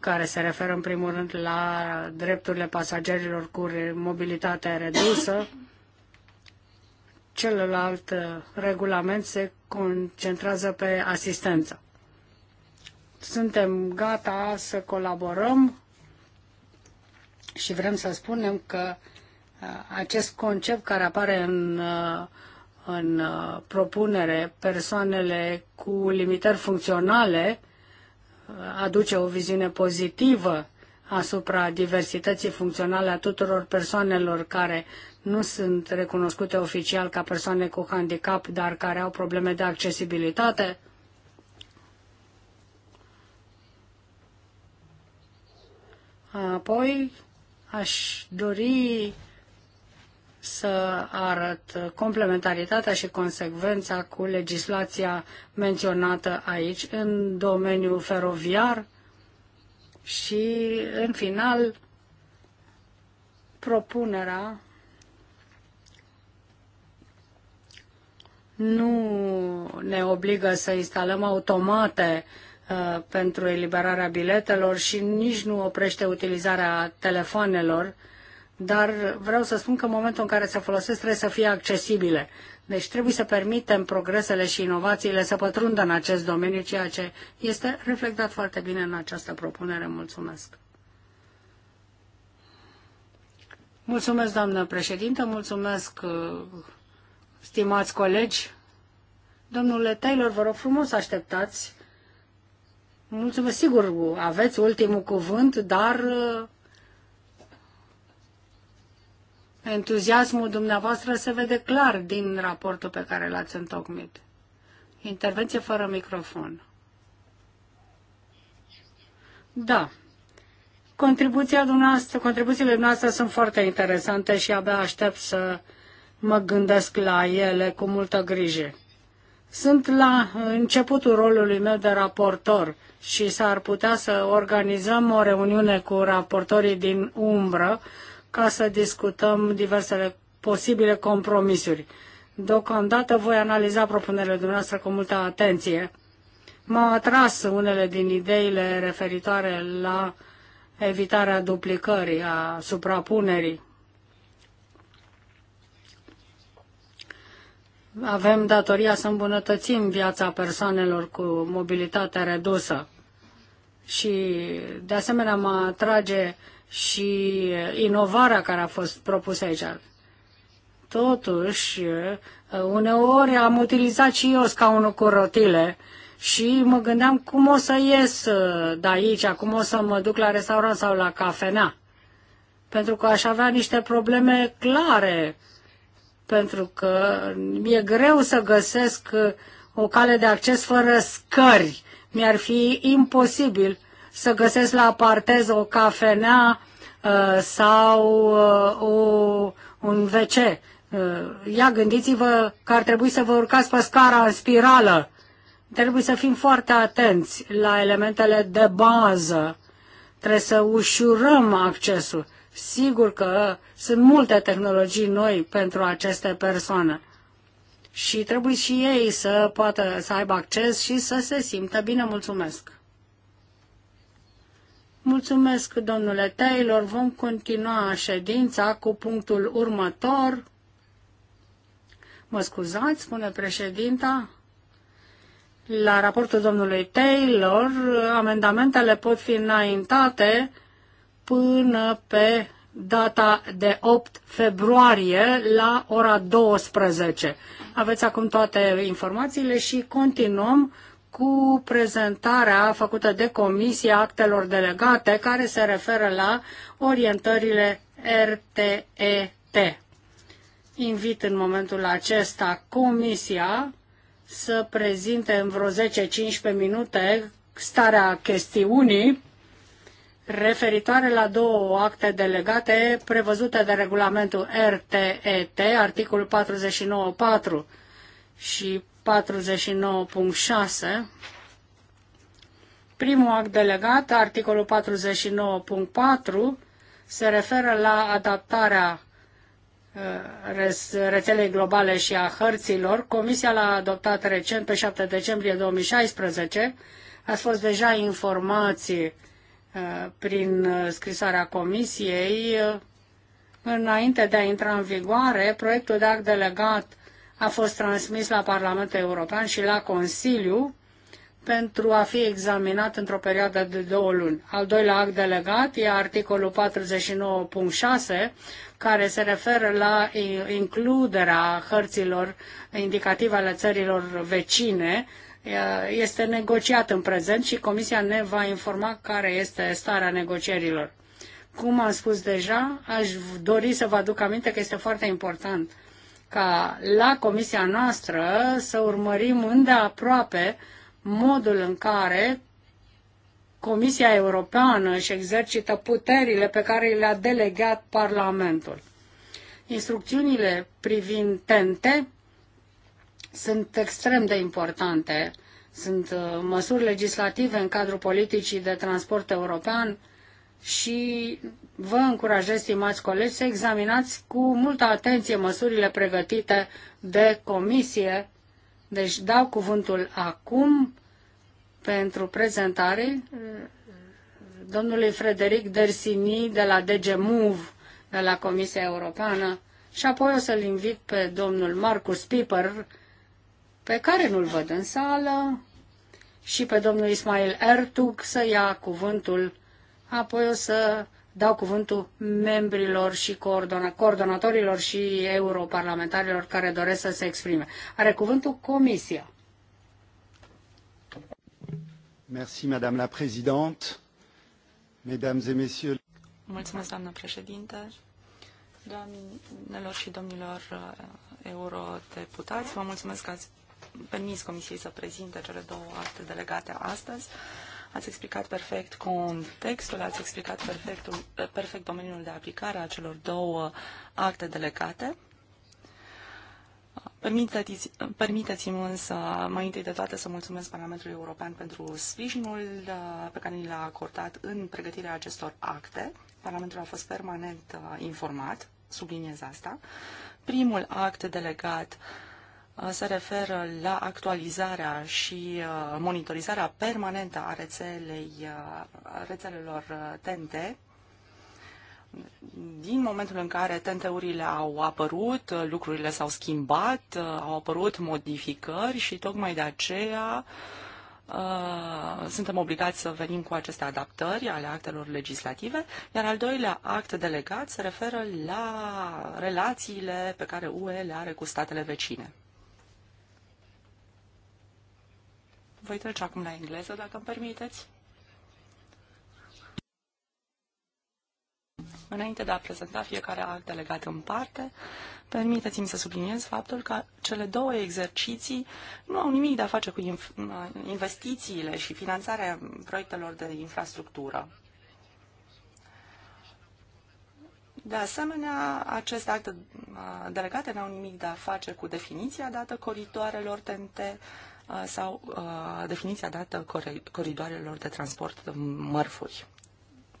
care se referă în primul rând la drepturile pasagerilor cu mobilitate redusă. Celălalt uh, regulament se concentrează pe asistență. Suntem gata să colaborăm și vrem să spunem că acest concept care apare în, uh, în uh, propunere, persoanele cu limitări funcționale, uh, aduce o viziune pozitivă asupra diversității funcționale a tuturor persoanelor care nu sunt recunoscute oficial ca persoane cu handicap, dar care au probleme de accesibilitate. Apoi aș dori să arăt complementaritatea și consecvența cu legislația menționată aici în domeniul feroviar și, în final, propunerea nu ne obligă să instalăm automate uh, pentru eliberarea biletelor și nici nu oprește utilizarea telefoanelor uh, dar vreau să spun că în momentul în care se folosesc trebuie să fie accesibile. Deci trebuie să permitem progresele și inovațiile să pătrundă în acest domeniu, ceea ce este reflectat foarte bine în această propunere. Mulțumesc! Mulțumesc, doamnă președintă, mulțumesc, uh, stimați colegi. Domnule Taylor, vă rog frumos, așteptați. Mulțumesc, sigur, aveți ultimul cuvânt, dar uh, Entuziasmul dumneavoastră se vede clar din raportul pe care l-ați întocmit. Intervenție fără microfon. Da. Contribuția dumneavoastră, contribuțiile noastre sunt foarte interesante și abia aștept să mă gândesc la ele cu multă grijă. Sunt la începutul rolului meu de raportor și s-ar putea să organizăm o reuniune cu raportorii din umbră ca să discutăm diversele posibile compromisuri. Deocamdată voi analiza propunerile dumneavoastră cu multă atenție. M-au atras unele din ideile referitoare la evitarea duplicării, a suprapunerii. Avem datoria să îmbunătățim viața persoanelor cu mobilitate redusă și de asemenea mă atrage și inovarea care a fost propusă aici. Totuși, uneori am utilizat și eu scaunul cu rotile și mă gândeam cum o să ies uh, de aici, cum o să mă duc la restaurant sau la cafenea. Pentru că aș avea niște probleme clare, pentru că e greu să găsesc uh, o cale de acces fără scări. Mi-ar fi imposibil să găsesc la partez o cafenea uh, sau uh, o, un WC. Uh, ia gândiți-vă că ar trebui să vă urcați pe scara în spirală. Trebuie să fim foarte atenți la elementele de bază. Trebuie să ușurăm accesul. Sigur că sunt multe tehnologii noi pentru aceste persoane. Și trebuie și ei să poată să aibă acces și să se simtă bine. Mulțumesc! Mulțumesc, domnule Taylor. Vom continua ședința cu punctul următor. Mă scuzați, spune președinta. La raportul domnului Taylor, amendamentele pot fi înaintate până pe data de 8 februarie la ora 12. Aveți acum toate informațiile și continuăm cu prezentarea făcută de Comisia actelor delegate care se referă la orientările RTET. Invit în momentul acesta Comisia să prezinte în vreo 10-15 minute starea chestiunii referitoare la două acte delegate prevăzute de regulamentul RTET, articolul 49.4 și 49.6, primul act delegat, articolul 49.4, se referă la adaptarea uh, rețelei globale și a hărților. Comisia l-a adoptat recent, pe 7 decembrie 2016. Ați fost deja informații uh, prin uh, scrisarea Comisiei. Înainte de a intra în vigoare, proiectul de act delegat a fost transmis la Parlamentul European și la Consiliu pentru a fi examinat într-o perioadă de două luni. Al doilea act delegat e articolul 49.6, care se referă la includerea hărților indicative ale țărilor vecine. Este negociat în prezent și Comisia ne va informa care este starea negocierilor. Cum am spus deja, aș dori să vă aduc aminte că este foarte important ca la comisia noastră să urmărim îndeaproape modul în care Comisia Europeană își exercită puterile pe care le-a delegat Parlamentul. Instrucțiunile privind tente sunt extrem de importante. Sunt uh, măsuri legislative în cadrul politicii de transport european și vă încurajez, stimați colegi, să examinați cu multă atenție măsurile pregătite de comisie. Deci dau cuvântul acum pentru prezentare domnului Frederic Dersini de la DG Move, de la Comisia Europeană, și apoi o să-l invit pe domnul Marcus Piper, pe care nu-l văd în sală, și pe domnul Ismail Ertug să ia cuvântul apoi o să dau cuvântul membrilor și coordonatorilor și europarlamentarilor care doresc să se exprime. Are cuvântul Comisia. Merci, Madame la Présidente. Mesdames et Messieurs. Mulțumesc, doamnă președinte, doamnelor și domnilor uh, eurodeputați. Vă mulțumesc că ați permis Comisiei să prezinte cele două acte delegate astăzi. Ați explicat perfect contextul, ați explicat perfectul, perfect domeniul de aplicare a celor două acte delegate. Permiteți-mi permiteți însă, mai întâi de toate, să mulțumesc Parlamentului European pentru sprijinul uh, pe care ni l-a acordat în pregătirea acestor acte. Parlamentul a fost permanent uh, informat, subliniez asta. Primul act delegat uh, Uh, se referă la actualizarea și uh, monitorizarea permanentă a rețelei, uh, a rețelelor TNT. Din momentul în care tenteurile au apărut, lucrurile s-au schimbat, au apărut modificări și tocmai de aceea Uh, suntem obligați să venim cu aceste adaptări ale actelor legislative, iar al doilea act delegat se referă la relațiile pe care UE le are cu statele vecine. Voi trece acum la engleză, dacă îmi permiteți. Înainte de a prezenta fiecare act delegat în parte, permiteți-mi să subliniez faptul că cele două exerciții nu au nimic de a face cu investițiile și finanțarea proiectelor de infrastructură. De asemenea, aceste acte delegate nu au nimic de a face cu definiția dată coritoarelor TNT, Uh, sau uh, definiția dată coridoarelor de transport de mărfuri.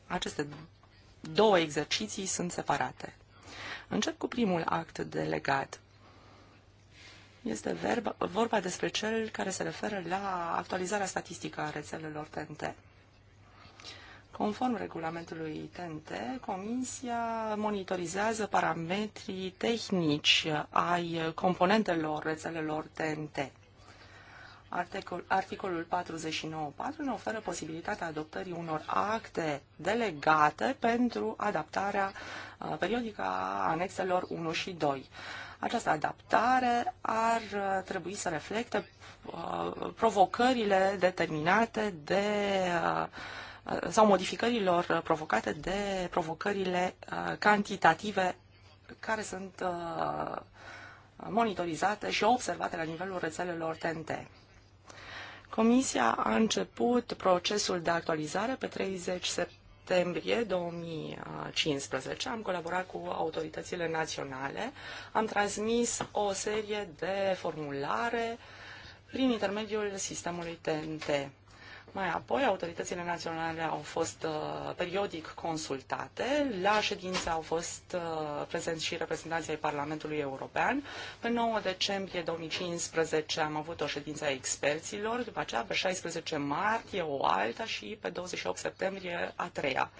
Aceste două exerciții sunt separate. Încep cu primul act delegat. Este verba, vorba despre cel care se referă la actualizarea statistică a rețelelor TNT. Conform regulamentului TNT, Comisia monitorizează parametrii tehnici ai componentelor rețelelor TNT. Articol, articolul 49.4 ne oferă posibilitatea adoptării unor acte delegate pentru adaptarea uh, periodică a anexelor 1 și 2. Această adaptare ar uh, trebui să reflecte uh, provocările determinate de uh, sau modificărilor provocate de provocările uh, cantitative care sunt monitorizate și observate la nivelul rețelelor TNT. Comisia a început procesul de actualizare pe 30 septembrie 2015. Am colaborat cu autoritățile naționale, am transmis o serie de formulare prin intermediul sistemului TNT. Mai apoi, autoritățile naționale au fost uh, periodic consultate. La ședință au fost uh, prezenți și reprezentanții ai Parlamentului European. Pe 9 decembrie 2015 am avut o ședință a experților, după aceea pe 16 martie o alta și pe 28 septembrie a treia.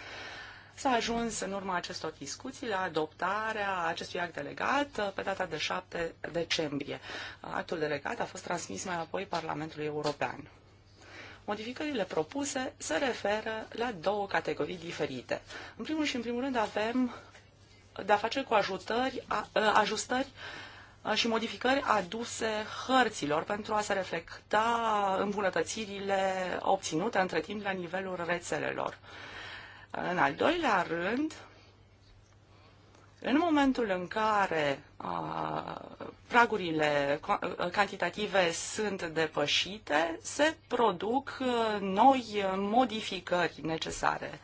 S-a ajuns în urma acestor discuții la adoptarea acestui act delegat uh, pe data de 7 decembrie. Actul delegat a fost transmis mai apoi Parlamentului European. Modificările propuse se referă la două categorii diferite. În primul și în primul rând avem de a face cu ajutări, a, ă, ajustări ă, și modificări aduse hărților pentru a se reflecta îmbunătățirile obținute între timp la nivelul rețelelor. În al doilea rând, în momentul în care a, pragurile cantitative sunt depășite, se produc noi modificări necesare.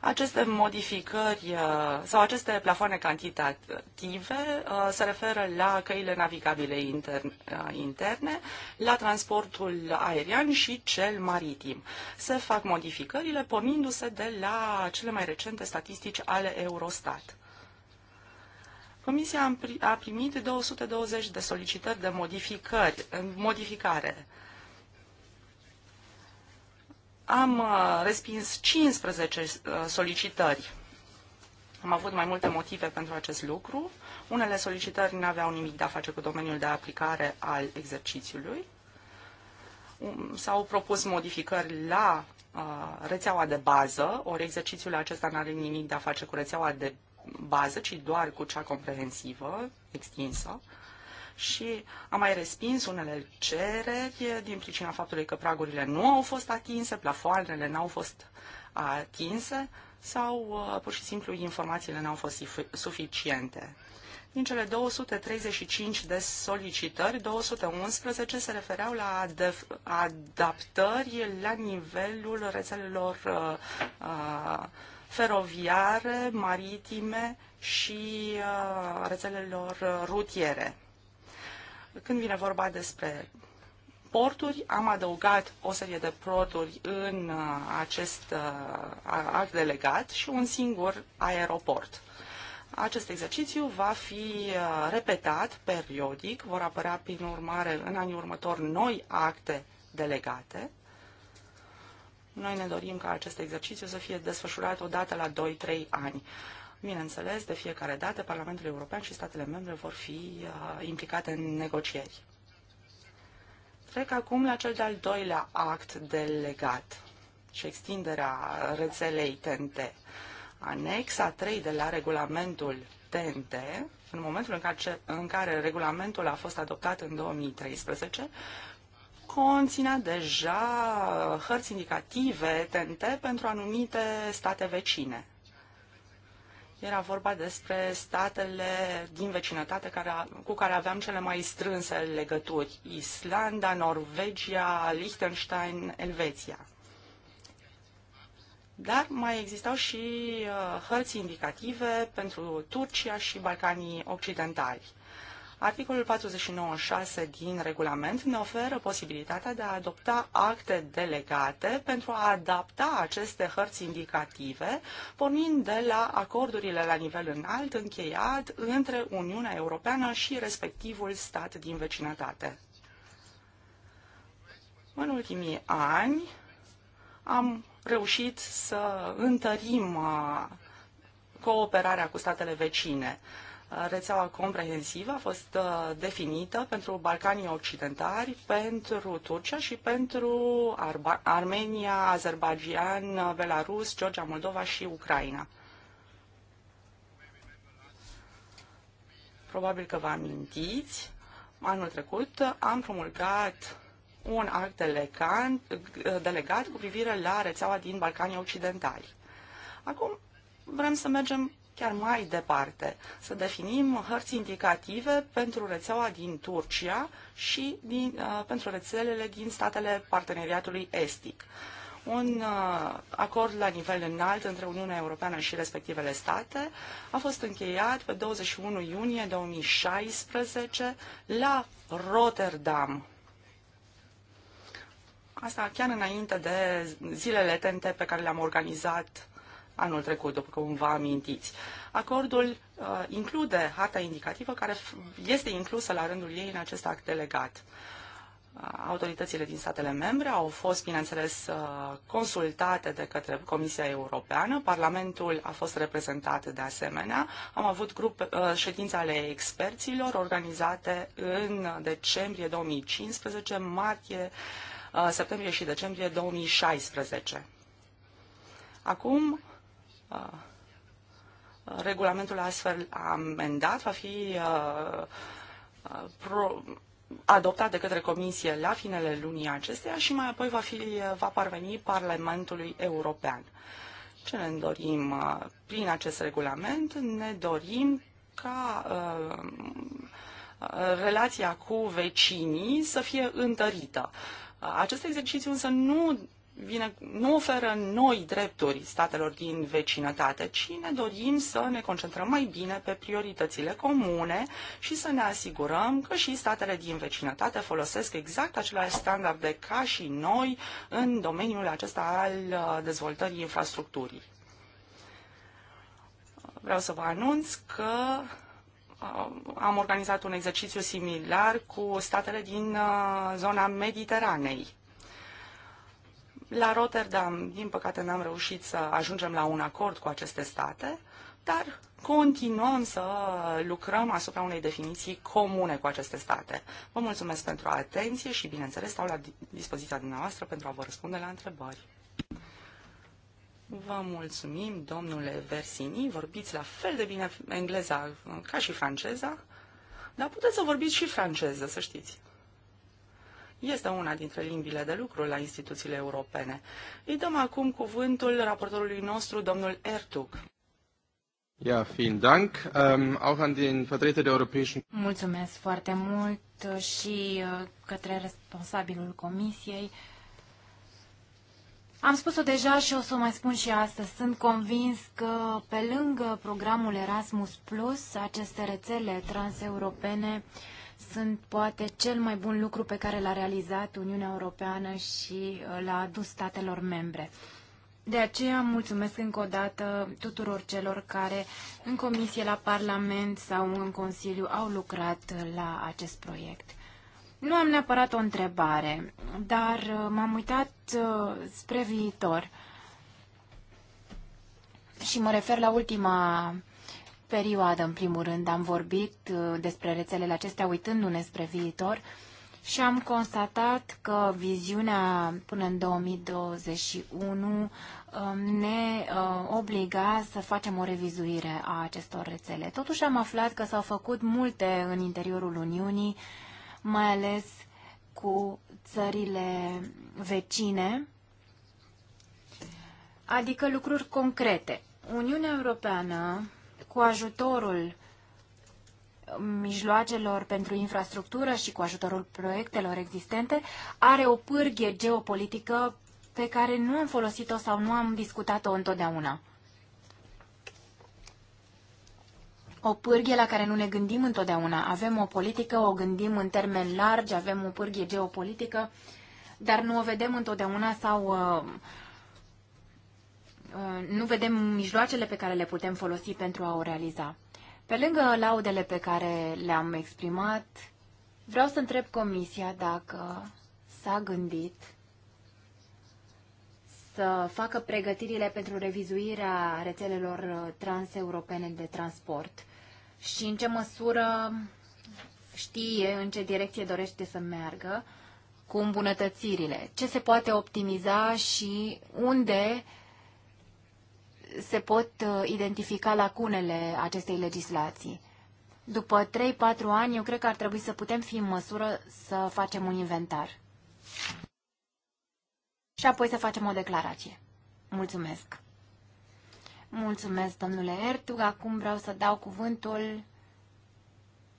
Aceste modificări sau aceste plafoane cantitative se referă la căile navigabile interne, la transportul aerian și cel maritim. Se fac modificările pornindu-se de la cele mai recente statistici ale Eurostat. Comisia a primit 220 de solicitări de modificări, modificare. Am uh, respins 15 uh, solicitări. Am avut mai multe motive pentru acest lucru. Unele solicitări nu aveau nimic de a face cu domeniul de aplicare al exercițiului. Um, s-au propus modificări la uh, rețeaua de bază, ori exercițiul acesta nu are nimic de a face cu rețeaua de bază, ci doar cu cea comprehensivă, extinsă, și am mai respins unele cereri din pricina faptului că pragurile nu au fost atinse, plafoanele nu au fost atinse sau uh, pur și simplu informațiile nu au fost suficiente. Din cele 235 de solicitări, 211 se refereau la adaptări la nivelul rețelelor uh, uh, feroviare, maritime și uh, rețelelor rutiere. Când vine vorba despre porturi, am adăugat o serie de porturi în uh, acest uh, act delegat și un singur aeroport. Acest exercițiu va fi repetat periodic, vor apărea prin urmare în anii următori noi acte delegate noi ne dorim ca acest exercițiu să fie desfășurat odată la 2-3 ani. Bineînțeles, de fiecare dată Parlamentul European și statele membre vor fi uh, implicate în negocieri. Trec acum la cel de-al doilea act delegat și extinderea rețelei TNT. Anexa 3 de la regulamentul TNT, în momentul în care, în care regulamentul a fost adoptat în 2013, conținea deja hărți indicative TNT pentru anumite state vecine. Era vorba despre statele din vecinătate care, cu care aveam cele mai strânse legături. Islanda, Norvegia, Liechtenstein, Elveția. Dar mai existau și uh, hărți indicative pentru Turcia și Balcanii Occidentali. Articolul 49.6 din regulament ne oferă posibilitatea de a adopta acte delegate pentru a adapta aceste hărți indicative, pornind de la acordurile la nivel înalt încheiat între Uniunea Europeană și respectivul stat din vecinătate. În ultimii ani am reușit să întărim uh, cooperarea cu statele vecine rețeaua comprehensivă a fost uh, definită pentru Balcanii Occidentali, pentru Turcia și pentru Arba- Armenia, Azerbaijan, Belarus, Georgia, Moldova și Ucraina. Probabil că vă amintiți, anul trecut am promulgat un act delegat, delegat cu privire la rețeaua din Balcanii Occidentali. Acum vrem să mergem chiar mai departe, să definim hărți indicative pentru rețeaua din Turcia și din, uh, pentru rețelele din statele parteneriatului estic. Un uh, acord la nivel înalt între Uniunea Europeană și respectivele state a fost încheiat pe 21 iunie 2016 la Rotterdam. Asta chiar înainte de zilele tente pe care le-am organizat anul trecut, după cum vă amintiți. Acordul uh, include harta indicativă care este inclusă la rândul ei în acest act delegat. Uh, autoritățile din statele membre au fost, bineînțeles, uh, consultate de către Comisia Europeană, Parlamentul a fost reprezentat de asemenea, am avut grup, ședințe ale experților organizate în decembrie 2015, martie, septembrie și decembrie 2016. Acum Uh, regulamentul astfel amendat va fi uh, uh, adoptat de către Comisie la finele lunii acesteia și mai apoi va, fi, va parveni Parlamentului European. Ce ne dorim prin acest regulament? Ne dorim ca relația cu vecinii să fie întărită. Acest exercițiu însă nu vine, nu oferă noi drepturi statelor din vecinătate, ci ne dorim să ne concentrăm mai bine pe prioritățile comune și să ne asigurăm că și statele din vecinătate folosesc exact aceleași standarde ca și noi în domeniul acesta al uh, dezvoltării infrastructurii. Vreau să vă anunț că uh, am organizat un exercițiu similar cu statele din uh, zona Mediteranei la Rotterdam, din păcate, n-am reușit să ajungem la un acord cu aceste state, dar continuăm să lucrăm asupra unei definiții comune cu aceste state. Vă mulțumesc pentru atenție și, bineînțeles, stau la dispoziția dumneavoastră pentru a vă răspunde la întrebări. Vă mulțumim, domnule Versini, vorbiți la fel de bine engleza ca și franceza, dar puteți să vorbiți și franceză, să știți este una dintre limbile de lucru la instituțiile europene. Îi dăm acum cuvântul raportorului nostru, domnul Ertug. Ja, vielen Dank. Ähm, auch an den Vertreter der Europäischen Mulțumesc foarte mult uh, și uh, către responsabilul Comisiei. Am spus-o deja și o să o mai spun și astăzi. Sunt convins că pe lângă programul Erasmus Plus, aceste rețele transeuropene uh, sunt poate cel mai bun lucru pe care l-a realizat Uniunea Europeană și uh, l-a adus statelor membre. De aceea mulțumesc încă o dată tuturor celor care în comisie la Parlament sau în Consiliu au lucrat la acest proiect. Nu am neapărat o întrebare, dar uh, m-am uitat uh, spre viitor și mă refer la ultima perioadă, în primul rând. Am vorbit uh, despre rețelele acestea uitându-ne spre viitor și am constatat că viziunea până în 2021 um, ne uh, obliga să facem o revizuire a acestor rețele. Totuși am aflat că s-au făcut multe în interiorul Uniunii, mai ales cu țările vecine, adică lucruri concrete. Uniunea Europeană cu ajutorul mijloacelor pentru infrastructură și cu ajutorul proiectelor existente, are o pârghie geopolitică pe care nu am folosit-o sau nu am discutat-o întotdeauna. O pârghie la care nu ne gândim întotdeauna. Avem o politică, o gândim în termen largi, avem o pârghie geopolitică, dar nu o vedem întotdeauna sau uh, Uh, nu vedem mijloacele pe care le putem folosi pentru a o realiza. Pe lângă laudele pe care le-am exprimat, vreau să întreb Comisia dacă s-a gândit să facă pregătirile pentru revizuirea rețelelor transeuropene de transport și în ce măsură știe în ce direcție dorește să meargă cu îmbunătățirile, ce se poate optimiza și unde uh, se pot uh, identifica lacunele acestei legislații. După 3-4 ani, eu cred că ar trebui să putem fi în măsură să facem un inventar. Și apoi să facem o declarație. Mulțumesc! Mulțumesc, domnule Ertug. Acum vreau să dau cuvântul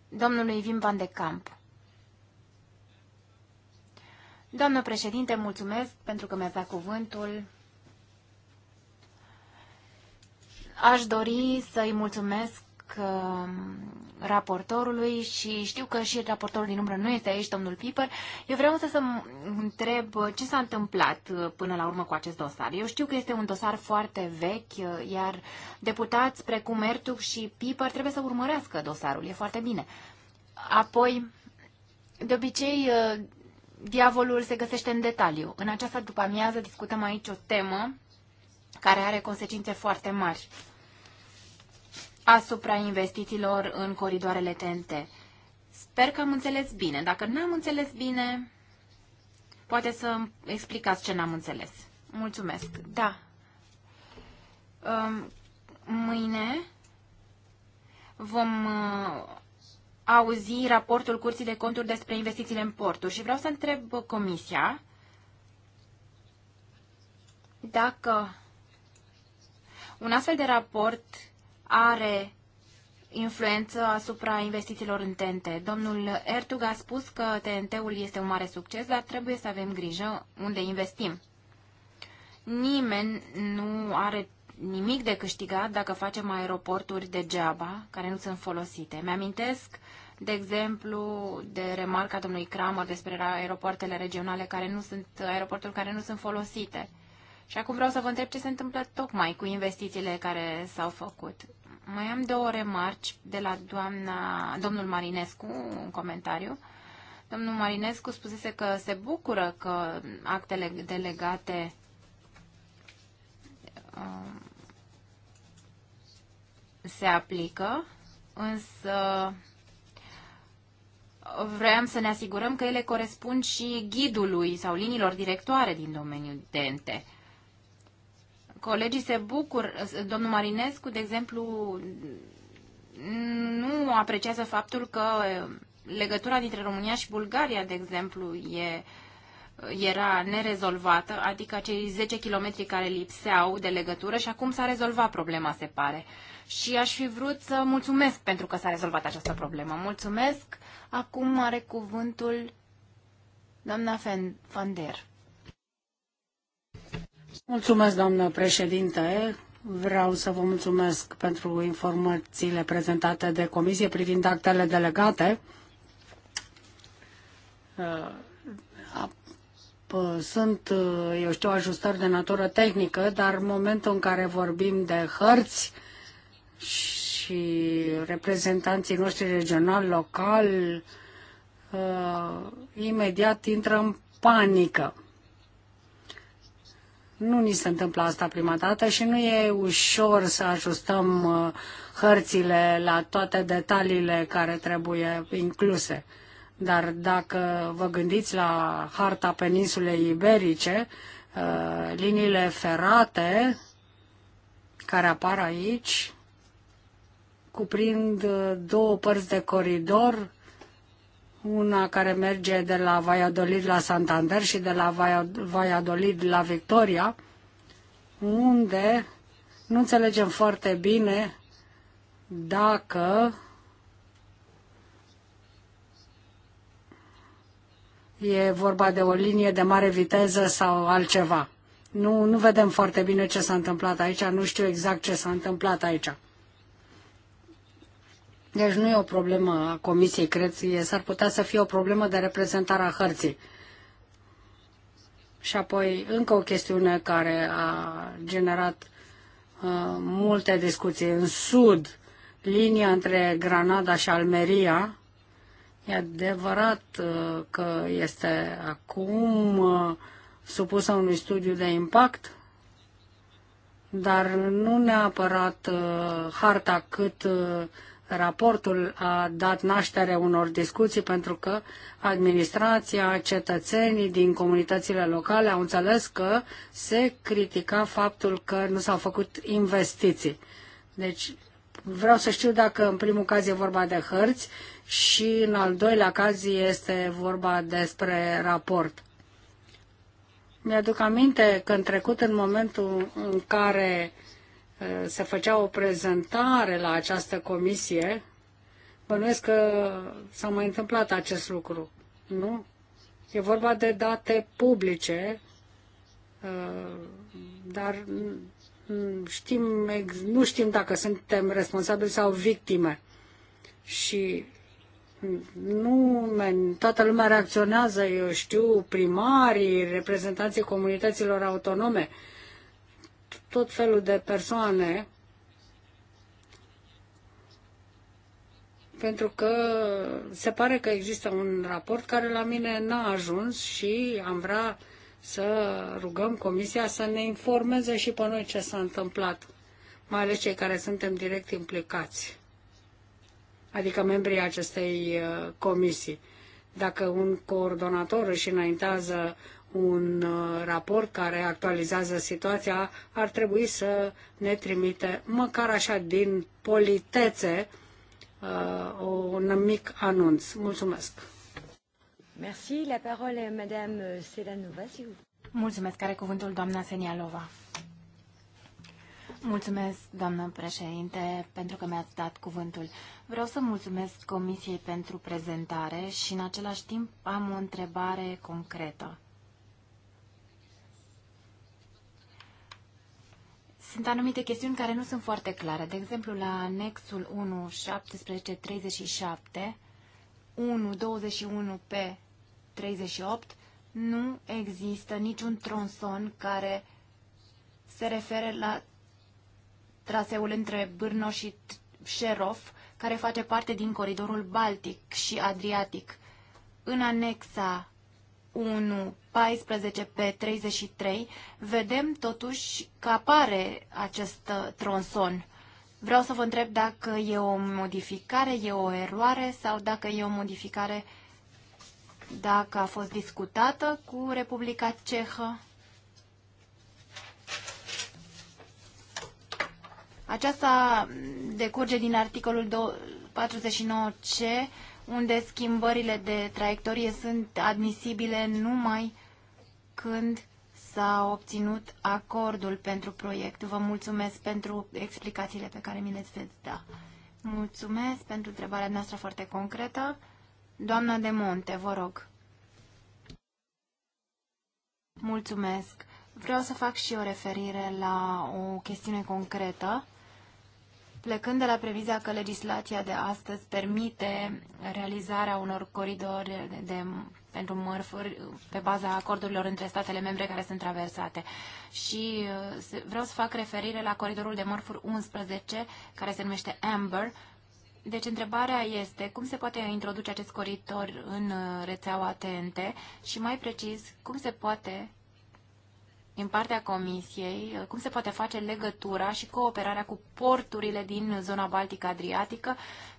domnului Vim Van de Camp. Doamnă președinte, mulțumesc pentru că mi-ați dat cuvântul. Aș dori să-i mulțumesc um, raportorului și știu că și raportorul din umbră nu este aici, domnul Piper. Eu vreau însă să întreb ce s-a întâmplat uh, până la urmă cu acest dosar. Eu știu că este un dosar foarte vechi, uh, iar deputați precum Ertug și Piper trebuie să urmărească dosarul. E foarte bine. Apoi, de obicei, uh, diavolul se găsește în detaliu. În această după amiază discutăm aici o temă care are consecințe foarte mari asupra investițiilor în coridoarele TNT. Sper că am înțeles bine. Dacă n-am înțeles bine, poate să explicați ce n-am înțeles. Mulțumesc. Da. Mâine vom uh, auzi raportul Curții de Conturi despre investițiile în porturi și vreau să întreb Comisia dacă un astfel de raport are influență asupra investițiilor în TNT. Domnul Ertug a spus că TNT-ul este un mare succes, dar trebuie să avem grijă unde investim. Nimeni nu are nimic de câștigat dacă facem aeroporturi degeaba, care nu sunt folosite. Mi-amintesc, de exemplu, de remarca domnului Kramer despre aeroportele regionale care nu sunt, aeroporturi care nu sunt folosite. Și acum vreau să vă întreb ce se întâmplă tocmai cu investițiile care s-au făcut. Mai am două remarci de la doamna, domnul Marinescu, un comentariu. Domnul Marinescu spusese că se bucură că actele delegate um, se aplică, însă vrem să ne asigurăm că ele corespund și ghidului sau liniilor directoare din domeniul dente. Colegii se bucur, domnul Marinescu, de exemplu, nu apreciază faptul că legătura dintre România și Bulgaria, de exemplu, e, era nerezolvată, adică acei 10 km care lipseau de legătură și acum s-a rezolvat problema, se pare. Și aș fi vrut să mulțumesc pentru că s-a rezolvat această problemă. Mulțumesc. Acum are cuvântul doamna Fender. Mulțumesc, doamnă președinte. Vreau să vă mulțumesc pentru informațiile prezentate de comisie privind actele delegate. Uh, uh, sunt, uh, eu știu, ajustări de natură tehnică, dar în momentul în care vorbim de hărți și reprezentanții noștri regional, local, imediat intră în panică nu ni se întâmplă asta prima dată și nu e ușor să ajustăm uh, hărțile la toate detaliile care trebuie incluse. Dar dacă vă gândiți la harta peninsulei iberice, uh, liniile ferate care apar aici cuprind uh, două părți de coridor una care merge de la Valladolid la Santander și de la Valladolid la Victoria, unde nu înțelegem foarte bine dacă e vorba de o linie de mare viteză sau altceva. Nu, nu vedem foarte bine ce s-a întâmplat aici, nu știu exact ce s-a întâmplat aici. Deci nu e o problemă a comisiei, cred, s-ar putea să fie o problemă de reprezentare a hărții. Și apoi încă o chestiune care a generat uh, multe discuții. În sud, linia între Granada și Almeria, e adevărat uh, că este acum uh, supusă unui studiu de impact, dar nu neapărat uh, harta cât uh, raportul a dat naștere unor discuții pentru că administrația, cetățenii din comunitățile locale au înțeles că se critica faptul că nu s-au făcut investiții. Deci vreau să știu dacă în primul caz e vorba de hărți și în al doilea caz este vorba despre raport. Mi-aduc aminte că în trecut, în momentul în care uh, Eh, se făcea o prezentare la această comisie, bănuiesc că s-a mai întâmplat acest lucru, nu? E vorba de date publice, eh, dar știm, nu știm dacă suntem responsabili sau victime. Și nu, toată lumea reacționează, eu știu, primarii, reprezentanții comunităților autonome, uh, tot felul de persoane pentru că se pare că există un raport care la mine n-a ajuns și am vrea să rugăm Comisia să ne informeze și pe noi ce s-a întâmplat, mai ales cei care suntem direct implicați, adică membrii acestei uh, comisii. Dacă un coordonator își înaintează un uh, raport care actualizează situația, ar trebui să ne trimite, măcar așa, din politețe, uh, un mic anunț. Mulțumesc! Merci. La parole Madame Selanova, Mulțumesc. care cuvântul doamna Senialova. Mulțumesc, doamnă președinte, pentru că mi-ați dat cuvântul. Vreau să mulțumesc Comisiei pentru prezentare și, în același timp, am o întrebare concretă. sunt anumite chestiuni care nu sunt foarte clare. De exemplu, la anexul 1, 17, 37, 1, 21 pe 38, nu există niciun tronson care se referă la traseul între Brno și Șerov, care face parte din coridorul Baltic și Adriatic. În anexa 1 14 pe 33, vedem totuși că apare acest uh, tronson. Vreau să vă întreb dacă e o modificare, e o eroare sau dacă e o modificare dacă a fost discutată cu Republica Cehă. Aceasta decurge din articolul 49C, unde schimbările de traiectorie sunt admisibile numai când s-a obținut acordul pentru proiect. Vă mulțumesc pentru explicațiile pe care mi le veți da. Mulțumesc pentru întrebarea noastră foarte concretă. Doamna de Monte, vă rog. Mulțumesc. Vreau să fac și o referire la o chestiune concretă plecând de la previzia că legislația de astăzi permite realizarea unor coridori de, de, pentru mărfuri pe baza acordurilor între statele membre care sunt traversate. Și uh, vreau să fac referire la coridorul de mărfuri 11, care se numește AMBER. Deci întrebarea este cum se poate introduce acest coridor în uh, rețeaua TNT și mai precis cum se poate din partea Comisiei uh, cum se poate face legătura și cooperarea cu porturile din zona baltică adriatică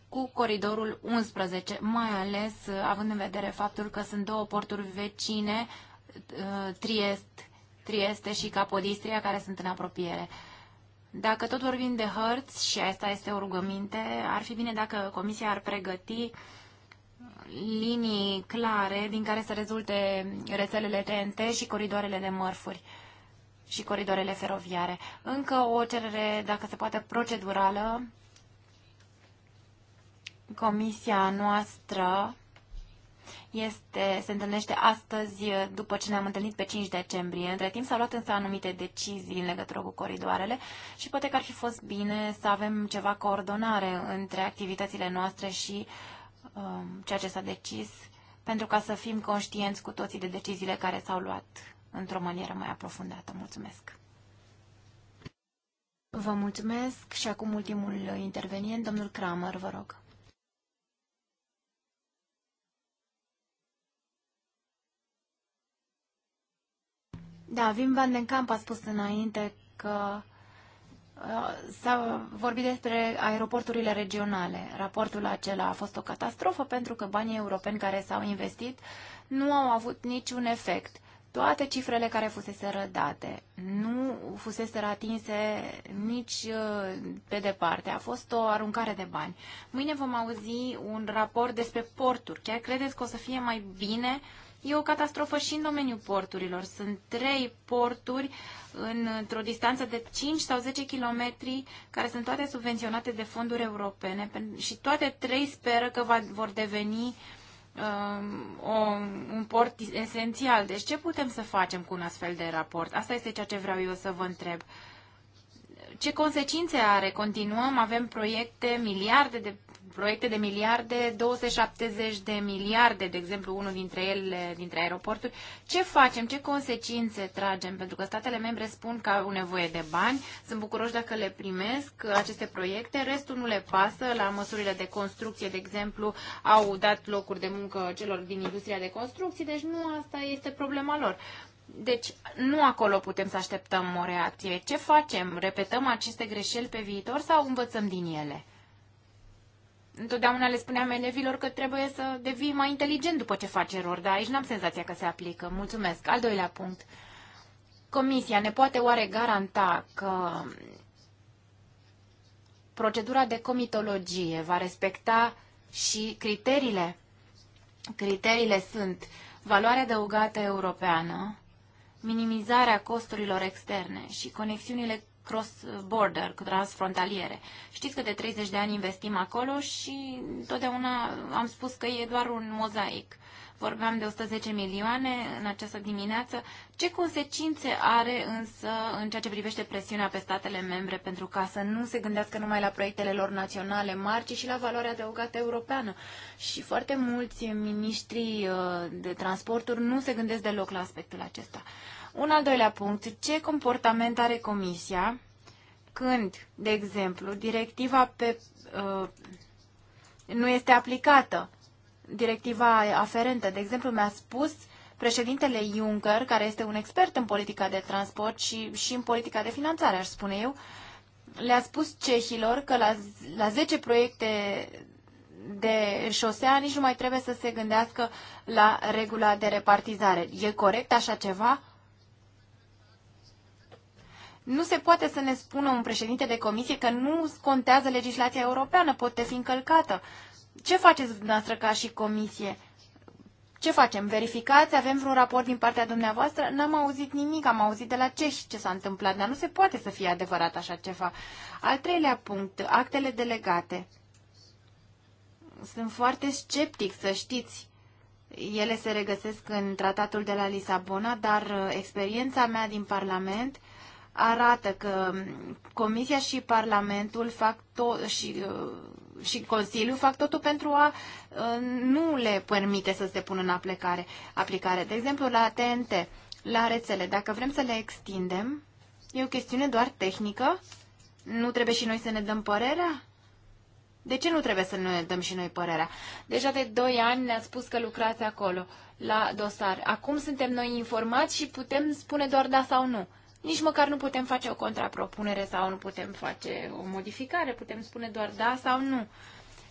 cu coridorul 11, mai ales uh, având în vedere faptul că sunt două porturi vecine, uh, Triest, Trieste și Capodistria, care sunt în apropiere. Dacă tot vorbim de hărți, și asta este o rugăminte, ar fi bine dacă Comisia ar pregăti linii clare din care să rezulte rețelele TNT și coridoarele de mărfuri și coridoarele feroviare. Încă o cerere, dacă se poate, procedurală. Comisia noastră este, se întâlnește astăzi după ce ne-am întâlnit pe 5 decembrie. Între timp s-au luat însă anumite decizii în legătură cu coridoarele și poate că ar fi fost bine să avem ceva coordonare între activitățile noastre și um, ceea ce s-a decis pentru ca să fim conștienți cu toții de deciziile care s-au luat într-o manieră mai aprofundată. Mulțumesc! Vă mulțumesc și acum ultimul intervenient, domnul Kramer, vă rog. Da, Wim Van den Kamp a spus înainte că uh, S-a vorbit despre aeroporturile regionale. Raportul acela a fost o catastrofă pentru că banii europeni care s-au investit nu au avut niciun efect toate cifrele care fusese rădate. Nu fusese atinse nici uh, pe departe. A fost o aruncare de bani. Mâine vom auzi un raport despre porturi. Chiar credeți că o să fie mai bine? E o catastrofă și în domeniul porturilor. Sunt trei porturi într-o distanță de 5 sau 10 kilometri, care sunt toate subvenționate de fonduri europene și toate trei speră că va, vor deveni uh, um, o, un port esențial. Deci ce putem să facem cu un astfel de raport? Asta este ceea ce vreau eu să vă întreb. Ce consecințe are? Continuăm, avem proiecte, miliarde de proiecte de miliarde, 270 de miliarde, de exemplu, unul dintre ele, dintre aeroporturi. Ce facem? Ce consecințe tragem? Pentru că statele membre spun că au nevoie de bani, sunt bucuroși dacă le primesc aceste proiecte, restul nu le pasă la măsurile de construcție, de exemplu, au dat locuri de muncă celor din industria de construcții, deci nu asta este problema lor. Deci nu acolo putem să așteptăm o reacție. Ce facem? Repetăm aceste greșeli pe viitor sau învățăm din ele? Întotdeauna le spuneam elevilor că trebuie să devii mai inteligent după ce faci erori, dar aici n-am senzația că se aplică. Mulțumesc. Al doilea punct. Comisia ne poate oare garanta că procedura de comitologie va respecta și criteriile? Criteriile sunt valoarea adăugată europeană, minimizarea costurilor externe și conexiunile cross-border, transfrontaliere. Știți că de 30 de ani investim acolo și totdeauna am spus că e doar un mozaic. Vorbeam de 110 milioane în această dimineață. Ce consecințe are însă în ceea ce privește presiunea pe statele membre pentru ca să nu se gândească numai la proiectele lor naționale mari, ci și la valoarea adăugată europeană? Și foarte mulți miniștri uh, de transporturi nu se gândesc deloc la aspectul acesta. Un al doilea punct, ce comportament are Comisia când, de exemplu, directiva pe, uh, nu este aplicată? Directiva aferentă, de exemplu, mi-a spus președintele Juncker, care este un expert în politica de transport și, și în politica de finanțare, aș spune eu, le-a spus cehilor că la, la 10 proiecte de șosea nici nu mai trebuie să se gândească la regula de repartizare. E corect așa ceva? Nu se poate să ne spună un președinte de comisie că nu contează legislația europeană, poate fi încălcată. Ce faceți dumneavoastră ca și comisie? Ce facem? Verificați? Avem vreun raport din partea dumneavoastră? N-am auzit nimic, am auzit de la ceși ce s-a întâmplat, dar nu se poate să fie adevărat așa ceva. Al treilea punct, actele delegate. Sunt foarte sceptic, să știți. Ele se regăsesc în tratatul de la Lisabona, dar uh, experiența mea din Parlament arată că Comisia și Parlamentul fac tot și, uh, și Consiliul fac totul pentru a uh, nu le permite să se pună în aplicare. aplicare. De exemplu, la TNT, la rețele, dacă vrem să le extindem, e o chestiune doar tehnică? Nu trebuie și noi să ne dăm părerea? De ce nu trebuie să ne dăm și noi părerea? Deja de 2 ani ne-a spus că lucrați acolo, la dosar. Acum suntem noi informați și putem spune doar da sau nu nici măcar nu putem face o contrapropunere sau nu putem face o modificare, putem spune doar da sau nu.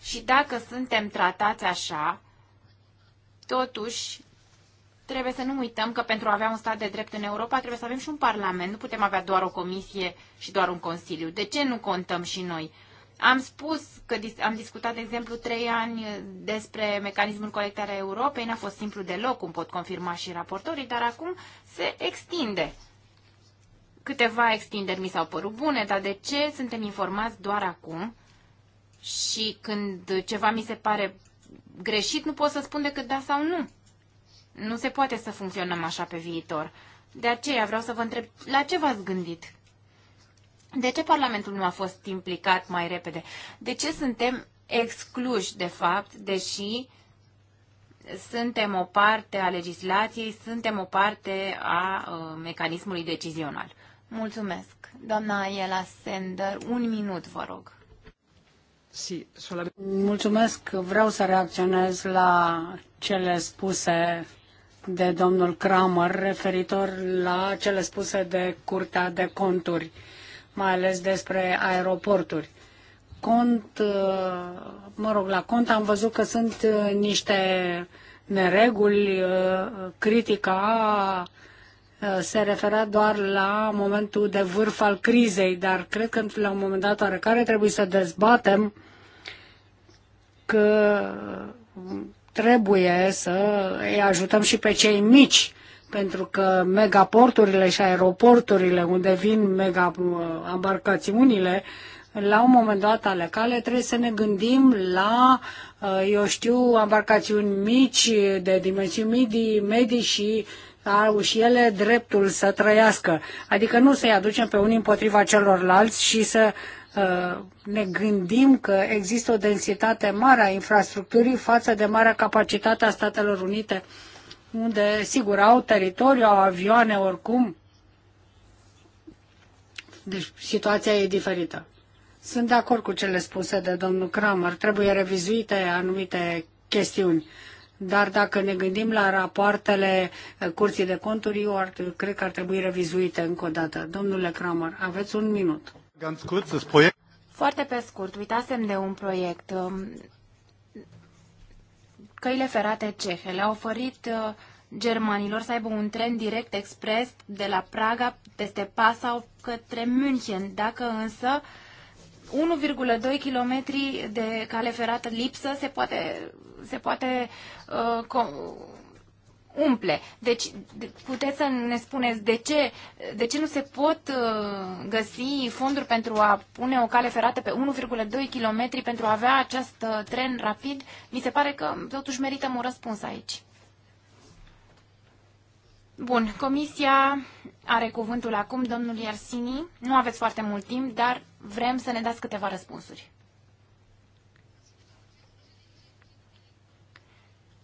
Și dacă suntem tratați așa, totuși trebuie să nu uităm că pentru a avea un stat de drept în Europa trebuie să avem și un parlament, nu putem avea doar o comisie și doar un consiliu. De ce nu contăm și noi? Am spus că am discutat, de exemplu, trei ani despre mecanismul colectarea Europei, n-a fost simplu deloc, cum pot confirma și raportorii, dar acum se extinde. Câteva extinderi mi s-au părut bune, dar de ce suntem informați doar acum? Și când ceva mi se pare greșit, nu pot să spun decât da sau nu. Nu se poate să funcționăm așa pe viitor. De aceea vreau să vă întreb, la ce v-ați gândit? De ce Parlamentul nu a fost implicat mai repede? De ce suntem excluși, de fapt, deși suntem o parte a legislației, suntem o parte a uh, mecanismului decizional? Mulțumesc. Doamna Aiela Sender, un minut, vă rog. Mulțumesc. Vreau să reacționez la cele spuse de domnul Kramer referitor la cele spuse de Curtea de Conturi, mai ales despre aeroporturi. Cont, uh, mă rog, la cont am văzut că sunt uh, niște nereguli, uh, critica Eh, se referă doar la momentul de vârf al crizei, dar cred că la un moment dat oarecare trebuie să dezbatem că trebuie să îi ajutăm și pe cei mici, pentru că megaporturile și aeroporturile unde vin mega eh, embarcațiunile, la un moment dat ale cale trebuie să ne gândim la, eh, eu știu, embarcațiuni mici, de dimensiuni medii, medii și uh, au și ele dreptul să trăiască. Adică nu să-i aducem pe unii împotriva celorlalți și să uh, ne gândim că există o densitate mare a infrastructurii față de marea capacitate a Statelor Unite, unde, sigur, au teritoriu, au avioane oricum. Deci situația e diferită. Sunt de acord cu cele spuse de domnul Kramer. Trebuie revizuite anumite chestiuni dar dacă ne gândim la rapoartele eh, Curții de Conturi, eu ar, cred că ar trebui revizuite încă o dată. Domnule Kramer, aveți un minut. Foarte pe scurt, uitasem de un proiect. Um, căile ferate cehe le-au oferit uh, germanilor să aibă un tren direct expres de la Praga peste Passau către München. Dacă însă 1,2 km de cale ferată lipsă se poate, se poate uh, umple. Deci puteți să ne spuneți de ce, de ce nu se pot uh, găsi fonduri pentru a pune o cale ferată pe 1,2 km pentru a avea acest uh, tren rapid? Mi se pare că totuși merităm un răspuns aici. Bun, comisia are cuvântul acum, domnul Iarsini. Nu aveți foarte mult timp, dar vrem să ne dați câteva răspunsuri.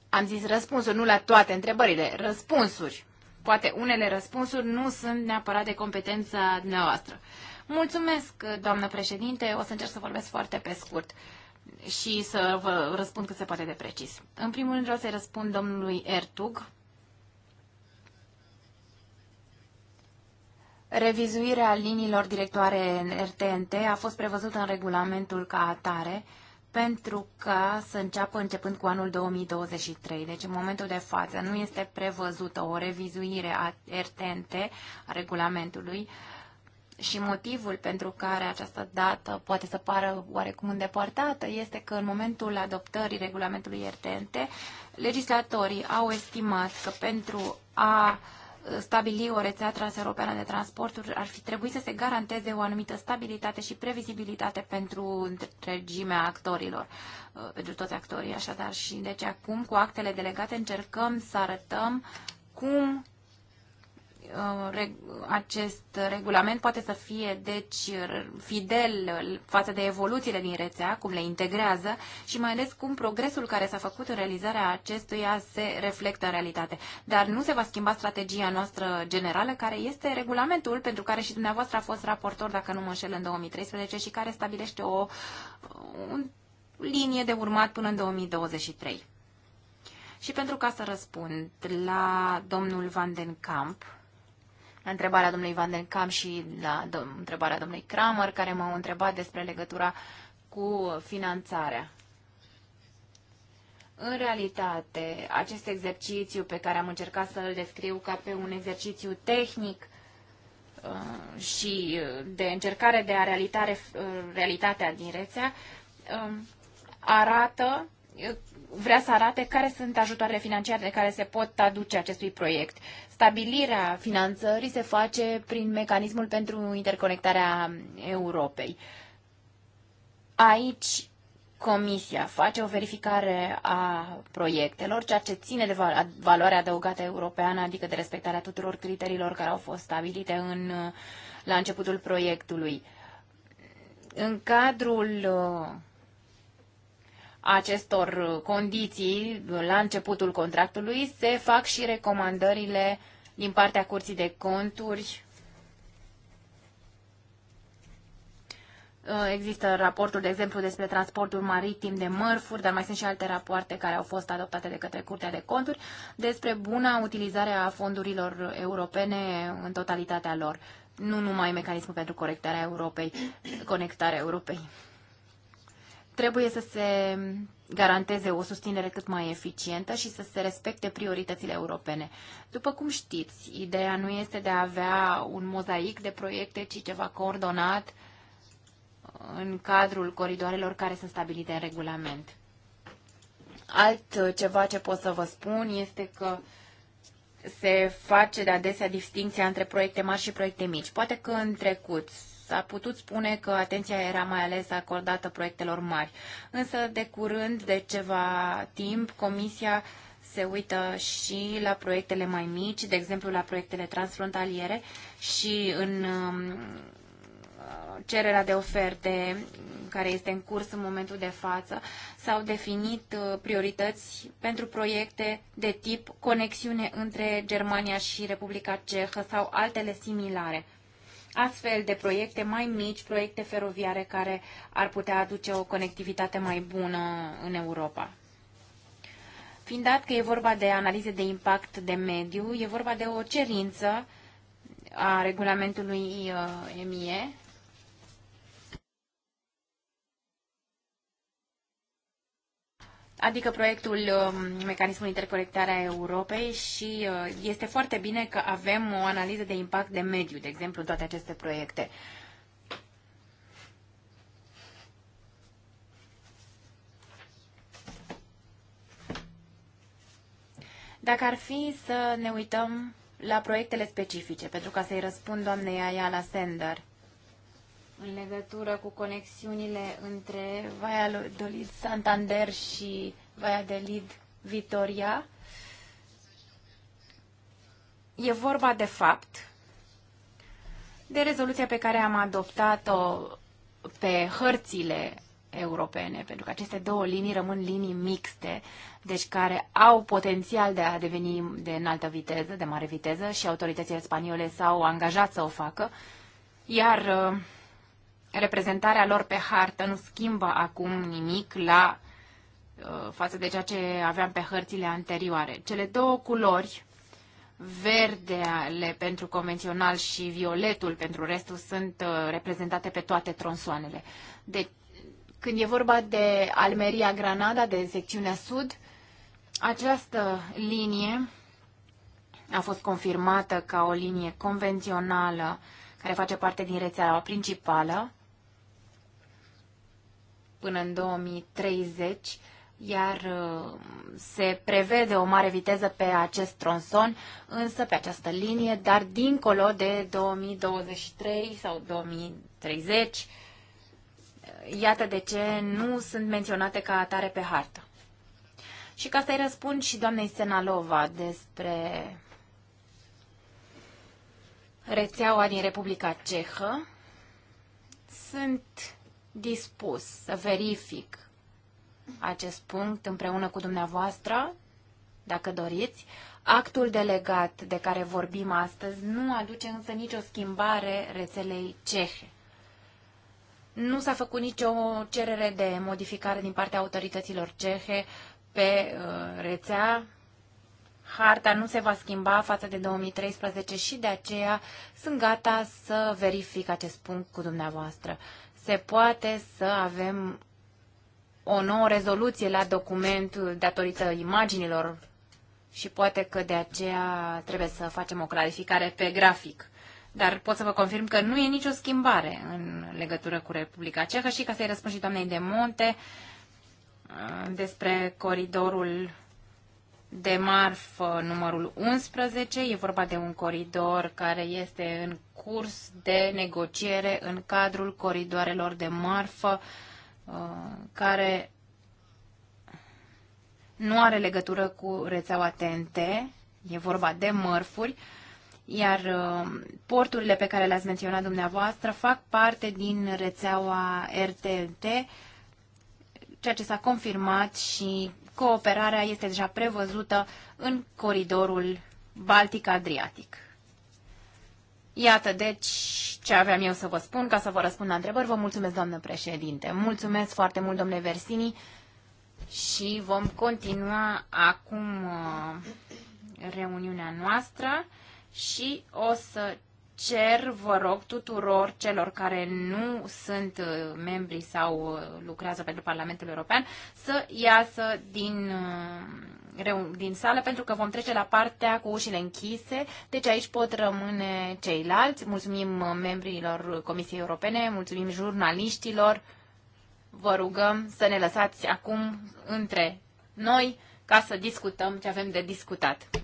Am zis răspunsuri, nu la toate întrebările, răspunsuri. Poate unele răspunsuri nu sunt neapărat de competența noastră. Mulțumesc, doamnă președinte, o să încerc să vorbesc foarte pe scurt și să vă răspund cât se poate de precis. În primul rând vreau să-i răspund domnului Ertug, Revizuirea liniilor directoare în RTNT a fost prevăzută în regulamentul ca atare pentru ca să înceapă începând cu anul 2023. Deci în momentul de față nu este prevăzută o revizuire a RTNT, a regulamentului, și motivul pentru care această dată poate să pară oarecum îndepărtată este că în momentul adoptării regulamentului RTNT, legislatorii au estimat că pentru a uh, stabili o rețea transeuropeană de transporturi, ar fi trebuit să se garanteze o anumită stabilitate și previzibilitate pentru întregimea actorilor, uh, pentru toți actorii, așadar. Și deci acum, cu actele delegate, încercăm să arătăm cum Uh, acest regulament poate să fie, deci, fidel față de evoluțiile din rețea, cum le integrează și mai ales cum progresul care s-a făcut în realizarea acestuia se reflectă în realitate. Dar nu se va schimba strategia noastră generală, care este regulamentul pentru care și dumneavoastră a fost raportor, dacă nu mă înșel, în 2013 și care stabilește o, o linie de urmat până în 2023. Și pentru ca să răspund la domnul Van den Kamp, la întrebarea domnului Van den Kamp și la întrebarea domnului Kramer, care m-au întrebat despre legătura cu finanțarea. În realitate, acest exercițiu pe care am încercat să l descriu ca pe un exercițiu tehnic uh, și de încercare de a realita uh, realitatea din rețea, um, arată uh, vrea să arate care sunt ajutoarele financiare care se pot aduce acestui proiect. Stabilirea finanțării se face prin mecanismul pentru interconectarea Europei. Aici Comisia face o verificare a proiectelor, ceea ce ține de valoarea adăugată europeană, adică de respectarea tuturor criteriilor care au fost stabilite în, la începutul proiectului. În cadrul uh, acestor condiții la începutul contractului se fac și recomandările din partea Curții de Conturi. Uh, există raportul, de exemplu, despre transportul maritim de mărfuri, dar mai sunt și alte rapoarte care au fost adoptate de către Curtea de Conturi despre buna utilizare a fondurilor europene în totalitatea lor, nu numai mecanismul pentru corectarea Europei, conectarea Europei. Trebuie să se garanteze o susținere cât mai eficientă și să se respecte prioritățile europene. După cum știți, ideea nu este de a avea un mozaic de proiecte, ci ceva coordonat în cadrul coridoarelor care sunt stabilite în regulament. Alt ceva ce pot să vă spun este că se face de adesea distinția între proiecte mari și proiecte mici. Poate că în trecut s-a putut spune că atenția era mai ales acordată proiectelor mari. Însă, de curând, de ceva timp, Comisia se uită și la proiectele mai mici, de exemplu la proiectele transfrontaliere și în um, cererea de oferte care este în curs în momentul de față, s-au definit uh, priorități pentru proiecte de tip conexiune între Germania și Republica Cehă sau altele similare astfel de proiecte mai mici, proiecte feroviare care ar putea aduce o conectivitate mai bună în Europa. Fiind dat că e vorba de analize de impact de mediu, e vorba de o cerință a regulamentului EMIE uh, adică proiectul um, Mecanismul a Europei și uh, este foarte bine că avem o analiză de impact de mediu, de exemplu, în toate aceste proiecte. Dacă ar fi să ne uităm la proiectele specifice, pentru ca să-i răspund doamnei Ayala Sender – în legătură cu conexiunile între Vaia Dolid Santander și Vaia de Lid Vitoria. E vorba de fapt de rezoluția pe care am adoptat-o pe hărțile europene, pentru că aceste două linii rămân linii mixte, deci care au potențial de a deveni de înaltă viteză, de mare viteză și autoritățile spaniole s-au angajat să o facă, iar uh, reprezentarea lor pe hartă nu schimbă acum nimic la uh, față de ceea ce aveam pe hărțile anterioare. Cele două culori, verdele pentru convențional și violetul pentru restul, sunt uh, reprezentate pe toate tronsoanele. Deci, când e vorba de Almeria Granada, de secțiunea sud, această linie a fost confirmată ca o linie convențională care face parte din rețeaua principală până în 2030, iar uh, se prevede o mare viteză pe acest tronson, însă pe această linie, dar dincolo de 2023 sau 2030, uh, iată de ce nu sunt menționate ca atare pe hartă. Și ca să-i răspund și doamnei Senalova despre rețeaua din Republica Cehă, sunt dispus să verific acest punct împreună cu dumneavoastră, dacă doriți. Actul delegat de care vorbim astăzi nu aduce însă nicio schimbare rețelei cehe. Nu s-a făcut nicio cerere de modificare din partea autorităților cehe pe uh, rețea. Harta nu se va schimba față de 2013 și de aceea sunt gata să verific acest punct cu dumneavoastră se poate să avem o nouă rezoluție la document datorită imaginilor și poate că de aceea trebuie să facem o clarificare pe grafic. Dar pot să vă confirm că nu e nicio schimbare în legătură cu Republica Cehă și ca să-i răspund și doamnei de Monte uh, despre coridorul de marfă numărul 11. E vorba de un coridor care este în curs de negociere în cadrul coridoarelor de marfă uh, care nu are legătură cu rețeaua TNT, e vorba de mărfuri, iar uh, porturile pe care le-ați menționat dumneavoastră fac parte din rețeaua RTT, ceea ce s-a confirmat și cooperarea este deja prevăzută în coridorul Baltic-Adriatic. Iată, deci, ce aveam eu să vă spun ca să vă răspund la întrebări. Vă mulțumesc, doamnă președinte. Mulțumesc foarte mult, domnule Versini. Și vom continua acum uh, reuniunea noastră și o să cer, vă rog, tuturor celor care nu sunt uh, membri sau uh, lucrează pentru Parlamentul European să iasă din, uh, din sală pentru că vom trece la partea cu ușile închise. Deci aici pot rămâne ceilalți. Mulțumim membrilor Comisiei Europene, mulțumim jurnaliștilor. Vă rugăm să ne lăsați acum între noi ca să discutăm ce avem de discutat.